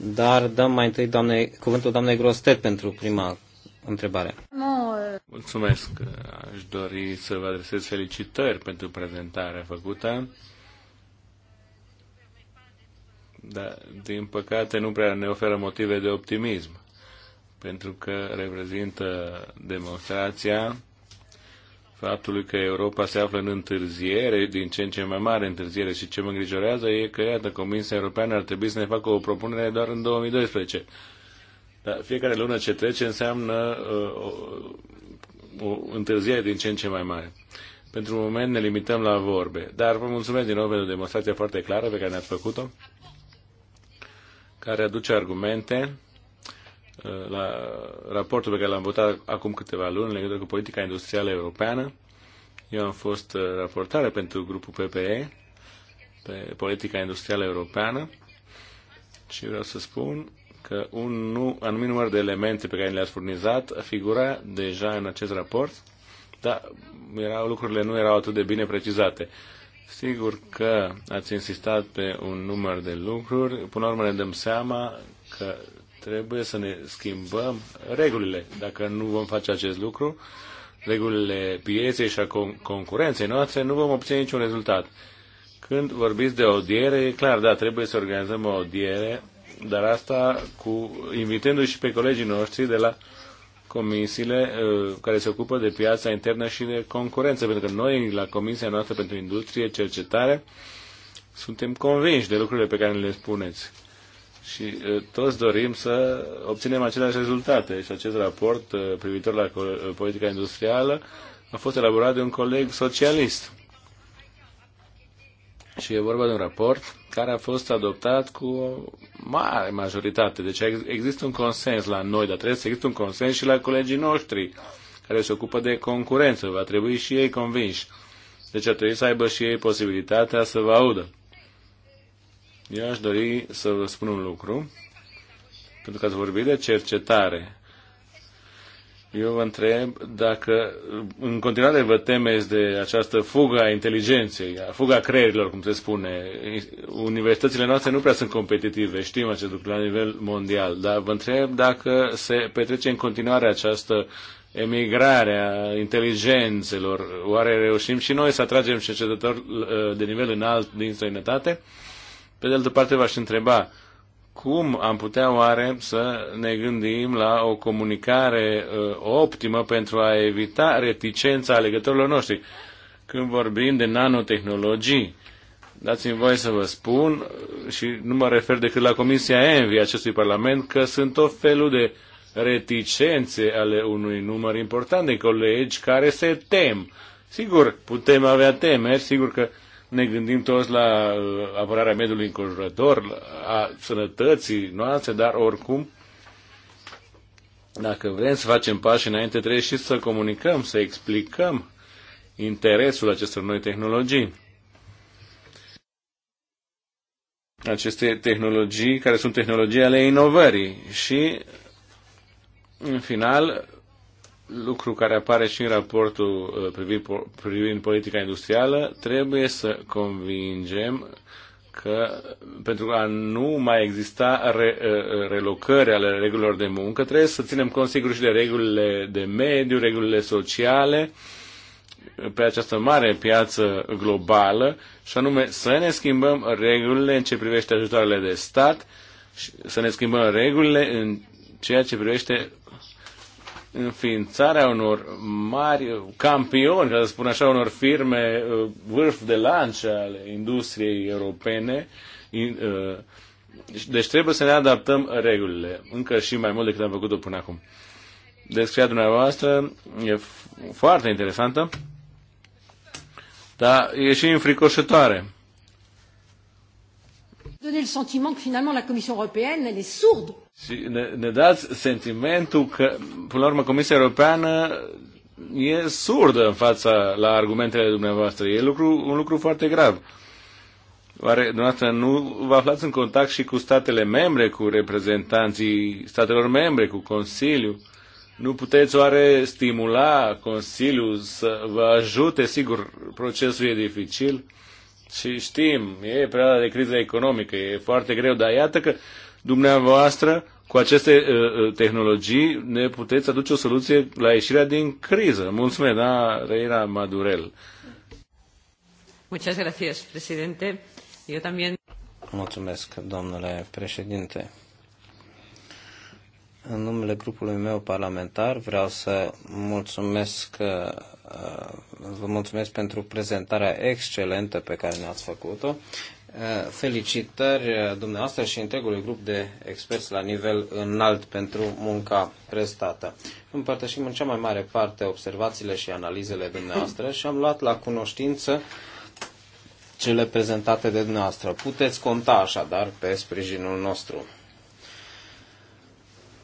dar dăm mai întâi doamne, cuvântul doamnei Grostet pentru prima întrebare. Mulțumesc. Aș dori să vă adresez felicitări pentru prezentarea făcută. Dar, din păcate, nu prea ne oferă motive de optimism, pentru că reprezintă demonstrația faptului că Europa se află în întârziere, din ce în ce mai mare întârziere și ce mă îngrijorează e că, iată, Comisia Europeană ar trebui să ne facă o propunere doar în 2012. Dar fiecare lună ce trece înseamnă uh, o, o întârziere din ce în ce mai mare. Pentru moment ne limităm la vorbe, dar vă mulțumesc din nou pentru demonstrația foarte clară pe care ne-ați făcut-o, care aduce argumente Uh, la raportul pe care l-am votat acum câteva luni în legătură cu politica industrială europeană. Eu am fost uh, raportare pentru grupul PPE pe politica industrială europeană și vreau să spun că un nu, anumit număr de elemente pe care le-ați furnizat figura deja în acest raport, dar erau, lucrurile nu erau atât de bine precizate. Sigur că ați insistat pe un număr de lucruri, până la urmă ne dăm seama că trebuie să ne schimbăm regulile. Dacă nu vom face acest lucru, regulile pieței și a con- concurenței noastre, nu vom obține niciun rezultat. Când vorbiți de audiere, e clar, da, trebuie să organizăm o audiere, dar asta cu invitându-i și pe colegii noștri de la comisiile uh, care se ocupă de piața internă și de concurență, pentru că noi, la Comisia noastră pentru Industrie, Cercetare, suntem convinși de lucrurile pe care le spuneți și toți dorim să obținem aceleași rezultate și acest raport privitor la politica industrială a fost elaborat de un coleg socialist. Și e vorba de un raport care a fost adoptat cu o mare majoritate. Deci există un consens la noi, dar trebuie să există un consens și la colegii noștri care se ocupă de concurență. Va trebui și ei convinși. Deci ar trebui să aibă și ei posibilitatea să vă audă. Eu aș dori să vă spun un lucru, pentru că ați vorbit de cercetare. Eu vă întreb dacă în continuare vă temeți de această fugă a inteligenței, a fuga a creierilor, cum se spune. Universitățile noastre nu prea sunt competitive, știm acest lucru la nivel mondial, dar vă întreb dacă se petrece în continuare această emigrare a inteligențelor. Oare reușim și noi să atragem cercetători uh, de nivel înalt din străinătate? Pe de altă parte, v-aș întreba, cum am putea oare să ne gândim la o comunicare uh, optimă pentru a evita reticența alegătorilor noștri? Când vorbim de nanotehnologii, dați-mi voie să vă spun, uh, și nu mă refer decât la Comisia Envi acestui Parlament, că sunt tot felul de reticențe ale unui număr important de colegi care se tem. Sigur, putem avea temeri, sigur că uh, ne gândim toți la uh, apărarea mediului înconjurător, a sănătății noastre, dar oricum, dacă vrem să facem pași înainte, trebuie și să comunicăm, să explicăm interesul acestor noi tehnologii. Aceste tehnologii care sunt tehnologii ale inovării și, în final, lucru care apare și în raportul uh, privind, privind politica industrială, trebuie să convingem că pentru a nu mai exista re, uh, relocări ale regulilor de muncă, trebuie să ținem cont sigur și de regulile de mediu, regulile sociale pe această mare piață globală și anume să ne schimbăm regulile în ce privește ajutoarele de stat, să ne schimbăm regulile în ceea ce privește înființarea unor mari campioni, ca să spun așa, unor firme uh, vârf de lance ale industriei europene. Uh, deci trebuie să ne adaptăm regulile, încă și mai mult decât am făcut-o până acum. Descrierea deci, dumneavoastră e foarte interesantă, dar e și înfricoșătoare donner le sentiment que finalement la Commission européenne, elle est sourde. Si, ne, ne dați sentimentul că, până la urmă, Comisia Europeană e surdă în fața la argumentele dumneavoastră. E lucru, un lucru foarte grav. Oare dumneavoastră nu vă aflați în contact și cu statele membre, cu reprezentanții statelor membre, cu Consiliul? Nu puteți oare stimula Consiliul să vă ajute? Sigur, procesul e dificil și știm, e perioada de criză economică, e foarte greu, dar iată că dumneavoastră, cu aceste uh, uh, tehnologii, ne puteți aduce o soluție la ieșirea din criză. Mulțumesc, da, Reina Madurel. Muchas gracias, presidente. Eu también... Mulțumesc, domnule președinte. În numele grupului meu parlamentar vreau să mulțumesc uh, Uh, vă mulțumesc pentru prezentarea excelentă pe care ne-ați făcut-o. Uh, felicitări uh, dumneavoastră și întregului grup de experți la nivel înalt pentru munca prestată. Împărtășim în cea mai mare parte observațiile și analizele dumneavoastră și am luat la cunoștință cele prezentate de dumneavoastră. Puteți conta așadar pe sprijinul nostru.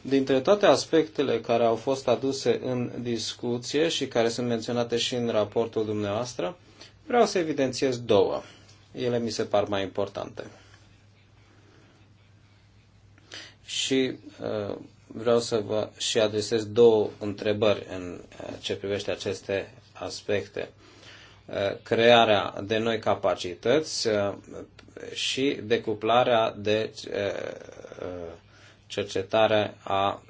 Dintre toate aspectele care au fost aduse în discuție și care sunt menționate și în raportul dumneavoastră, vreau să evidențiez două. Ele mi se par mai importante. Și uh, vreau să vă și adresez două întrebări în uh, ce privește aceste aspecte. Uh, crearea de noi capacități uh, și decuplarea de cercetare a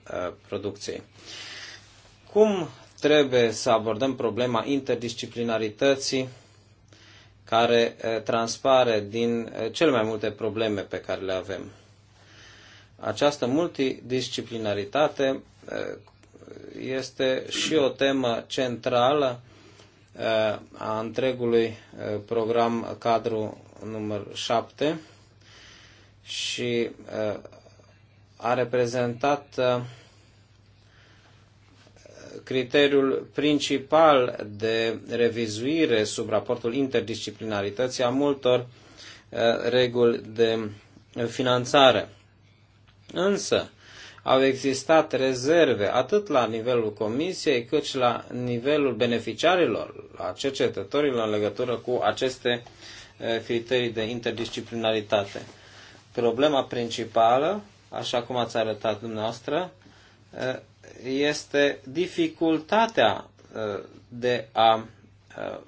producției. Cum trebuie să abordăm problema interdisciplinarității care transpare din cele mai multe probleme pe care le avem? Această multidisciplinaritate este și o temă centrală a întregului program cadru număr 7 și a reprezentat uh, criteriul principal de revizuire sub raportul interdisciplinarității a multor uh, reguli de finanțare. Însă, au existat rezerve atât la nivelul comisiei cât și la nivelul beneficiarilor, la cercetătorilor în legătură cu aceste uh, criterii de interdisciplinaritate. Problema principală așa cum ați arătat dumneavoastră, eh, este dificultatea eh, de a eh,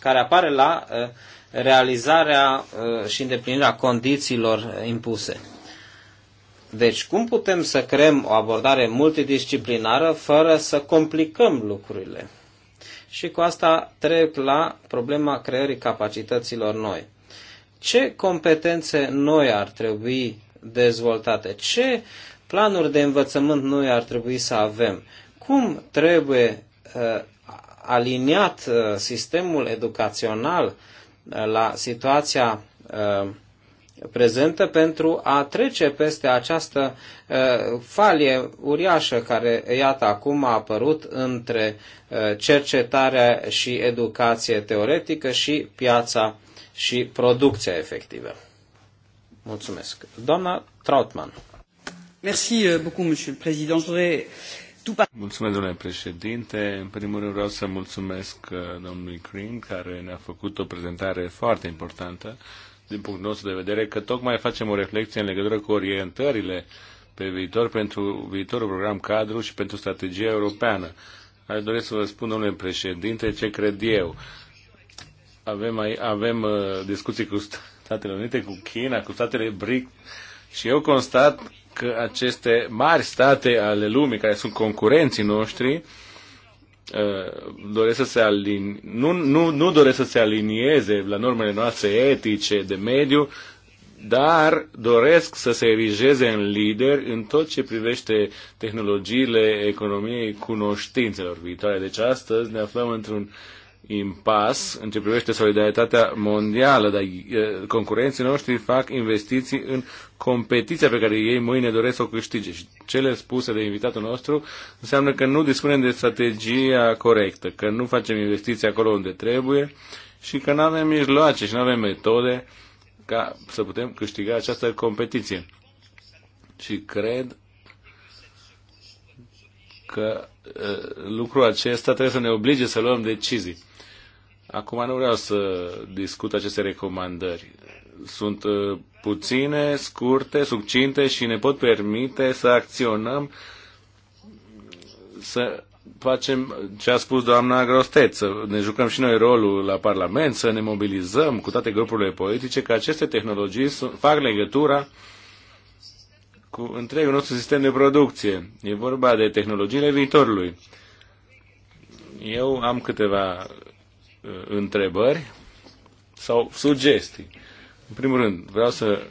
care apare la realizarea și îndeplinirea condițiilor impuse. Deci, cum putem să creăm o abordare multidisciplinară fără să complicăm lucrurile? Și cu asta trec la problema creării capacităților noi ce competențe noi ar trebui dezvoltate, ce planuri de învățământ noi ar trebui să avem, cum trebuie uh, aliniat uh, sistemul educațional uh, la situația uh, prezentă pentru a trece peste această uh, falie uriașă care, iată, acum a apărut între uh, cercetarea și educație teoretică și piața și producția efectivă. Mulțumesc. Doamna Trautmann. Merci euh, beaucoup, monsieur le président. Mulțumesc, domnule președinte. În primul rând vreau să mulțumesc uh, domnului Green, care ne-a făcut o prezentare foarte importantă din punctul nostru de vedere, că tocmai facem o reflexie în legătură cu orientările pe viitor pentru viitorul program cadru și pentru strategia europeană. Aș dori să vă spun, domnule președinte, ce cred eu avem, avem uh, discuții cu Statele Unite, cu China, cu statele BRIC și eu constat că aceste mari state ale lumii, care sunt concurenții noștri, uh, doresc să se alin... nu, nu, nu doresc să se alinieze la normele noastre etice, de mediu, dar doresc să se erigeze în lider în tot ce privește tehnologiile economiei cunoștințelor viitoare. Deci astăzi ne aflăm într-un uh, impas în ce privește solidaritatea mondială, dar eh, concurenții noștri fac investiții în competiția pe care ei mâine doresc să o câștige. Și cele spuse de invitatul nostru înseamnă că nu dispunem de strategia corectă, că nu facem investiții acolo unde trebuie și că nu avem mijloace și nu avem metode ca să putem câștiga această competiție. Și cred că eh, lucrul acesta trebuie să ne oblige să luăm decizii. Acum nu vreau să discut aceste recomandări. Sunt uh, puține, scurte, succinte și ne pot permite să acționăm, să facem ce a spus doamna Grosteț, să ne jucăm și noi rolul la Parlament, să ne mobilizăm cu toate grupurile politice, că aceste tehnologii fac legătura cu întregul nostru sistem de producție. E vorba de tehnologiile viitorului. Eu am câteva Uh, întrebări sau sugestii. În primul rând, vreau să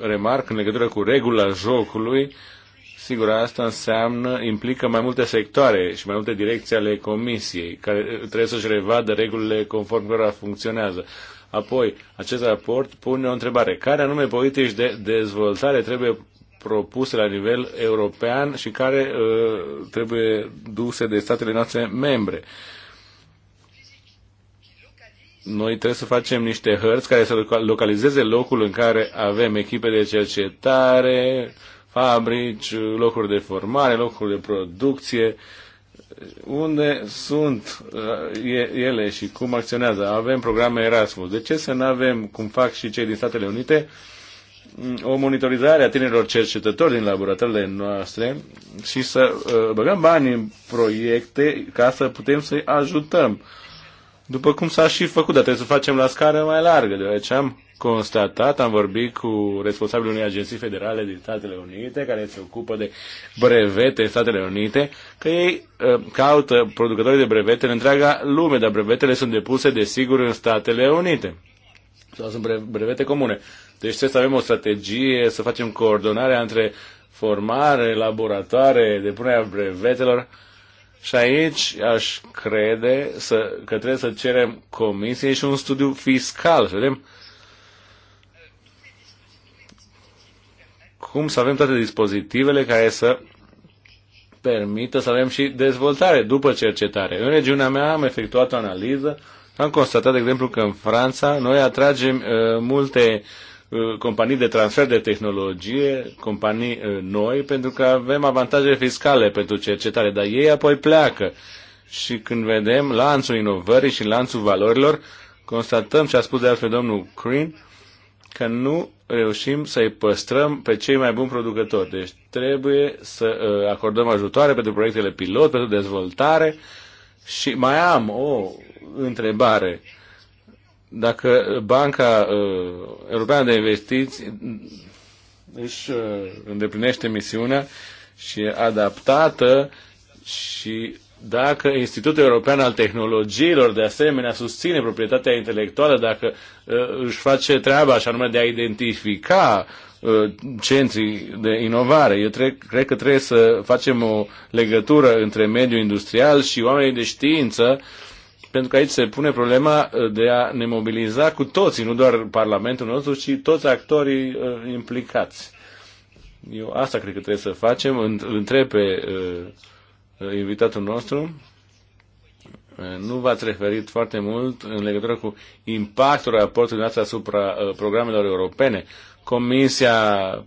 remarc în legătură cu regula jocului, sigur, asta înseamnă, implică mai multe sectoare și mai multe direcții ale comisiei, care uh, trebuie să-și revadă regulile conform cărora funcționează. Apoi, acest raport pune o întrebare. Care anume politici de dezvoltare trebuie propuse la nivel european și care uh, trebuie duse de statele noastre membre? Uh, noi trebuie să facem niște hărți care să localizeze locul în care avem echipe de cercetare, fabrici, locuri de formare, locuri de producție, unde sunt uh, ele și cum acționează. Avem programe Erasmus. De ce să nu avem, cum fac și cei din Statele Unite, o monitorizare a tinerilor cercetători din laboratoarele noastre și să uh, băgăm bani în proiecte ca să putem să-i ajutăm. Uh, după cum s-a și făcut, dar trebuie să facem la scară mai largă, deoarece am constatat, am vorbit cu responsabilul unei agenții federale din Statele Unite, care se ocupă de brevete în Statele Unite, că ei uh, caută producătorii de brevete în întreaga lume, dar brevetele sunt depuse, desigur, în Statele Unite. Sau sunt brevete comune. Deci trebuie să avem o strategie, să facem coordonarea între formare, laboratoare, depunerea brevetelor, uh, și aici aș crede să, că trebuie să cerem comisiei și un studiu fiscal, să vedem cum să avem toate dispozitivele care să permită să avem și dezvoltare după cercetare. În regiunea mea am efectuat o analiză, am constatat, de exemplu, că în Franța noi atragem uh, multe uh, Uh, companii de transfer de tehnologie, companii uh, noi, pentru că avem avantaje fiscale pentru cercetare, dar ei apoi pleacă. Și când vedem lanțul inovării și lanțul valorilor, constatăm ce a spus de altfel domnul Green, că nu reușim să-i păstrăm pe cei mai buni producători. Deci trebuie să uh, acordăm ajutoare pentru proiectele pilot, pentru dezvoltare. Și mai am o întrebare dacă Banca uh, Europeană de Investiții își uh, îndeplinește misiunea și e adaptată și dacă Institutul European al Tehnologiilor de asemenea susține proprietatea intelectuală, dacă uh, își face treaba și numai de a identifica uh, centrii de inovare. Eu tre- cred că trebuie să facem o legătură între mediul industrial și oamenii de știință uh, pentru că aici se pune problema uh, de a ne mobiliza cu toții, nu doar Parlamentul nostru, ci toți actorii uh, implicați. Eu asta cred că trebuie să facem. Întreb pe uh, invitatul nostru. Uh, nu v-ați referit foarte mult în legătură cu impactul raportului noastră asupra uh, programelor europene. Comisia,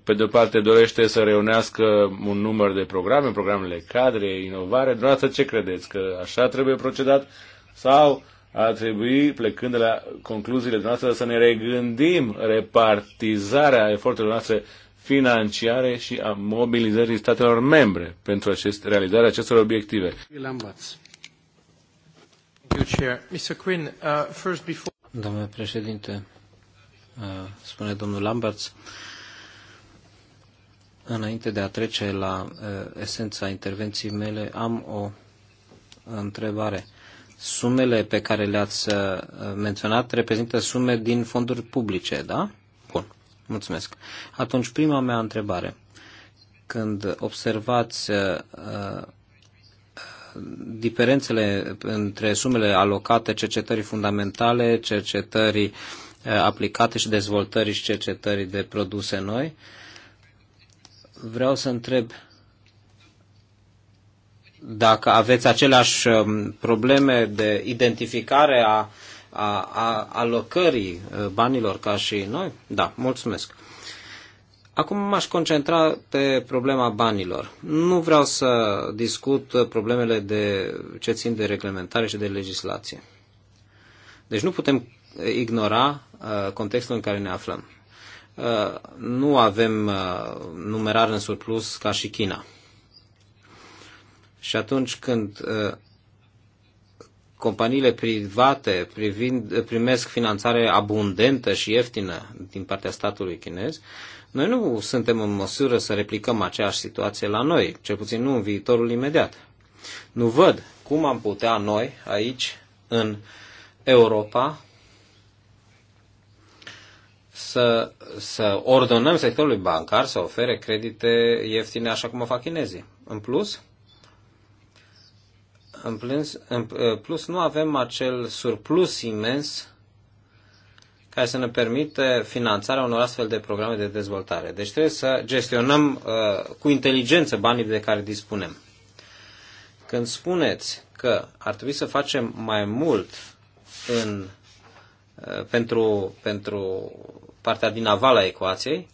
pe de-o parte, dorește să reunească un număr de programe, programele cadre, inovare. Dumneavoastră, ce credeți? Că așa trebuie procedat? Sau ar trebui, plecând de la concluziile noastre, să ne regândim repartizarea eforturilor noastre financiare și a mobilizării statelor membre pentru acest, realizarea acestor obiective. Uh, Domnule președinte, uh, spune domnul Lamberts, înainte de a trece la uh, esența intervenției mele, am o întrebare sumele pe care le-ați uh, menționat reprezintă sume din fonduri publice, da? Bun, mulțumesc. Atunci, prima mea întrebare. Când observați uh, uh, diferențele între sumele alocate cercetării fundamentale, cercetării uh, aplicate și dezvoltării și cercetării de produse noi, vreau să întreb uh, dacă aveți aceleași um, probleme de identificare a, a, a alocării uh, banilor ca și noi? Da, mulțumesc. Acum m-aș concentra pe problema banilor. Nu vreau să discut problemele de ce țin de reglementare și de legislație. Deci nu putem ignora uh, contextul în care ne aflăm. Uh, nu avem numerar în surplus ca și China și atunci când uh, companiile private privind, primesc finanțare abundentă și ieftină din partea statului chinez, noi nu suntem în măsură să replicăm aceeași situație la noi, cel puțin nu în viitorul imediat. Nu văd cum am putea noi aici, în Europa, să, să ordonăm sectorului bancar să ofere credite ieftine așa cum o fac chinezii. În plus, în plus, în uh, plus, nu avem acel surplus imens care să ne permite finanțarea unor astfel de programe de dezvoltare. Deci trebuie să gestionăm uh, cu inteligență banii de care dispunem. Când spuneți că ar trebui să facem mai mult în, uh, pentru, pentru partea din aval a ecuației,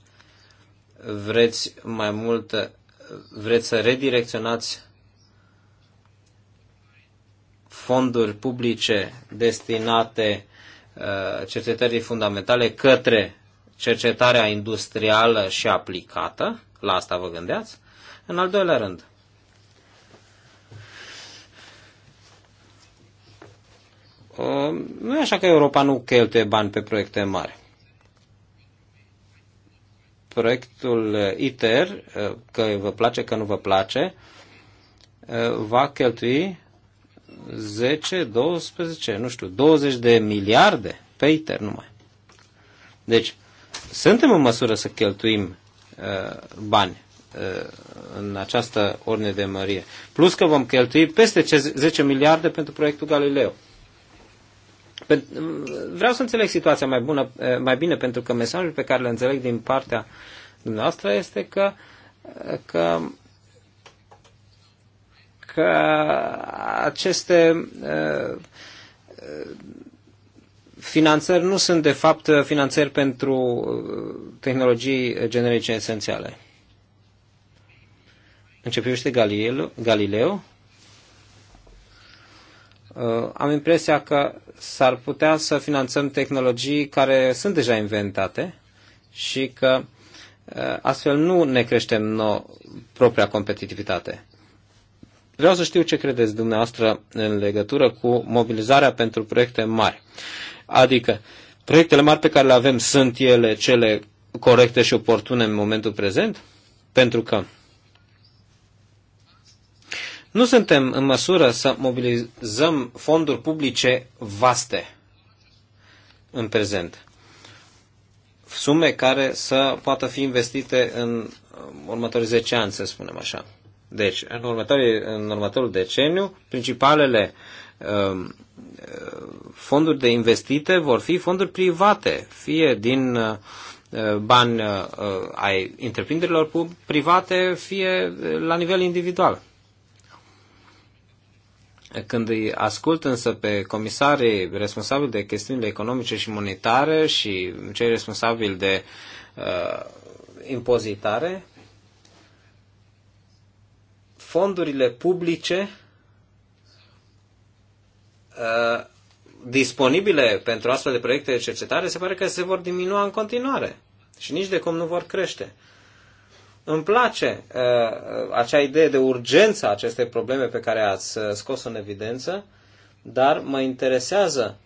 vreți mai mult, uh, vreți să redirecționați fonduri publice destinate uh, cercetării fundamentale către cercetarea industrială și aplicată, la asta vă gândeați, în al doilea rând. Uh, nu e așa că Europa nu cheltuie bani pe proiecte mari. Proiectul ITER, uh, că vă place, că nu vă place, va cheltui 10, 12, nu știu, 20 de miliarde ITER numai. Deci, suntem în măsură să cheltuim uh, bani uh, în această ordine de mărie. Plus că vom cheltui peste 10 miliarde pentru proiectul Galileo. Pe, vreau să înțeleg situația mai, bună, uh, mai bine, pentru că mesajul pe care îl înțeleg din partea dumneavoastră este că, uh, că că aceste uh, uh, finanțări nu sunt de fapt finanțări pentru uh, tehnologii generice esențiale. În ce privește Galileo, Galileo am impresia că s-ar putea să finanțăm tehnologii care sunt deja inventate și că astfel nu ne creștem no- propria competitivitate. Vreau să știu ce credeți dumneavoastră în legătură cu mobilizarea pentru proiecte mari. Adică, proiectele mari pe care le avem sunt ele cele corecte și oportune în momentul prezent? Pentru că nu suntem în măsură să mobilizăm fonduri publice vaste în prezent. Sume care să poată fi investite în următorii 10 ani, să spunem așa. Deci, în, în următorul deceniu, principalele um, fonduri de investite vor fi fonduri private, fie din uh, bani uh, ai întreprinderilor private, fie la nivel individual. Când îi ascult însă pe comisarii responsabili de chestiunile economice și monetare și cei responsabili de uh, impozitare, fondurile publice uh, disponibile pentru astfel de proiecte de cercetare se pare că se vor diminua în continuare și nici de cum nu vor crește. Îmi place uh, acea idee de urgență a acestei probleme pe care ați uh, scos în evidență, dar mă interesează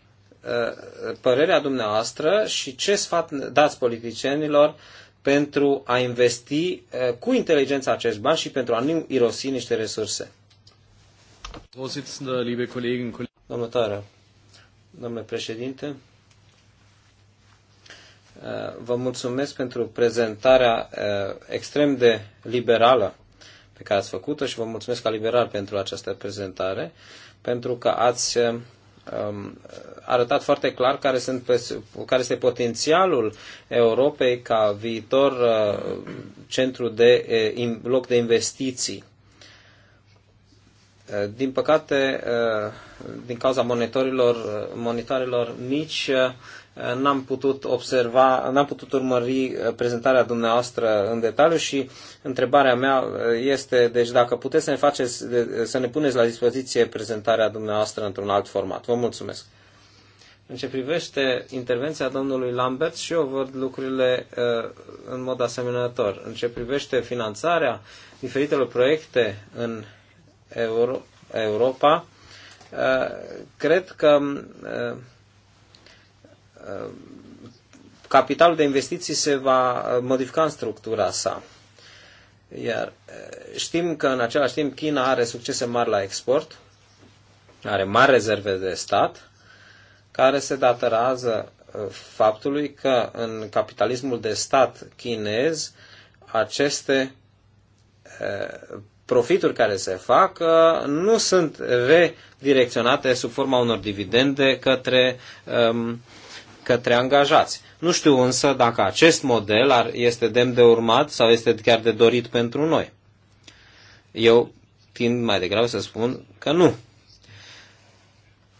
uh, părerea dumneavoastră și ce sfat dați politicienilor pentru a investi eh, cu inteligența acești bani și pentru a nu irosi niște resurse. Domnul domnule președinte, eh, vă mulțumesc pentru prezentarea eh, extrem de liberală pe care ați făcut-o și vă mulțumesc ca liberal pentru această prezentare, pentru că ați Um, arătat foarte clar care, sunt, care este potențialul Europei ca viitor uh, centru de loc de investiții. Uh, din păcate, uh, din cauza monitorilor, monitorilor mici, n-am putut observa, n-am putut urmări uh, prezentarea dumneavoastră în detaliu și întrebarea mea uh, este, deci dacă puteți să ne, faceți, să ne puneți la dispoziție prezentarea dumneavoastră într-un alt format. Vă mulțumesc. În ce privește intervenția domnului Lambert, și eu văd lucrurile uh, în mod asemănător. În ce privește finanțarea diferitelor proiecte în Euro- Europa, cred că capitalul de investiții se va uh, modifica în structura sa. Iar uh, știm că în același timp China are succese mari la export, are mari rezerve de stat, care se datorează uh, faptului că în capitalismul de stat chinez aceste profituri care se fac nu sunt redirecționate sub forma unor dividende către um, către angajați. Nu știu însă dacă acest model este demn de urmat sau este chiar de dorit pentru noi. Eu tind mai degrabă să spun că nu.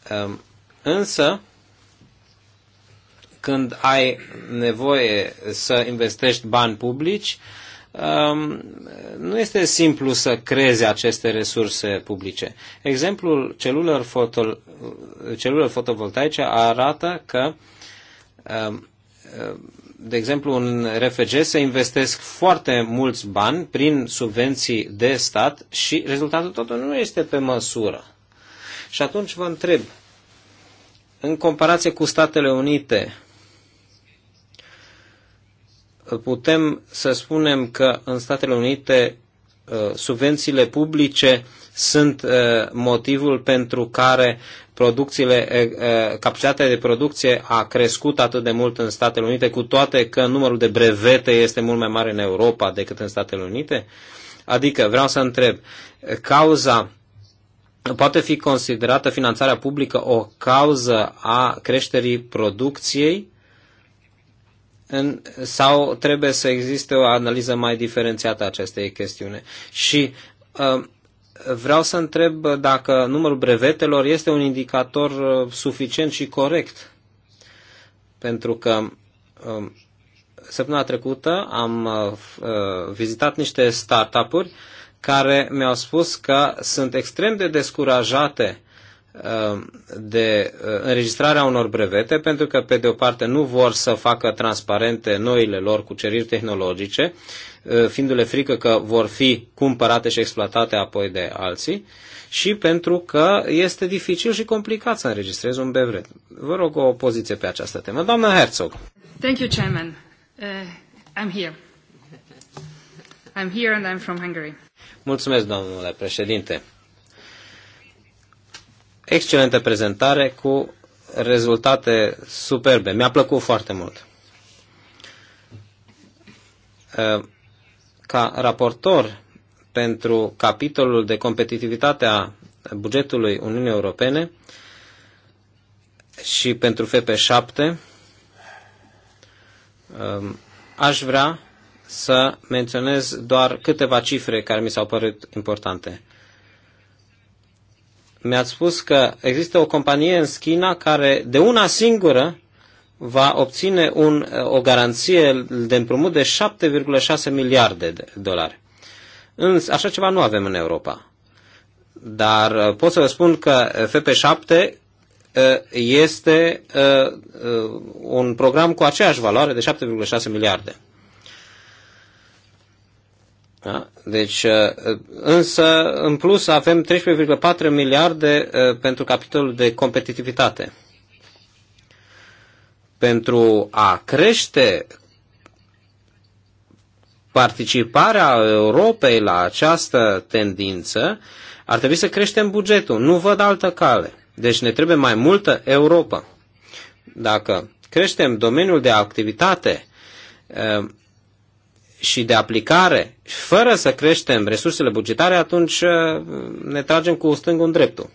Ehm, însă, când ai nevoie să investești bani publici, ehm, nu este simplu să creezi aceste resurse publice. Exemplul celulelor, foto, celulelor fotovoltaice arată că uh, Um, uh, de exemplu, în RFG se investesc foarte mulți bani prin subvenții de stat și rezultatul totul nu este pe măsură. Și atunci vă întreb, în comparație cu Statele Unite, putem să spunem că în Statele Unite uh, subvențiile publice sunt uh, motivul pentru care producțiile, capacitatea de producție a crescut atât de mult în Statele Unite, cu toate că numărul de brevete este mult mai mare în Europa decât în Statele Unite? Adică, vreau să întreb, cauza poate fi considerată finanțarea publică o cauză a creșterii producției în, sau trebuie să existe o analiză mai diferențiată a acestei chestiune? Și uh, vreau să întreb dacă numărul brevetelor este un indicator uh, suficient și corect. Pentru că um, săptămâna trecută am uh, uh, vizitat niște startup-uri care mi-au spus că sunt extrem de descurajate um, de înregistrarea unor brevete, pentru că, pe de o parte, nu vor să facă transparente noile lor cuceriri tehnologice Uh, fiindu-le frică că vor fi cumpărate și exploatate apoi de alții și pentru că este dificil și complicat să înregistrezi un bevret. Vă rog o poziție pe această temă. Doamna Herzog. Thank you, Chairman. Uh, I'm here. I'm here and I'm from Hungary. Mulțumesc, domnule președinte. Excelentă prezentare cu rezultate superbe. Mi-a plăcut foarte mult. Uh, ca raportor pentru capitolul de competitivitate a bugetului Uniunii Europene și pentru FP7, um, aș vrea să menționez doar câteva cifre care mi s-au părut importante. Mi-ați spus că există o companie în China care de una singură va obține un, o garanție de împrumut de 7,6 miliarde de dolari. Însă așa ceva nu avem în Europa. Dar uh, pot să vă spun că FP7 uh, este uh, un program cu aceeași valoare de 7,6 miliarde. Da? Deci, însă, în plus avem 13,4 miliarde pentru capitolul de competitivitate pentru a crește participarea Europei la această tendință, ar trebui să creștem bugetul. Nu văd altă cale. Deci ne trebuie mai multă Europa. Dacă creștem domeniul de activitate ehm, și de aplicare, fără să creștem resursele bugetare, atunci ehm, ne tragem cu stângul în dreptul.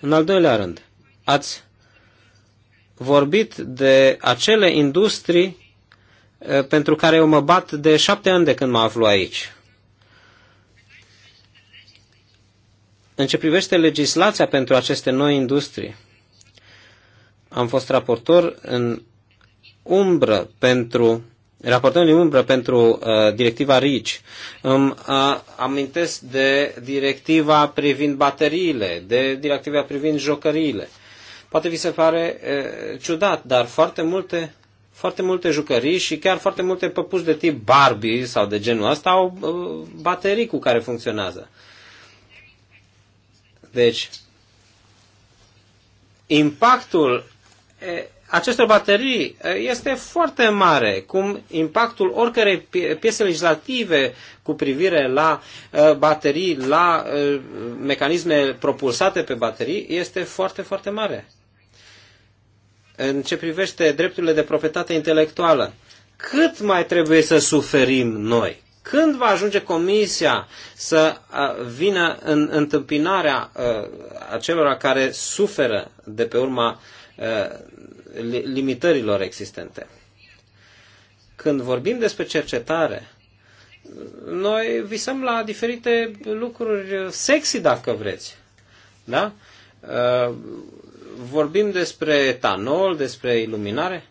În al doilea rând, ați vorbit de acele industrii pentru care eu mă bat de șapte ani de când mă aflu aici. În ce privește legislația pentru aceste noi industrii, am fost raportor în umbră pentru raportăm din umbră pentru uh, directiva RICI. Îmi uh, amintesc de directiva privind bateriile, de directiva privind jocăriile. Poate vi se pare e, ciudat, dar foarte multe, foarte multe jucării și chiar foarte multe păpuși de tip Barbie sau de genul ăsta au e, baterii cu care funcționează. Deci, impactul e, acestor baterii este foarte mare, cum impactul oricărei piese legislative cu privire la baterii, la mecanisme propulsate pe baterii, este foarte, foarte mare în ce privește drepturile de proprietate intelectuală. Cât mai trebuie să suferim noi? Când va ajunge Comisia să vină în întâmpinarea acelora care suferă de pe urma limitărilor existente? Când vorbim despre cercetare, noi visăm la diferite lucruri sexy, dacă vreți. Da? vorbim despre etanol, despre iluminare.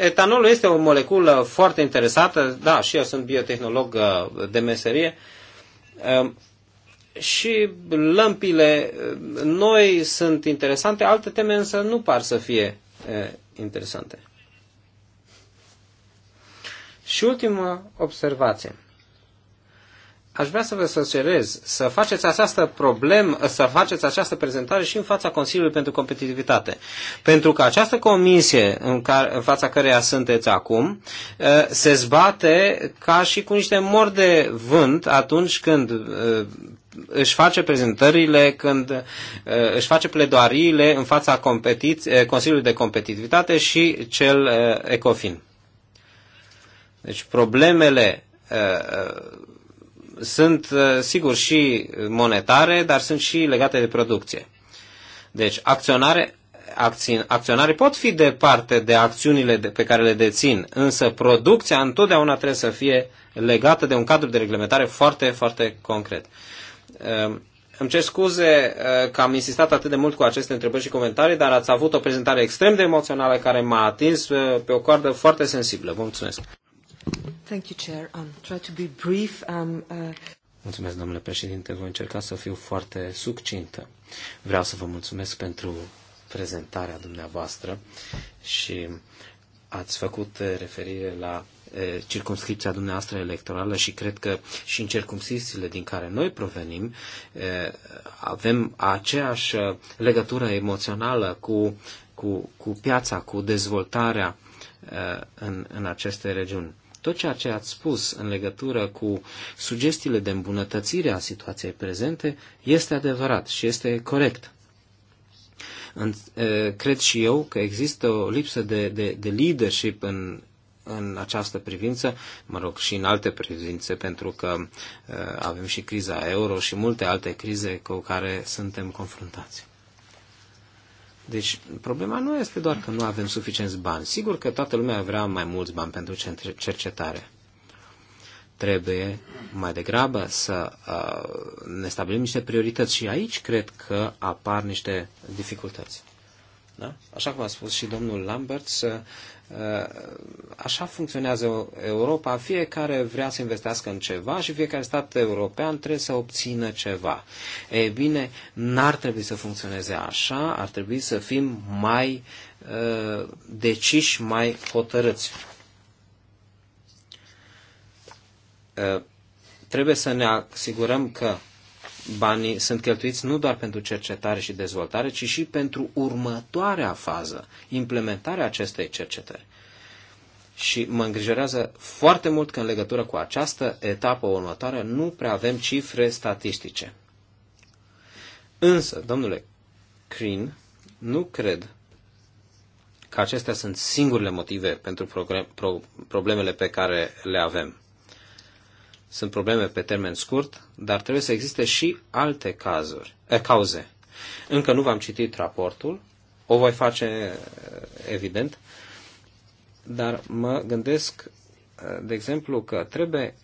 Etanolul este o moleculă foarte interesată, da, și eu sunt biotehnolog uh, de meserie, um, și lămpile uh, noi sunt interesante, alte teme însă nu par să fie uh, interesante. Și ultima observație aș vrea să vă sugerez să faceți această problemă, să faceți această prezentare și în fața Consiliului pentru Competitivitate. Pentru că această comisie în, care, în fața căreia sunteți acum eh, se zbate ca și cu niște mor de vânt atunci când eh, își face prezentările, când eh, își face pledoariile în fața Consiliului de Competitivitate și cel ECOFIN. Deci problemele sunt, uh, sigur, și monetare, dar sunt și legate de producție. Deci, acționare, acțin, acționare pot fi de parte de acțiunile de, pe care le dețin, însă producția întotdeauna trebuie să fie legată de un cadru de reglementare foarte, foarte concret. Um, îmi cer scuze uh, că am insistat atât de mult cu aceste întrebări și comentarii, dar ați avut o prezentare extrem de emoțională care m-a atins uh, pe o coardă foarte sensibilă. Vă mulțumesc! Mulțumesc, domnule președinte. Voi încerca să fiu foarte succintă. Vreau să vă mulțumesc pentru prezentarea dumneavoastră și ați făcut referire la e, circumscripția dumneavoastră electorală și cred că și în circumscripțiile din care noi provenim avem aceeași legătură emoțională cu, cu, cu piața, cu dezvoltarea în, în aceste regiuni. Tot ceea ce ați spus în legătură cu sugestiile de îmbunătățire a situației prezente este adevărat și este corect. Cred și eu că există o lipsă de, de, de leadership în, în această privință, mă rog, și în alte privințe, pentru că e, avem și criza euro și multe alte crize cu care suntem confruntați. Deci, problema nu este doar că nu avem suficienți bani. Sigur că toată lumea vrea mai mulți bani pentru cercetare. Trebuie mai degrabă să uh, ne stabilim niște priorități și aici cred că apar niște dificultăți. Da? Așa cum a spus și domnul Lambert, Uh, așa funcționează Europa. Fiecare vrea să investească în ceva și fiecare stat european trebuie să obțină ceva. E bine, n-ar trebui să funcționeze așa, ar trebui să fim mai uh, deciși, mai hotărâți. Uh, trebuie să ne asigurăm că banii sunt cheltuiți nu doar pentru cercetare și dezvoltare, ci și pentru următoarea fază, implementarea acestei cercetări. Și mă îngrijorează foarte mult că în legătură cu această etapă următoare nu prea avem cifre statistice. Însă, domnule Crin, nu cred că acestea sunt singurele motive pentru problemele pe care le avem sunt probleme pe termen scurt, dar trebuie să existe și alte cazuri, e, eh, cauze. Încă nu v-am citit raportul, o voi face eh, evident, dar mă gândesc, eh, de exemplu, că trebuie,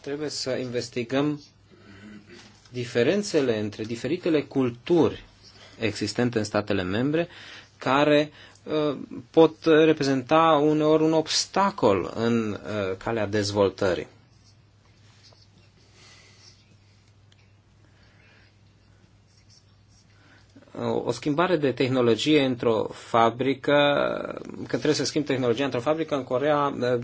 trebuie să investigăm diferențele între diferitele culturi existente în statele membre care Uh, pot reprezenta uneori un obstacol în uh, calea dezvoltării. o schimbare de tehnologie într-o fabrică, că trebuie să schimb tehnologia într-o fabrică, în Corea uh,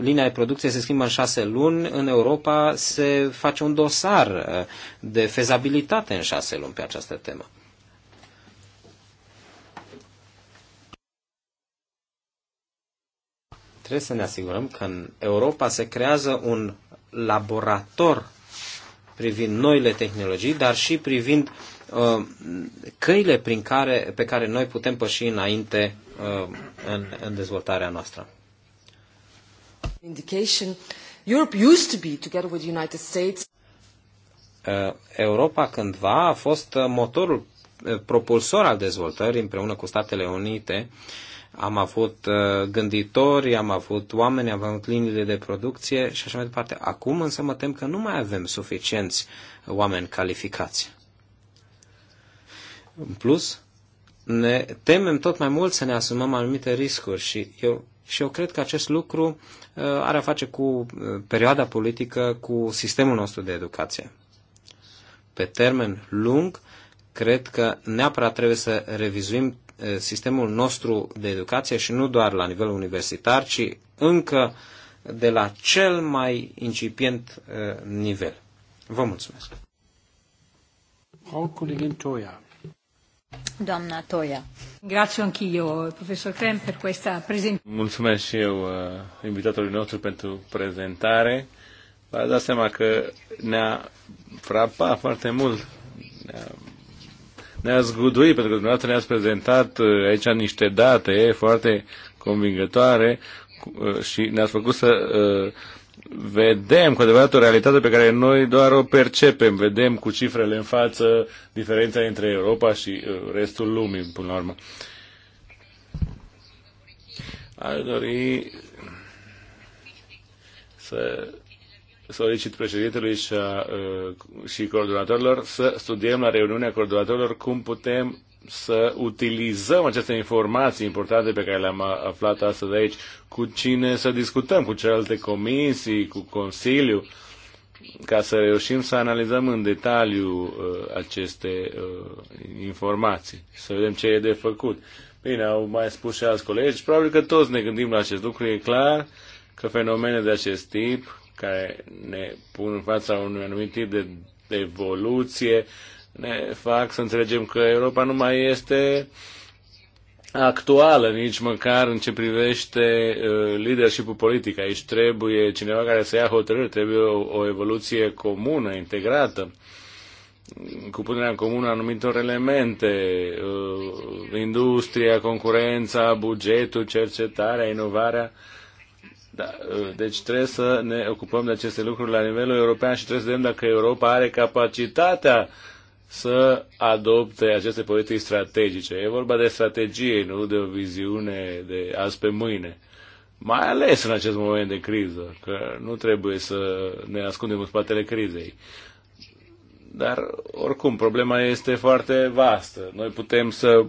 linia de producție se schimbă în șase luni, în Europa se face un dosar de fezabilitate în șase luni pe această temă. Trebuie să ne asigurăm că în Europa se creează un laborator privind noile tehnologii, dar și privind uh, căile prin care, pe care noi putem păși înainte uh, în, în dezvoltarea noastră. Indication. Europe used to be, together with the United States. Uh, Europa cândva a fost uh, motorul uh, propulsor al dezvoltării împreună cu Statele Unite am avut uh, gânditori, am avut oameni, am avut liniile de producție și așa mai departe. Acum însă mă tem că nu mai avem suficienți oameni calificați. În plus, ne temem tot mai mult să ne asumăm anumite riscuri și eu, și eu cred că acest lucru uh, are a face cu uh, perioada politică, cu sistemul nostru de educație. Pe termen lung, cred că neapărat trebuie să revizuim Eh, sistemul nostru de educație și nu doar la nivel universitar, ci încă de la cel mai incipient eh, nivel. Vă mulțumesc. Toia. Doamna Toia. Grazie anch'io, professor Krem, per questa presentazione. Mulțumesc și eu eh, invitatului nostru pentru prezentare. V-ați dat seama că ne-a frapat foarte mult, ne-a ne a zguduit, pentru că dumneavoastră ne-ați prezentat uh, aici niște date foarte convingătoare uh, și ne-ați făcut să uh, vedem cu adevărat o realitate pe care noi doar o percepem, vedem cu cifrele în față diferența între Europa și restul lumii, până la urmă. Aș dori să solicit președintelui și, a, și coordonatorilor să studiem la reuniunea coordonatorilor cum putem să utilizăm aceste informații importante pe care le-am aflat astăzi aici, cu cine să discutăm, cu celelalte comisii, cu Consiliu, ca să reușim să analizăm în detaliu uh, aceste uh, informații, să vedem ce e de făcut. Bine, au mai spus și alți colegi, probabil că toți ne gândim la acest lucru, e clar că fenomene de acest tip care ne pun în fața unui anumit tip de evoluție, ne fac să înțelegem că Europa nu mai este actuală, nici măcar în ce privește uh, leadership-ul politic. Aici trebuie cineva care să ia hotărâri, trebuie o, o evoluție comună, integrată, cu punerea în comună a anumitor elemente, uh, industria, concurența, bugetul, cercetarea, inovarea. Uh, da, uh, deci trebuie să ne ocupăm de aceste lucruri la nivelul european și trebuie să vedem dacă Europa are capacitatea să adopte aceste politici strategice. E vorba de strategie, nu de o viziune de azi pe mâine. Mai ales în acest moment de criză, că nu trebuie să ne ascundem în spatele crizei. Dar, oricum, problema este foarte vastă. Noi putem să uh,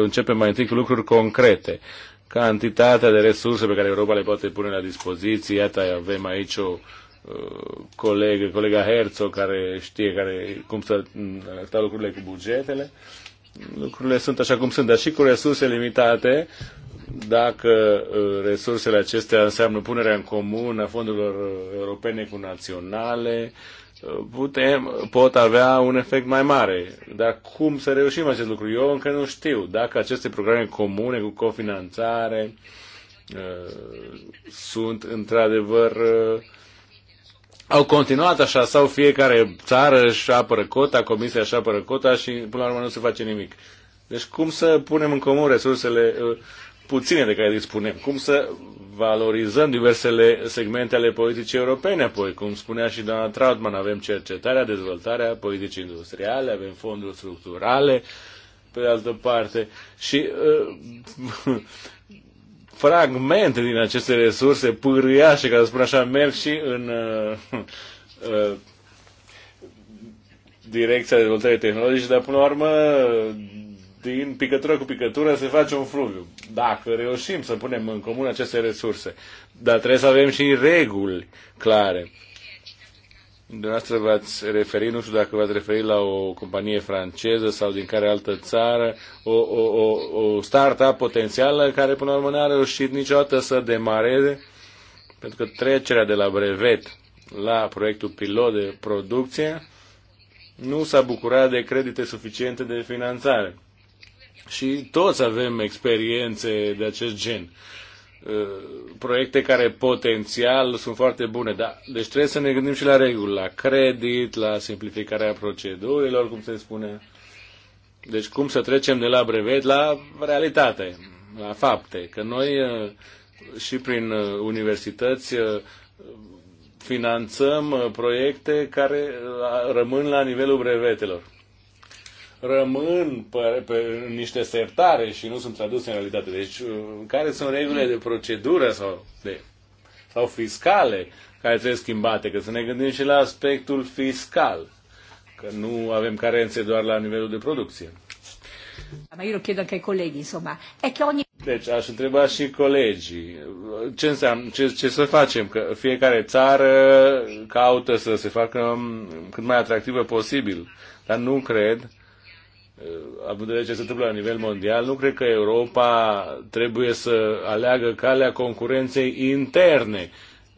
începem mai întâi cu lucruri concrete. Uh, cantitatea de resurse pe care Europa le poate pune la dispoziție. Iată, avem aici o uh, colegă, colega Herzog, care știe care, cum să arăta mm, lucrurile cu bugetele. Lucrurile sunt așa cum sunt, dar și cu resurse limitate, dacă uh, resursele acestea înseamnă punerea în comun a fondurilor uh, europene cu naționale, uh, putem, pot avea un efect mai mare. Dar cum să reușim acest lucru? Eu încă nu știu dacă aceste programe comune cu cofinanțare uh, sunt într-adevăr uh, au continuat așa sau fiecare țară își apără cota, comisia își apără cota și până la urmă nu se face nimic. Deci cum să punem în comun resursele uh, puține de care dispunem? Cum să valorizăm diversele segmente ale politicii europene. Apoi, cum spunea și doamna Trautmann, avem cercetarea, dezvoltarea politicii industriale, avem fonduri structurale, pe de altă parte, și uh, fragmente din aceste resurse pârâiașe, ca să spun așa, merg și în uh, uh, direcția dezvoltării tehnologice, dar până la urmă din picătură cu picătură se face un fluviu. Dacă reușim să punem în comun aceste resurse, dar trebuie să avem și reguli clare. Dumneavoastră v-ați referit, nu știu dacă v-ați referit la o companie franceză sau din care altă țară, o, o, o, o start-up potențială care până la urmă n-a reușit niciodată să demareze, pentru că trecerea de la brevet la proiectul pilot de producție nu s-a bucurat de credite suficiente de finanțare. Și toți avem experiențe de acest gen. Uh, proiecte care potențial sunt foarte bune, dar deci trebuie să ne gândim și la reguli, la credit, la simplificarea procedurilor, cum se spune. Deci cum să trecem de la brevet la realitate, la fapte. Că noi uh, și prin uh, universități finanțăm proiecte care rămân la nivelul brevetelor rămân pe, pe niște sertare și nu sunt traduse în realitate. Deci, uh, care sunt regulile de procedură sau, de, sau fiscale care trebuie schimbate? Că să ne gândim și la aspectul fiscal, că nu avem carențe doar la nivelul de producție. Ah, ma Deci aș întreba și colegii, ce înseamnă, ce, ce să facem? Că fiecare țară caută să se facă mm, cât mai atractivă posibil, dar nu cred Eh, având în vedere ce se întâmplă la nivel mondial, nu cred că Europa trebuie să aleagă calea concurenței interne.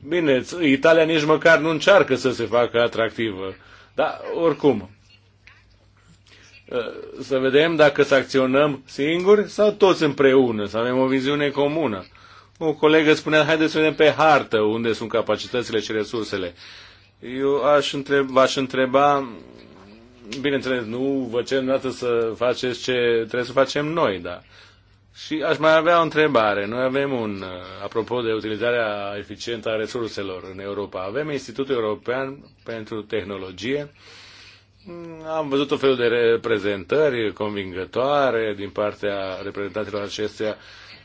Bine, Italia nici măcar nu încearcă să se facă atractivă. Dar, oricum, eh, să vedem dacă să acționăm singuri sau toți împreună, să avem o viziune comună. O colegă spunea, haideți să vedem pe hartă unde sunt capacitățile și resursele. Eu aș întreba, aș întreba bineînțeles, nu vă cer dată să faceți ce trebuie să facem noi, da. Și aș mai avea o întrebare. Noi avem un, uh, apropo de utilizarea eficientă a resurselor în Europa, avem Institutul European pentru Tehnologie. Mm, am văzut o fel de reprezentări convingătoare din partea reprezentanților acestea.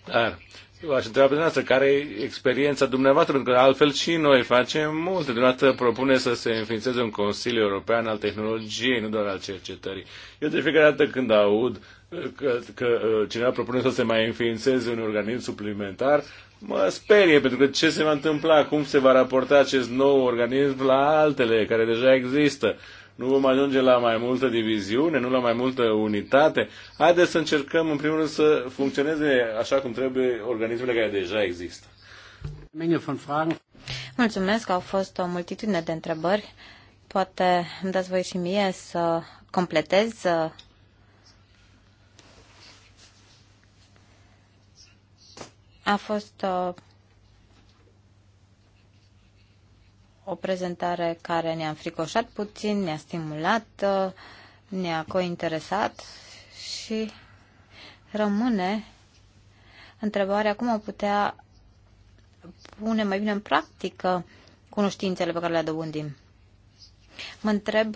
dar aș întreba pe dumneavoastră care e experiența dumneavoastră, pentru că altfel și noi facem multe. Dumneavoastră propune să se înființeze un Consiliu European al Tehnologiei, nu doar al cercetării. Eu de fiecare dată când aud că, că uh, cineva propune să se mai înființeze un organism suplimentar, mă sperie, pentru că ce se va întâmpla, cum se va raporta acest nou organism la altele care deja există nu vom ajunge la mai multă diviziune, nu la mai multă unitate. Haideți să încercăm, în primul rând, să funcționeze așa cum trebuie organismele care deja există. Mulțumesc, că au fost o multitudine de întrebări. Poate îmi dați voi și mie să completez A fost o uh, o prezentare care ne-a înfricoșat puțin, ne-a stimulat, ne-a cointeresat și rămâne întrebarea cum am putea pune mai bine în practică cunoștințele pe care le dobândim. Mă întreb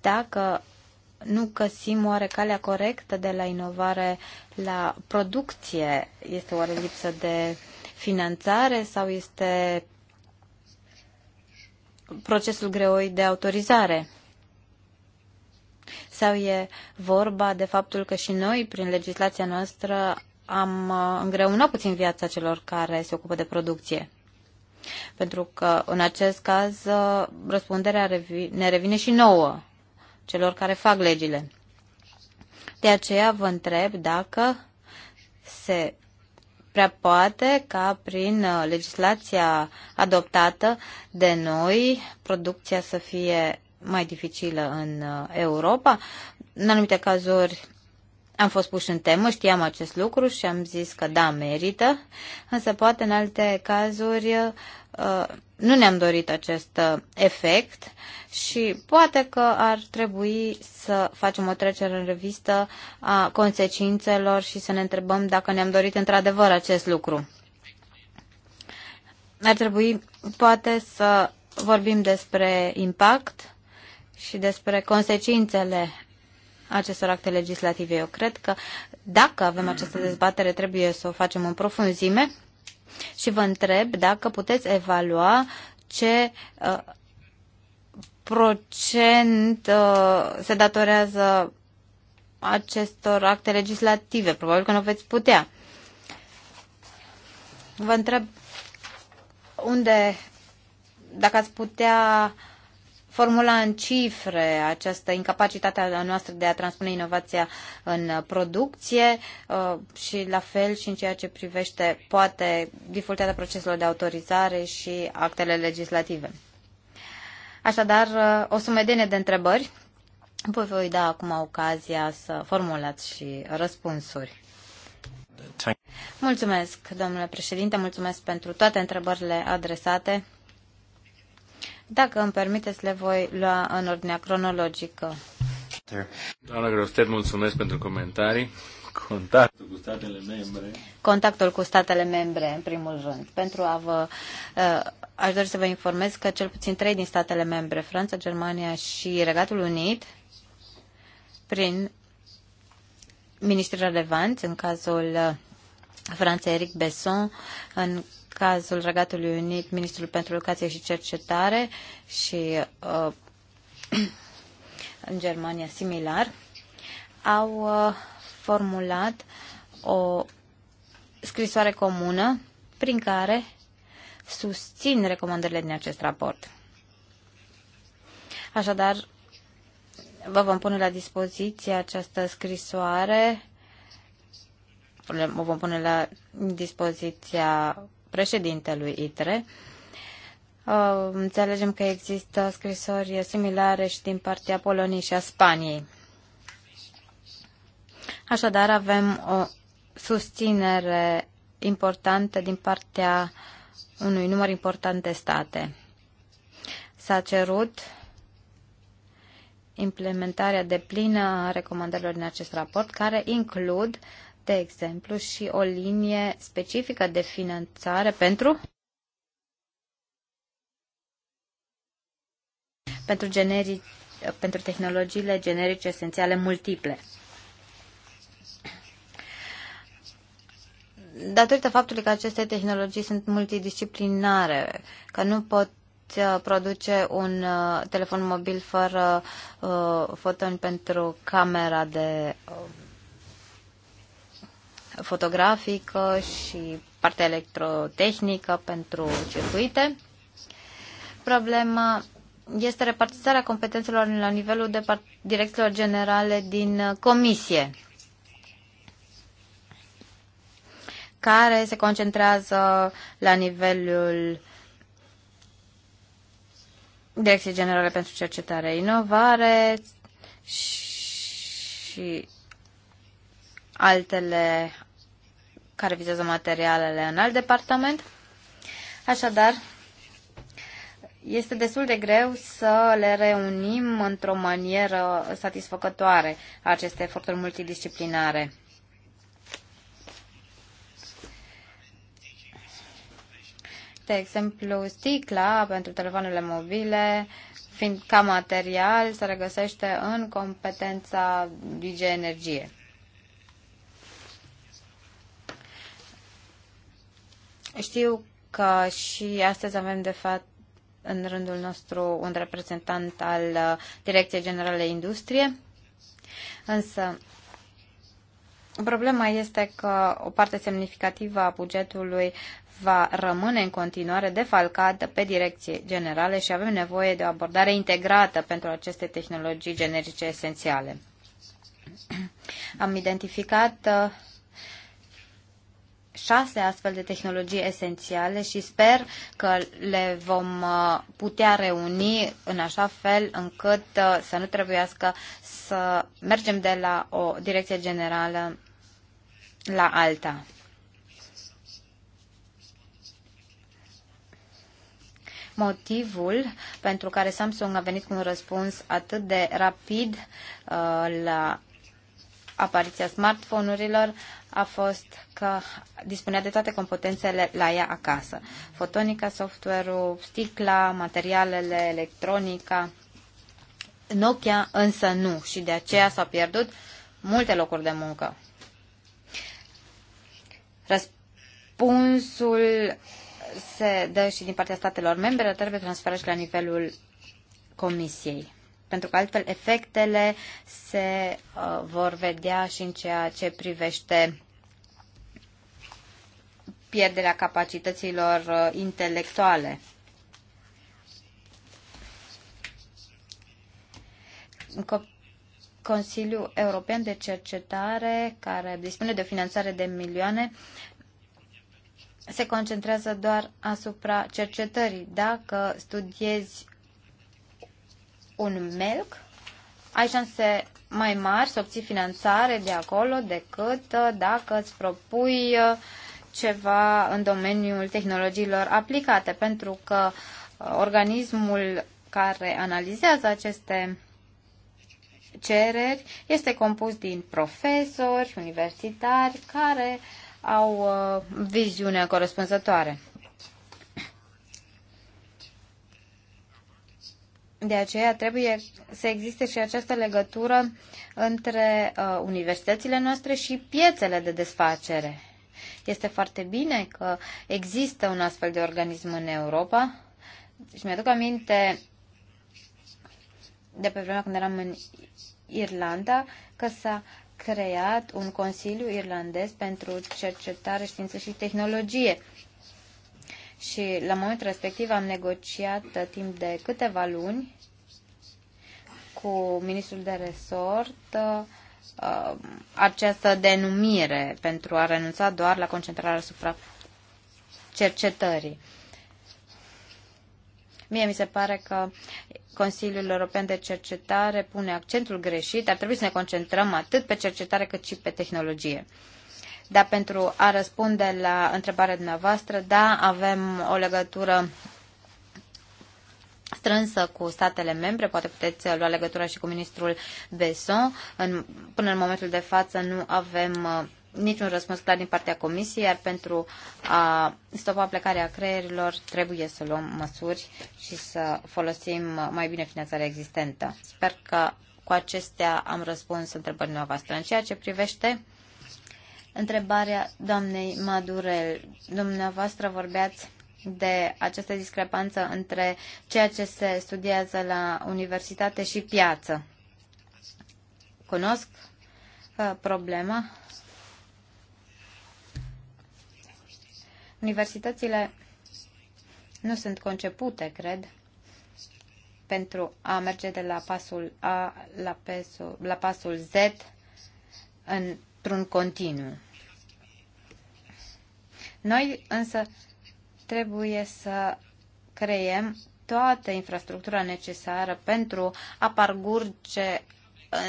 dacă nu găsim oare calea corectă de la inovare la producție? Este oare lipsă de finanțare sau este procesul greoi de autorizare? Sau e vorba de faptul că și noi, prin legislația noastră, am uh, îngreunat puțin viața celor care se ocupă de producție? Pentru că, în acest caz, uh, răspunderea ne revine și nouă, celor care fac legile. De aceea vă întreb dacă se prea poate ca prin uh, legislația adoptată de noi producția să fie mai dificilă în uh, Europa. În anumite cazuri am fost puși în temă, știam acest lucru și am zis că da, merită, însă poate în alte cazuri uh, nu ne-am dorit acest uh, efect și poate că ar trebui să facem o trecere în revistă a consecințelor și să ne întrebăm dacă ne-am dorit într-adevăr acest lucru. Ar trebui poate să vorbim despre impact și despre consecințele acestor acte legislative. Eu cred că dacă avem această dezbatere, trebuie să o facem în profunzime și vă întreb dacă puteți evalua ce uh, procent uh, se datorează acestor acte legislative. Probabil că nu veți putea. Vă întreb unde, dacă ați putea uh, formula în cifre această incapacitate noastră de a transpune inovația în producție uh, și la fel și în ceea ce privește poate dificultatea proceselor de autorizare și actele legislative. Așadar, uh, o sumedenie de întrebări. Vă voi da acum ocazia să formulați și răspunsuri. Mulțumesc, domnule președinte, mulțumesc pentru toate întrebările adresate. Dacă îmi permiteți, le voi lua în ordinea cronologică. Doamna Grostet, mulțumesc pentru comentarii. Contactul cu statele membre. Contactul cu statele membre, în primul rând. Pentru a vă... Uh, aș dori să vă informez că cel puțin trei din statele membre, Franța, Germania și Regatul Unit, prin ministri relevanți, în cazul uh, Franței Eric Besson, în cazul Regatului Unit, Ministrul pentru Educație și Cercetare și uh, în Germania similar, au uh, formulat o scrisoare comună prin care susțin recomandările din acest raport. Așadar, vă vom pune la dispoziție această scrisoare, o vom pune la dispoziția președintelui ITRE. Uh, înțelegem că există scrisori similare și din partea Poloniei și a Spaniei. Așadar, avem o susținere importantă din partea unui număr important de state. S-a cerut implementarea de plină a recomandărilor din acest raport, care includ de exemplu, și o linie specifică de finanțare pentru pentru, generi pentru tehnologiile generice esențiale multiple. Datorită faptului că aceste tehnologii sunt multidisciplinare, că nu pot uh, produce un uh, telefon mobil fără uh, foton pentru camera de uh, fotografică și partea electrotehnică pentru circuite. Problema este repartizarea competențelor la nivelul de direcțiilor generale din comisie, care se concentrează la nivelul Direcției Generale pentru Cercetare Inovare și altele care vizează materialele în alt departament. Așadar, este destul de greu să le reunim într-o manieră satisfăcătoare aceste eforturi multidisciplinare. De exemplu, sticla pentru telefoanele mobile, fiind ca material, se regăsește în competența DG Energie. Știu că și astăzi avem de fapt în rândul nostru un reprezentant al uh, Direcției Generale Industrie, însă Problema este că o parte semnificativă a bugetului va rămâne în continuare defalcată pe direcție generale și avem nevoie de o abordare integrată pentru aceste tehnologii generice esențiale. Am identificat uh, șase astfel de tehnologii esențiale și sper că le vom uh, putea reuni în așa fel încât uh, să nu trebuiască să mergem de la o direcție generală la alta. Motivul pentru care Samsung a venit cu un răspuns atât de rapid uh, la apariția smartphone-urilor a fost că dispunea de toate competențele la ea acasă. Fotonica, software-ul, sticla, materialele, electronica. Nokia însă nu și de aceea s-au pierdut multe locuri de muncă. Răspunsul se dă și din partea statelor membre, dar trebuie transferat și la nivelul comisiei. Pentru că altfel efectele se uh, vor vedea și în ceea ce privește pierderea capacităților uh, intelectuale. Consiliul European de Cercetare, care dispune de o finanțare de milioane, se concentrează doar asupra cercetării. Dacă studiezi un melc, ai șanse mai mari să obții finanțare de acolo decât uh, dacă îți propui uh, ceva în domeniul tehnologiilor aplicate, pentru că uh, organismul care analizează aceste cereri este compus din profesori, universitari care au uh, viziunea corespunzătoare. De aceea trebuie să existe și această legătură între uh, universitățile noastre și piețele de desfacere. Este foarte bine că există un astfel de organism în Europa. Și mi-aduc aminte de pe vremea când eram în Irlanda că s-a creat un Consiliu Irlandez pentru Cercetare, Știință și Tehnologie. Și la momentul respectiv am negociat timp de câteva luni cu ministrul de resort Um, această denumire pentru a renunța doar la concentrarea asupra cercetării. Mie mi se pare că Consiliul European de Cercetare pune accentul greșit. Ar trebui să ne concentrăm atât pe cercetare cât și pe tehnologie. Dar pentru a răspunde la întrebarea dumneavoastră, da, avem o legătură strânsă cu statele membre, poate puteți uh, lua legătura și cu ministrul Besson. În, până în momentul de față nu avem uh, niciun răspuns clar din partea comisiei, iar pentru a stopa plecarea creierilor trebuie să luăm măsuri și să folosim uh, mai bine finanțarea existentă. Sper că cu acestea am răspuns întrebările noastre. În ceea ce privește întrebarea doamnei Madurel, dumneavoastră vorbeați de această discrepanță între ceea ce se studiază la universitate și piață. Cunosc uh, problema. Universitățile nu sunt concepute, cred, pentru a merge de la pasul A la pasul, la pasul Z într-un continuu. Noi însă trebuie să creiem toată infrastructura necesară pentru a parcurge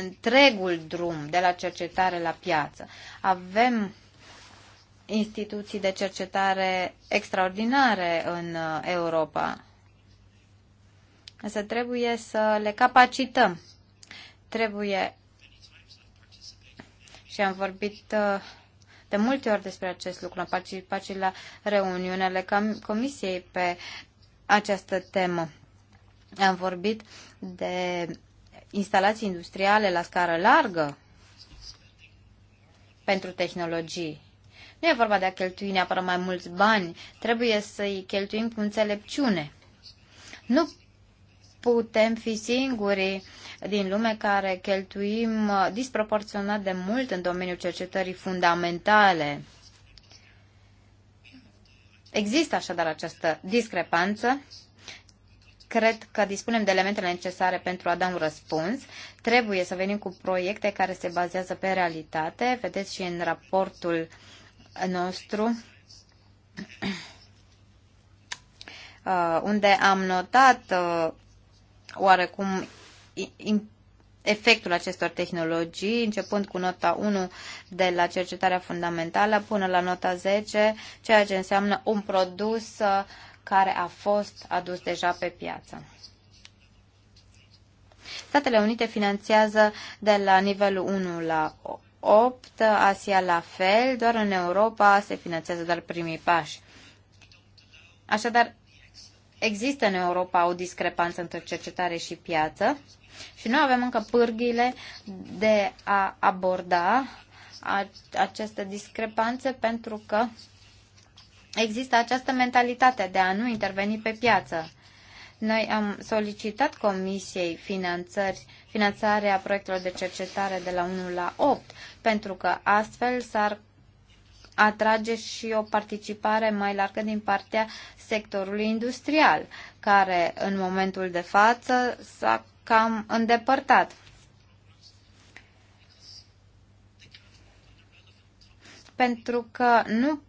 întregul drum de la cercetare la piață. Avem instituții de cercetare extraordinare în uh, Europa. Însă trebuie să le capacităm. Trebuie și am vorbit uh, de multe ori despre acest lucru. Am participat și la reuniunile Comisiei pe această temă. Am vorbit de instalații industriale la scară largă pentru tehnologii. Nu e vorba de a cheltui neapărat mai mulți bani, trebuie să-i cheltuim cu înțelepciune. Nu putem fi singurii din lume care cheltuim disproporționat de mult în domeniul cercetării fundamentale. Există așadar această discrepanță. Cred că dispunem de elementele necesare pentru a da un răspuns. Trebuie să venim cu proiecte care se bazează pe realitate. Vedeți și în raportul nostru uh, unde am notat uh, oarecum efectul acestor tehnologii, începând cu nota 1 de la cercetarea fundamentală până la nota 10, ceea ce înseamnă un produs uh, care a fost adus deja pe piață. Statele Unite finanțează de la nivelul 1 la 8, Asia la fel, doar în Europa se finanțează doar primii pași. Așadar, există în Europa o discrepanță între cercetare și piață și noi avem încă pârghile de a aborda această discrepanță pentru că există această mentalitate de a nu interveni pe piață. Noi am solicitat Comisiei finanțări, finanțarea proiectelor de cercetare de la 1 la 8, pentru că astfel s-ar atrage și o participare mai largă din partea sectorului industrial, care în momentul de față s-a cam îndepărtat. Pentru că nu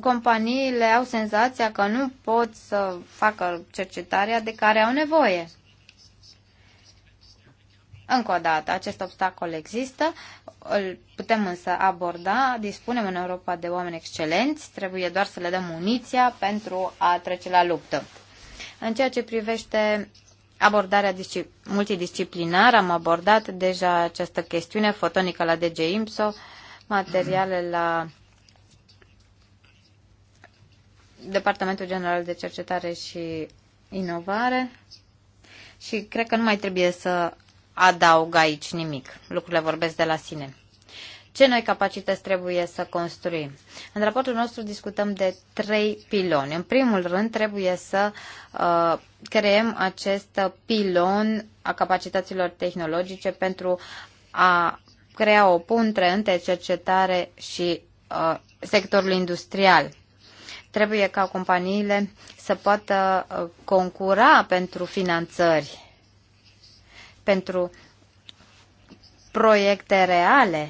companiile au senzația că nu pot să facă cercetarea de care au nevoie. Încă o dată, acest obstacol există, îl putem însă aborda, dispunem în Europa de oameni excelenți, trebuie doar să le dăm muniția pentru a trece la luptă. În ceea ce privește abordarea multidisciplinară, am abordat deja această chestiune fotonică la DG IMSO, materiale la Departamentul General de Cercetare și Inovare și cred că nu mai trebuie să adaug aici nimic. Lucrurile vorbesc de la sine. Ce noi capacități trebuie să construim? În raportul nostru discutăm de trei piloni. În primul rând, trebuie să uh, creăm acest pilon a capacităților tehnologice pentru a crea o puntre între cercetare și uh, sectorul industrial. Trebuie ca companiile să poată uh, concura pentru finanțări pentru proiecte reale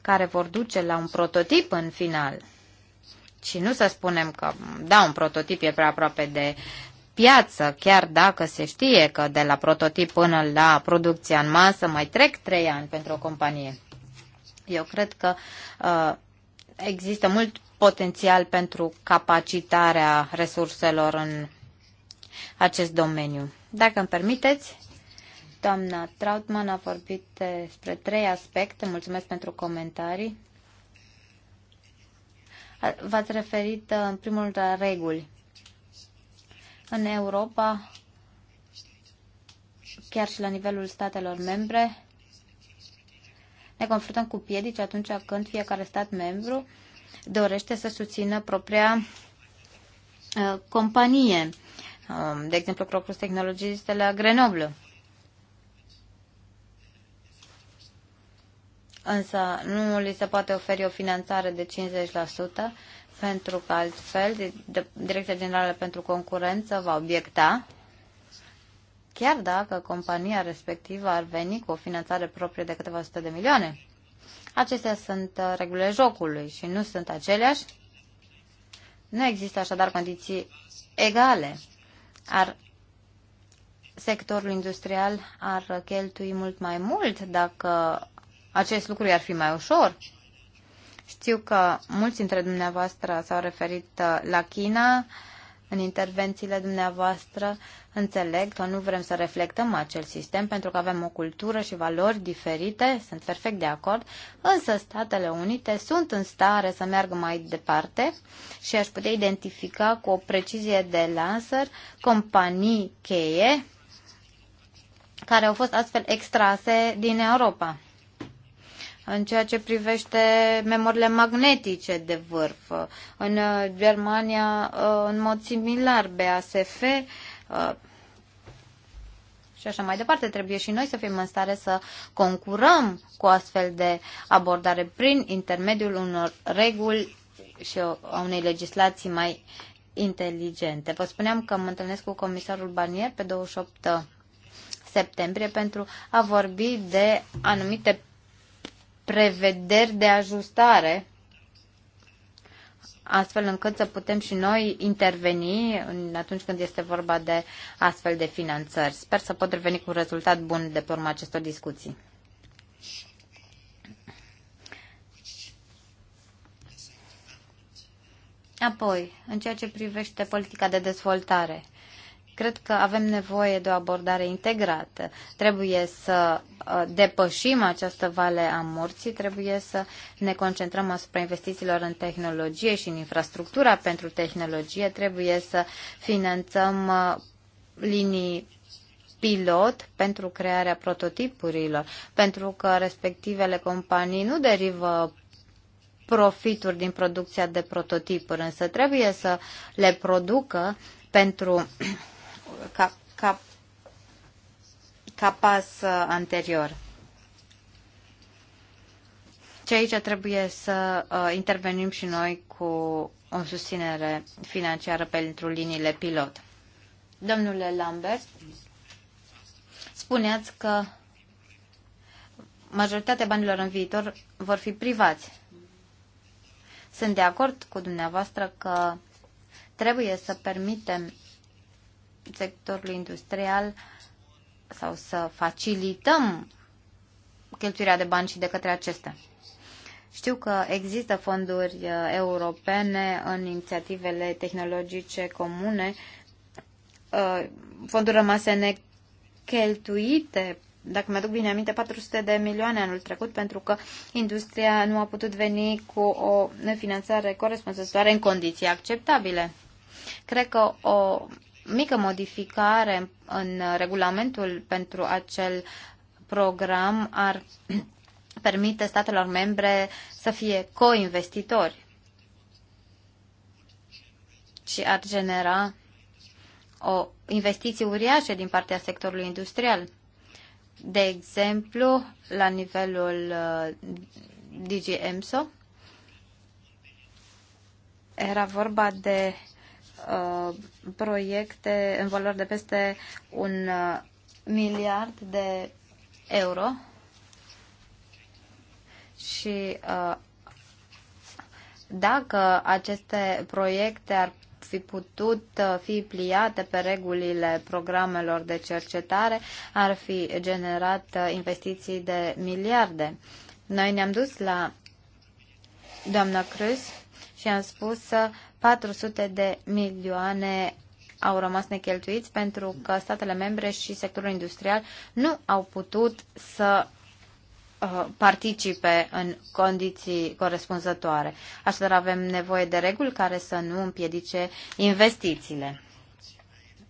care vor duce la un prototip în final. Și nu să spunem că, da, un prototip e prea aproape de piață, chiar dacă se știe că de la prototip până la producția în masă mai trec trei ani pentru o companie. Eu cred că uh, există mult potențial pentru capacitarea resurselor în acest domeniu. Dacă îmi permiteți, Doamna Trautmann a vorbit despre trei aspecte. Mulțumesc pentru comentarii. V-ați referit uh, în primul rând la reguli. În Europa, chiar și la nivelul statelor membre, ne confruntăm cu piedici atunci când fiecare stat membru dorește să susțină propria uh, companie. Um, de exemplu, Crocus Technologies de la Grenoble. însă nu li se poate oferi o finanțare de 50% pentru că altfel Direcția Generală pentru Concurență va obiecta chiar dacă compania respectivă ar veni cu o finanțare proprie de câteva sute de milioane. Acestea sunt uh, regulile jocului și nu sunt aceleași. Nu există așadar condiții egale. Ar sectorul industrial ar cheltui mult mai mult dacă acest lucru i-ar fi mai ușor? Știu că mulți dintre dumneavoastră s-au referit uh, la China în intervențiile dumneavoastră. Înțeleg că nu vrem să reflectăm acel sistem pentru că avem o cultură și valori diferite, sunt perfect de acord, însă Statele Unite sunt în stare să meargă mai departe și aș putea identifica cu o precizie de lanser companii cheie care au fost astfel extrase din Europa în ceea ce privește memorile magnetice de vârf. În uh, Germania, uh, în mod similar, BASF uh, și așa mai departe. Trebuie și noi să fim în stare să concurăm cu astfel de abordare prin intermediul unor reguli și a unei legislații mai inteligente. Vă spuneam că mă întâlnesc cu comisarul Barnier pe 28 septembrie pentru a vorbi de anumite prevederi de ajustare, astfel încât să putem și noi interveni atunci când este vorba de astfel de finanțări. Sper să pot reveni cu un rezultat bun de pe urma acestor discuții. Apoi, în ceea ce privește politica de dezvoltare, Cred că avem nevoie de o abordare integrată. Trebuie să uh, depășim această vale a morții, trebuie să ne concentrăm asupra investițiilor în tehnologie și în infrastructura pentru tehnologie, trebuie să finanțăm uh, linii pilot pentru crearea prototipurilor, pentru că respectivele companii nu derivă profituri din producția de prototipuri, însă trebuie să le producă pentru ca, ca, ca pas uh, anterior. Și aici trebuie să uh, intervenim și noi cu o susținere financiară pentru liniile pilot. Domnule Lambert, spuneați că majoritatea banilor în viitor vor fi privați. Sunt de acord cu dumneavoastră că trebuie să permitem sectorului industrial sau să facilităm cheltuirea de bani și de către acestea. Știu că există fonduri uh, europene în inițiativele tehnologice comune, uh, fonduri rămase necheltuite, dacă mi-aduc bine aminte, 400 de milioane anul trecut, pentru că industria nu a putut veni cu o finanțare corespunzătoare în condiții acceptabile. Cred că o mică modificare în regulamentul pentru acel program ar permite statelor membre să fie co-investitori și ar genera o investiție uriașă din partea sectorului industrial. De exemplu, la nivelul uh, DGMSO era vorba de Uh, proiecte în valoare de peste un uh, miliard de euro și uh, dacă aceste proiecte ar fi putut fi pliate pe regulile programelor de cercetare, ar fi generat investiții de miliarde. Noi ne-am dus la doamna Cruz și am spus 400 de milioane au rămas necheltuiți pentru că statele membre și sectorul industrial nu au putut să uh, participe în condiții corespunzătoare. Așadar avem nevoie de reguli care să nu împiedice investițiile.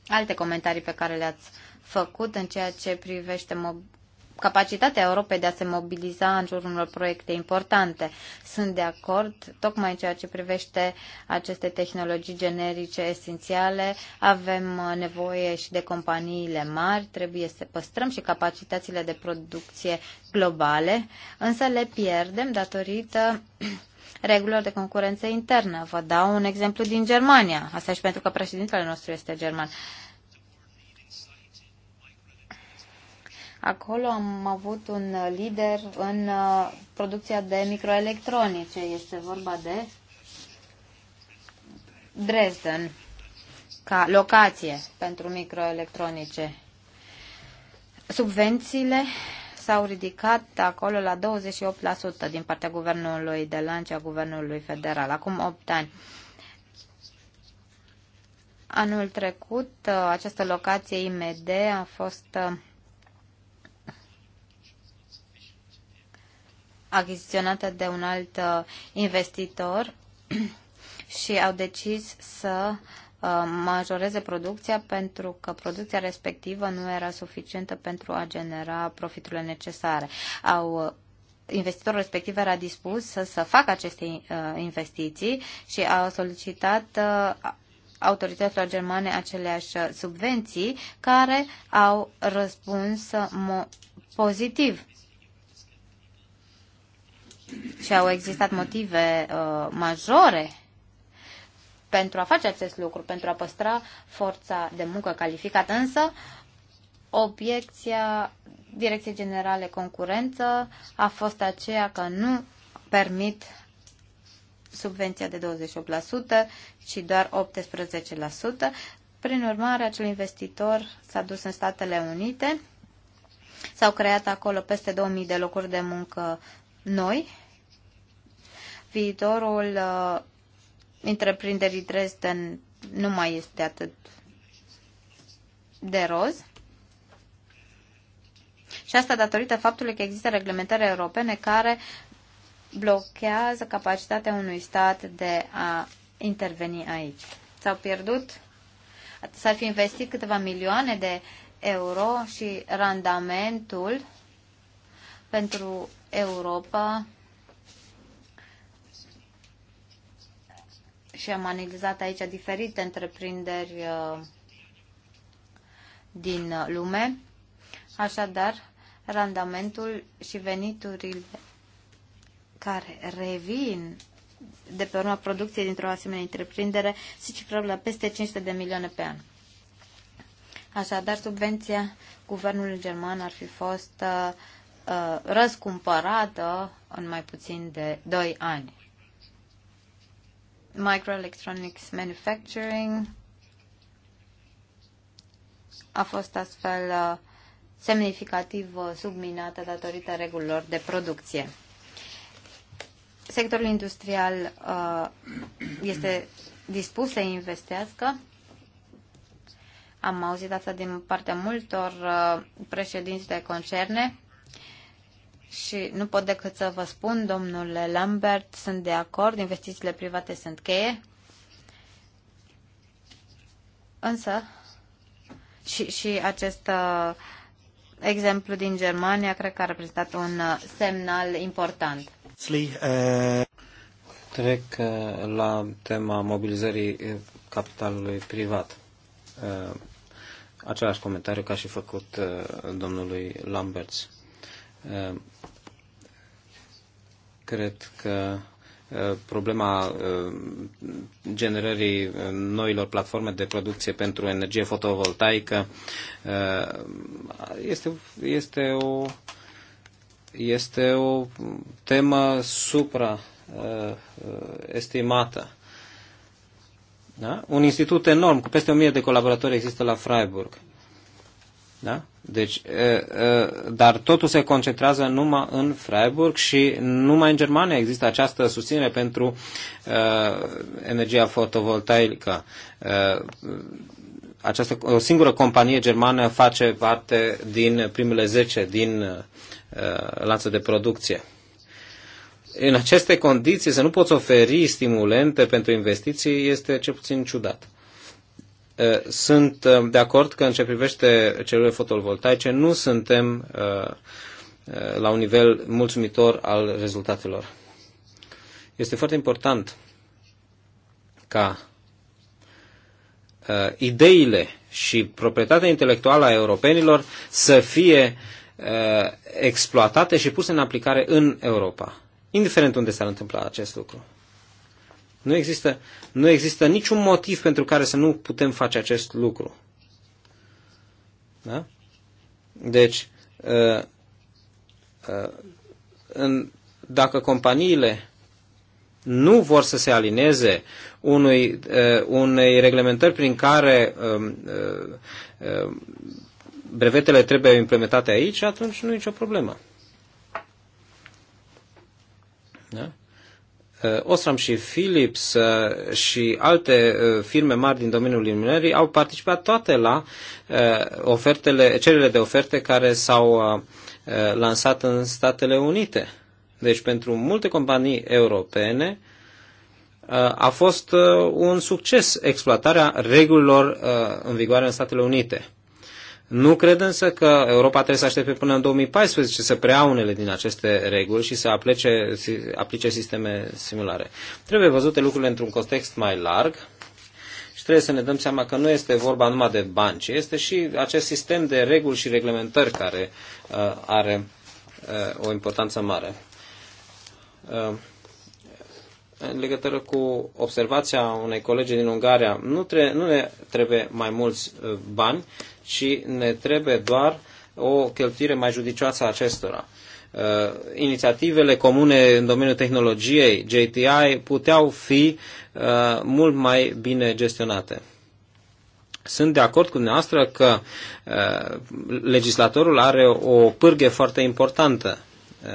Alte comentarii pe care le-ați făcut în ceea ce privește mob- capacitatea Europei de a se mobiliza în jurul unor proiecte importante. Sunt de acord, tocmai în ceea ce privește aceste tehnologii generice esențiale, avem uh, nevoie și de companiile mari, trebuie să păstrăm și capacitățile de producție globale, însă le pierdem datorită regulilor de concurență internă. Vă dau un exemplu din Germania. Asta și pentru că președintele nostru este german. Acolo am avut un lider în uh, producția de microelectronice. Este vorba de Dresden ca locație pentru microelectronice. Subvențiile s-au ridicat acolo la 28% din partea guvernului de la a guvernului federal, acum 8 ani. Anul trecut, uh, această locație IMD a fost uh, achiziționată de un alt uh, investitor și au decis să uh, majoreze producția pentru că producția respectivă nu era suficientă pentru a genera profiturile necesare. Au uh, investitorul respectiv era dispus să, să facă aceste investiții și a solicitat autorităților germane aceleași subvenții care au răspuns pozitiv și au existat motive uh, majore pentru a face acest lucru, pentru a păstra forța de muncă calificată, însă obiecția Direcției Generale Concurență a fost aceea că nu permit subvenția de 28%, ci doar 18%. Prin urmare, acel investitor s-a dus în Statele Unite, s-au creat acolo peste 2000 de locuri de muncă noi viitorul uh, întreprinderii Dresden nu mai este atât de roz. Și asta datorită faptului că există reglementări europene care blochează capacitatea unui stat de a interveni aici. S-au pierdut, s-ar fi investit câteva milioane de euro și randamentul pentru Europa și am analizat aici diferite întreprinderi uh, din lume. Așadar, randamentul și veniturile care revin de pe urma producției dintr-o asemenea întreprindere se cifră la peste 500 de milioane pe an. Așadar, subvenția guvernului german ar fi fost uh, uh răscumpărată în mai puțin de 2 ani. Microelectronics Manufacturing a fost astfel uh, semnificativ uh, subminată datorită regulilor de producție. Sectorul industrial uh, este dispus să investească. Am auzit asta din partea multor președinți de concerne și nu pot decât să vă spun, domnule Lambert, sunt de acord, investițiile private sunt cheie. Însă, și, și acest uh, exemplu din Germania cred că a reprezentat un uh, semnal important. Uh, Trec uh, la tema mobilizării uh, capitalului privat. Uh, același comentariu ca și făcut domnului Lamberts Ehm, cred că ehm, problema ehm, generării noilor platforme de producție pentru energie fotovoltaică este, este, o, este o temă supraestimată. Da? Un institut enorm, cu peste 1000 de colaboratori există la Freiburg. Da? Deci, dar totul se concentrează numai în Freiburg și numai în Germania există această susținere pentru energia fotovoltaică. Această, o singură companie germană face parte din primele 10 din lanțul de producție în aceste condiții să nu poți oferi stimulente pentru investiții este cel puțin ciudat. Uh, sunt uh, de acord că în ce privește celule fotovoltaice nu suntem uh, la un nivel mulțumitor al rezultatelor. Este foarte important ca ideile și proprietatea intelectuală a europenilor să fie exploatate și puse în aplicare în Europa, indiferent unde s-ar întâmpla acest lucru. Nu există, nu există niciun motiv pentru care să nu putem face acest lucru. Da? Deci, uh, uh, în, dacă companiile nu vor să se alineze unui, uh, unei reglementări prin care uh, uh, brevetele trebuie implementate aici, atunci nu e nicio problemă. Da? Uh, Osram și Philips uh, și alte uh, firme mari din domeniul iluminării au participat toate la ofertele, cererile de oferte care s-au lansat în Statele Unite. Deci pentru multe companii europene a fost un succes exploatarea regulilor în vigoare în Statele Unite. Nu cred însă că Europa trebuie să aștepte până în 2014 să preia unele din aceste reguli și să să aplice sisteme similare. Trebuie văzute lucrurile într-un context mai larg și trebuie să ne dăm seama că nu este vorba numai de bani, ci este și acest sistem de reguli și reglementări care uh, are uh, o importanță mare. Uh, în legătură cu observația unei colegi din Ungaria, nu, tre- nu ne trebuie mai mulți uh, bani, ci ne trebuie doar o cheltuire mai judicioasă a acestora. Uh, inițiativele comune în domeniul tehnologiei, JTI, puteau fi uh, mult mai bine gestionate. Sunt de acord cu dumneavoastră că uh, legislatorul are o pârghe foarte importantă. Uh,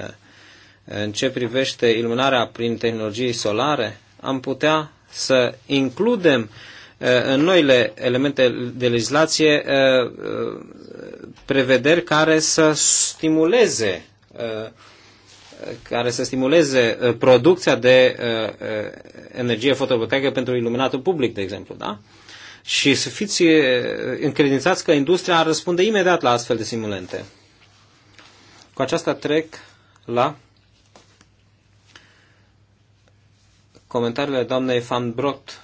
în ce privește iluminarea prin tehnologii solare, am putea să includem uh, în noile elemente de legislație uh, uh, prevederi care să stimuleze care să stimuleze producția de energie fotovoltaică pentru iluminatul public, de exemplu, da? Și să fiți încredințați că industria răspunde imediat la astfel de simulente. Cu aceasta trec la comentariile doamnei Van Brot.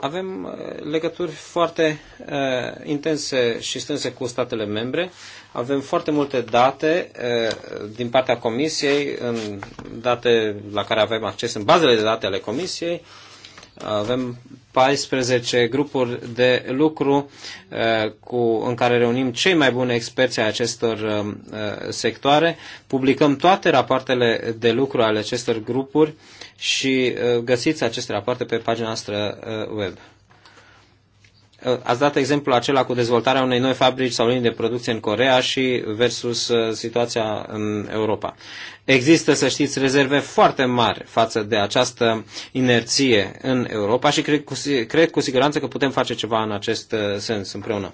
Avem uh, legături foarte uh, intense și strânse cu statele membre. Avem foarte multe date uh, din partea Comisiei, în date la care avem acces în bazele de date ale Comisiei. Uh, avem 14 grupuri de lucru eh, cu, în care reunim cei mai buni experți ai acestor eh, sectoare. Publicăm toate rapoartele de lucru ale acestor grupuri și eh, găsiți aceste rapoarte pe pagina noastră web. Ați dat exemplul acela cu dezvoltarea unei noi fabrici sau linii de producție în Corea și versus uh, situația în Europa. Există, să știți, rezerve foarte mari față de această inerție în Europa și cred cu, cred cu siguranță că putem face ceva în acest uh, sens împreună.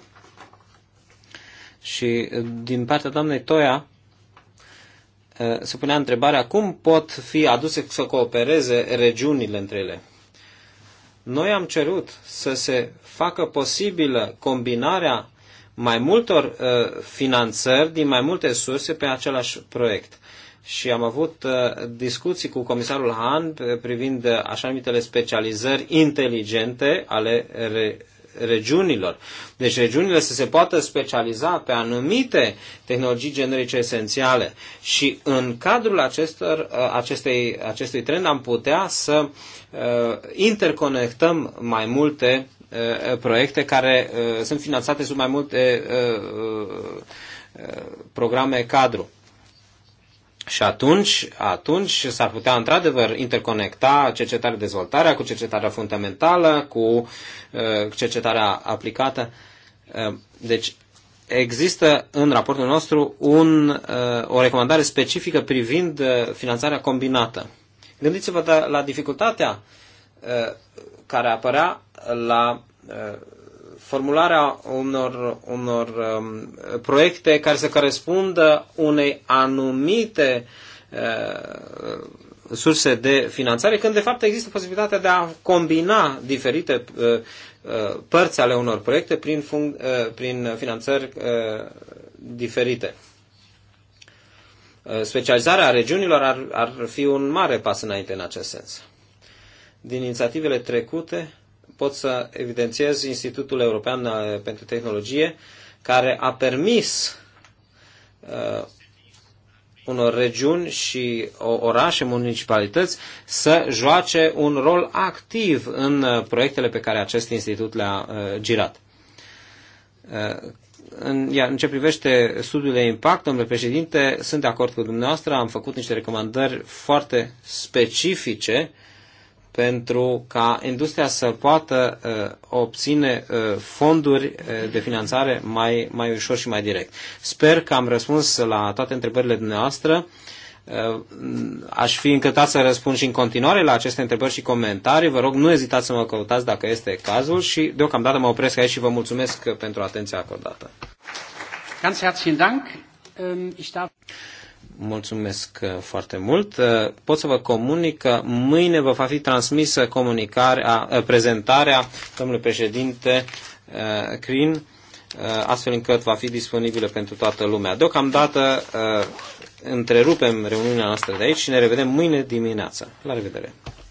Și uh, din partea doamnei Toia, se punea întrebarea cum pot fi aduse să coopereze regiunile între ele. Noi am cerut să se facă posibilă combinarea mai multor uh, finanțări din mai multe surse pe același proiect. Și am avut uh, discuții cu comisarul Han privind uh, așa numitele specializări inteligente ale re- regiunilor. Deci regiunile să se poată specializa pe anumite tehnologii generice esențiale și în cadrul acestor, uh, acestei, acestui trend am putea să uh, interconectăm mai multe uh, proiecte care sunt finanțate sub mai multe programe cadru. Și atunci, atunci s-ar putea într-adevăr interconecta cercetarea dezvoltarea cu cercetarea fundamentală, cu uh, cercetarea aplicată. Uh, deci există în raportul nostru un, uh, o recomandare specifică privind finanțarea combinată. Gândiți-vă la dificultatea care apărea la formularea unor, unor um, proiecte care să corespundă unei anumite uh, surse de finanțare, când de fapt există posibilitatea de a combina diferite uh, uh părți ale unor proiecte prin, func- uh, prin finanțări uh, diferite. Uh, specializarea regiunilor ar, ar fi un mare pas înainte în acest sens. Din inițiativele trecute, pot să evidențiez Institutul European uh, pentru Tehnologie, care a permis uh, unor regiuni și orașe, municipalități să joace un rol activ în uh, proiectele pe care acest institut le-a uh, girat. Uh, în, iar în ce privește studiul de impact, domnule președinte, sunt de acord cu dumneavoastră, am făcut niște recomandări foarte specifice pentru ca industria să poată uh, obține uh, fonduri uh, de finanțare mai, mai ușor și mai direct. Sper că am răspuns la toate întrebările dumneavoastră. Uh, aș fi încântat să răspund și în continuare la aceste întrebări și comentarii. Vă rog, nu ezitați să mă căutați dacă este cazul și deocamdată mă opresc aici și vă mulțumesc pentru atenția acordată. Ganz herzlichen Dank. Ähm, ich darf... Mulțumesc uh, foarte mult. Uh, pot să vă comunic că mâine vă va fi transmisă comunicarea, uh, prezentarea domnului președinte Crin, astfel încât va fi disponibilă pentru toată lumea. Deocamdată întrerupem reuniunea noastră de aici și ne revedem mâine dimineața. La revedere!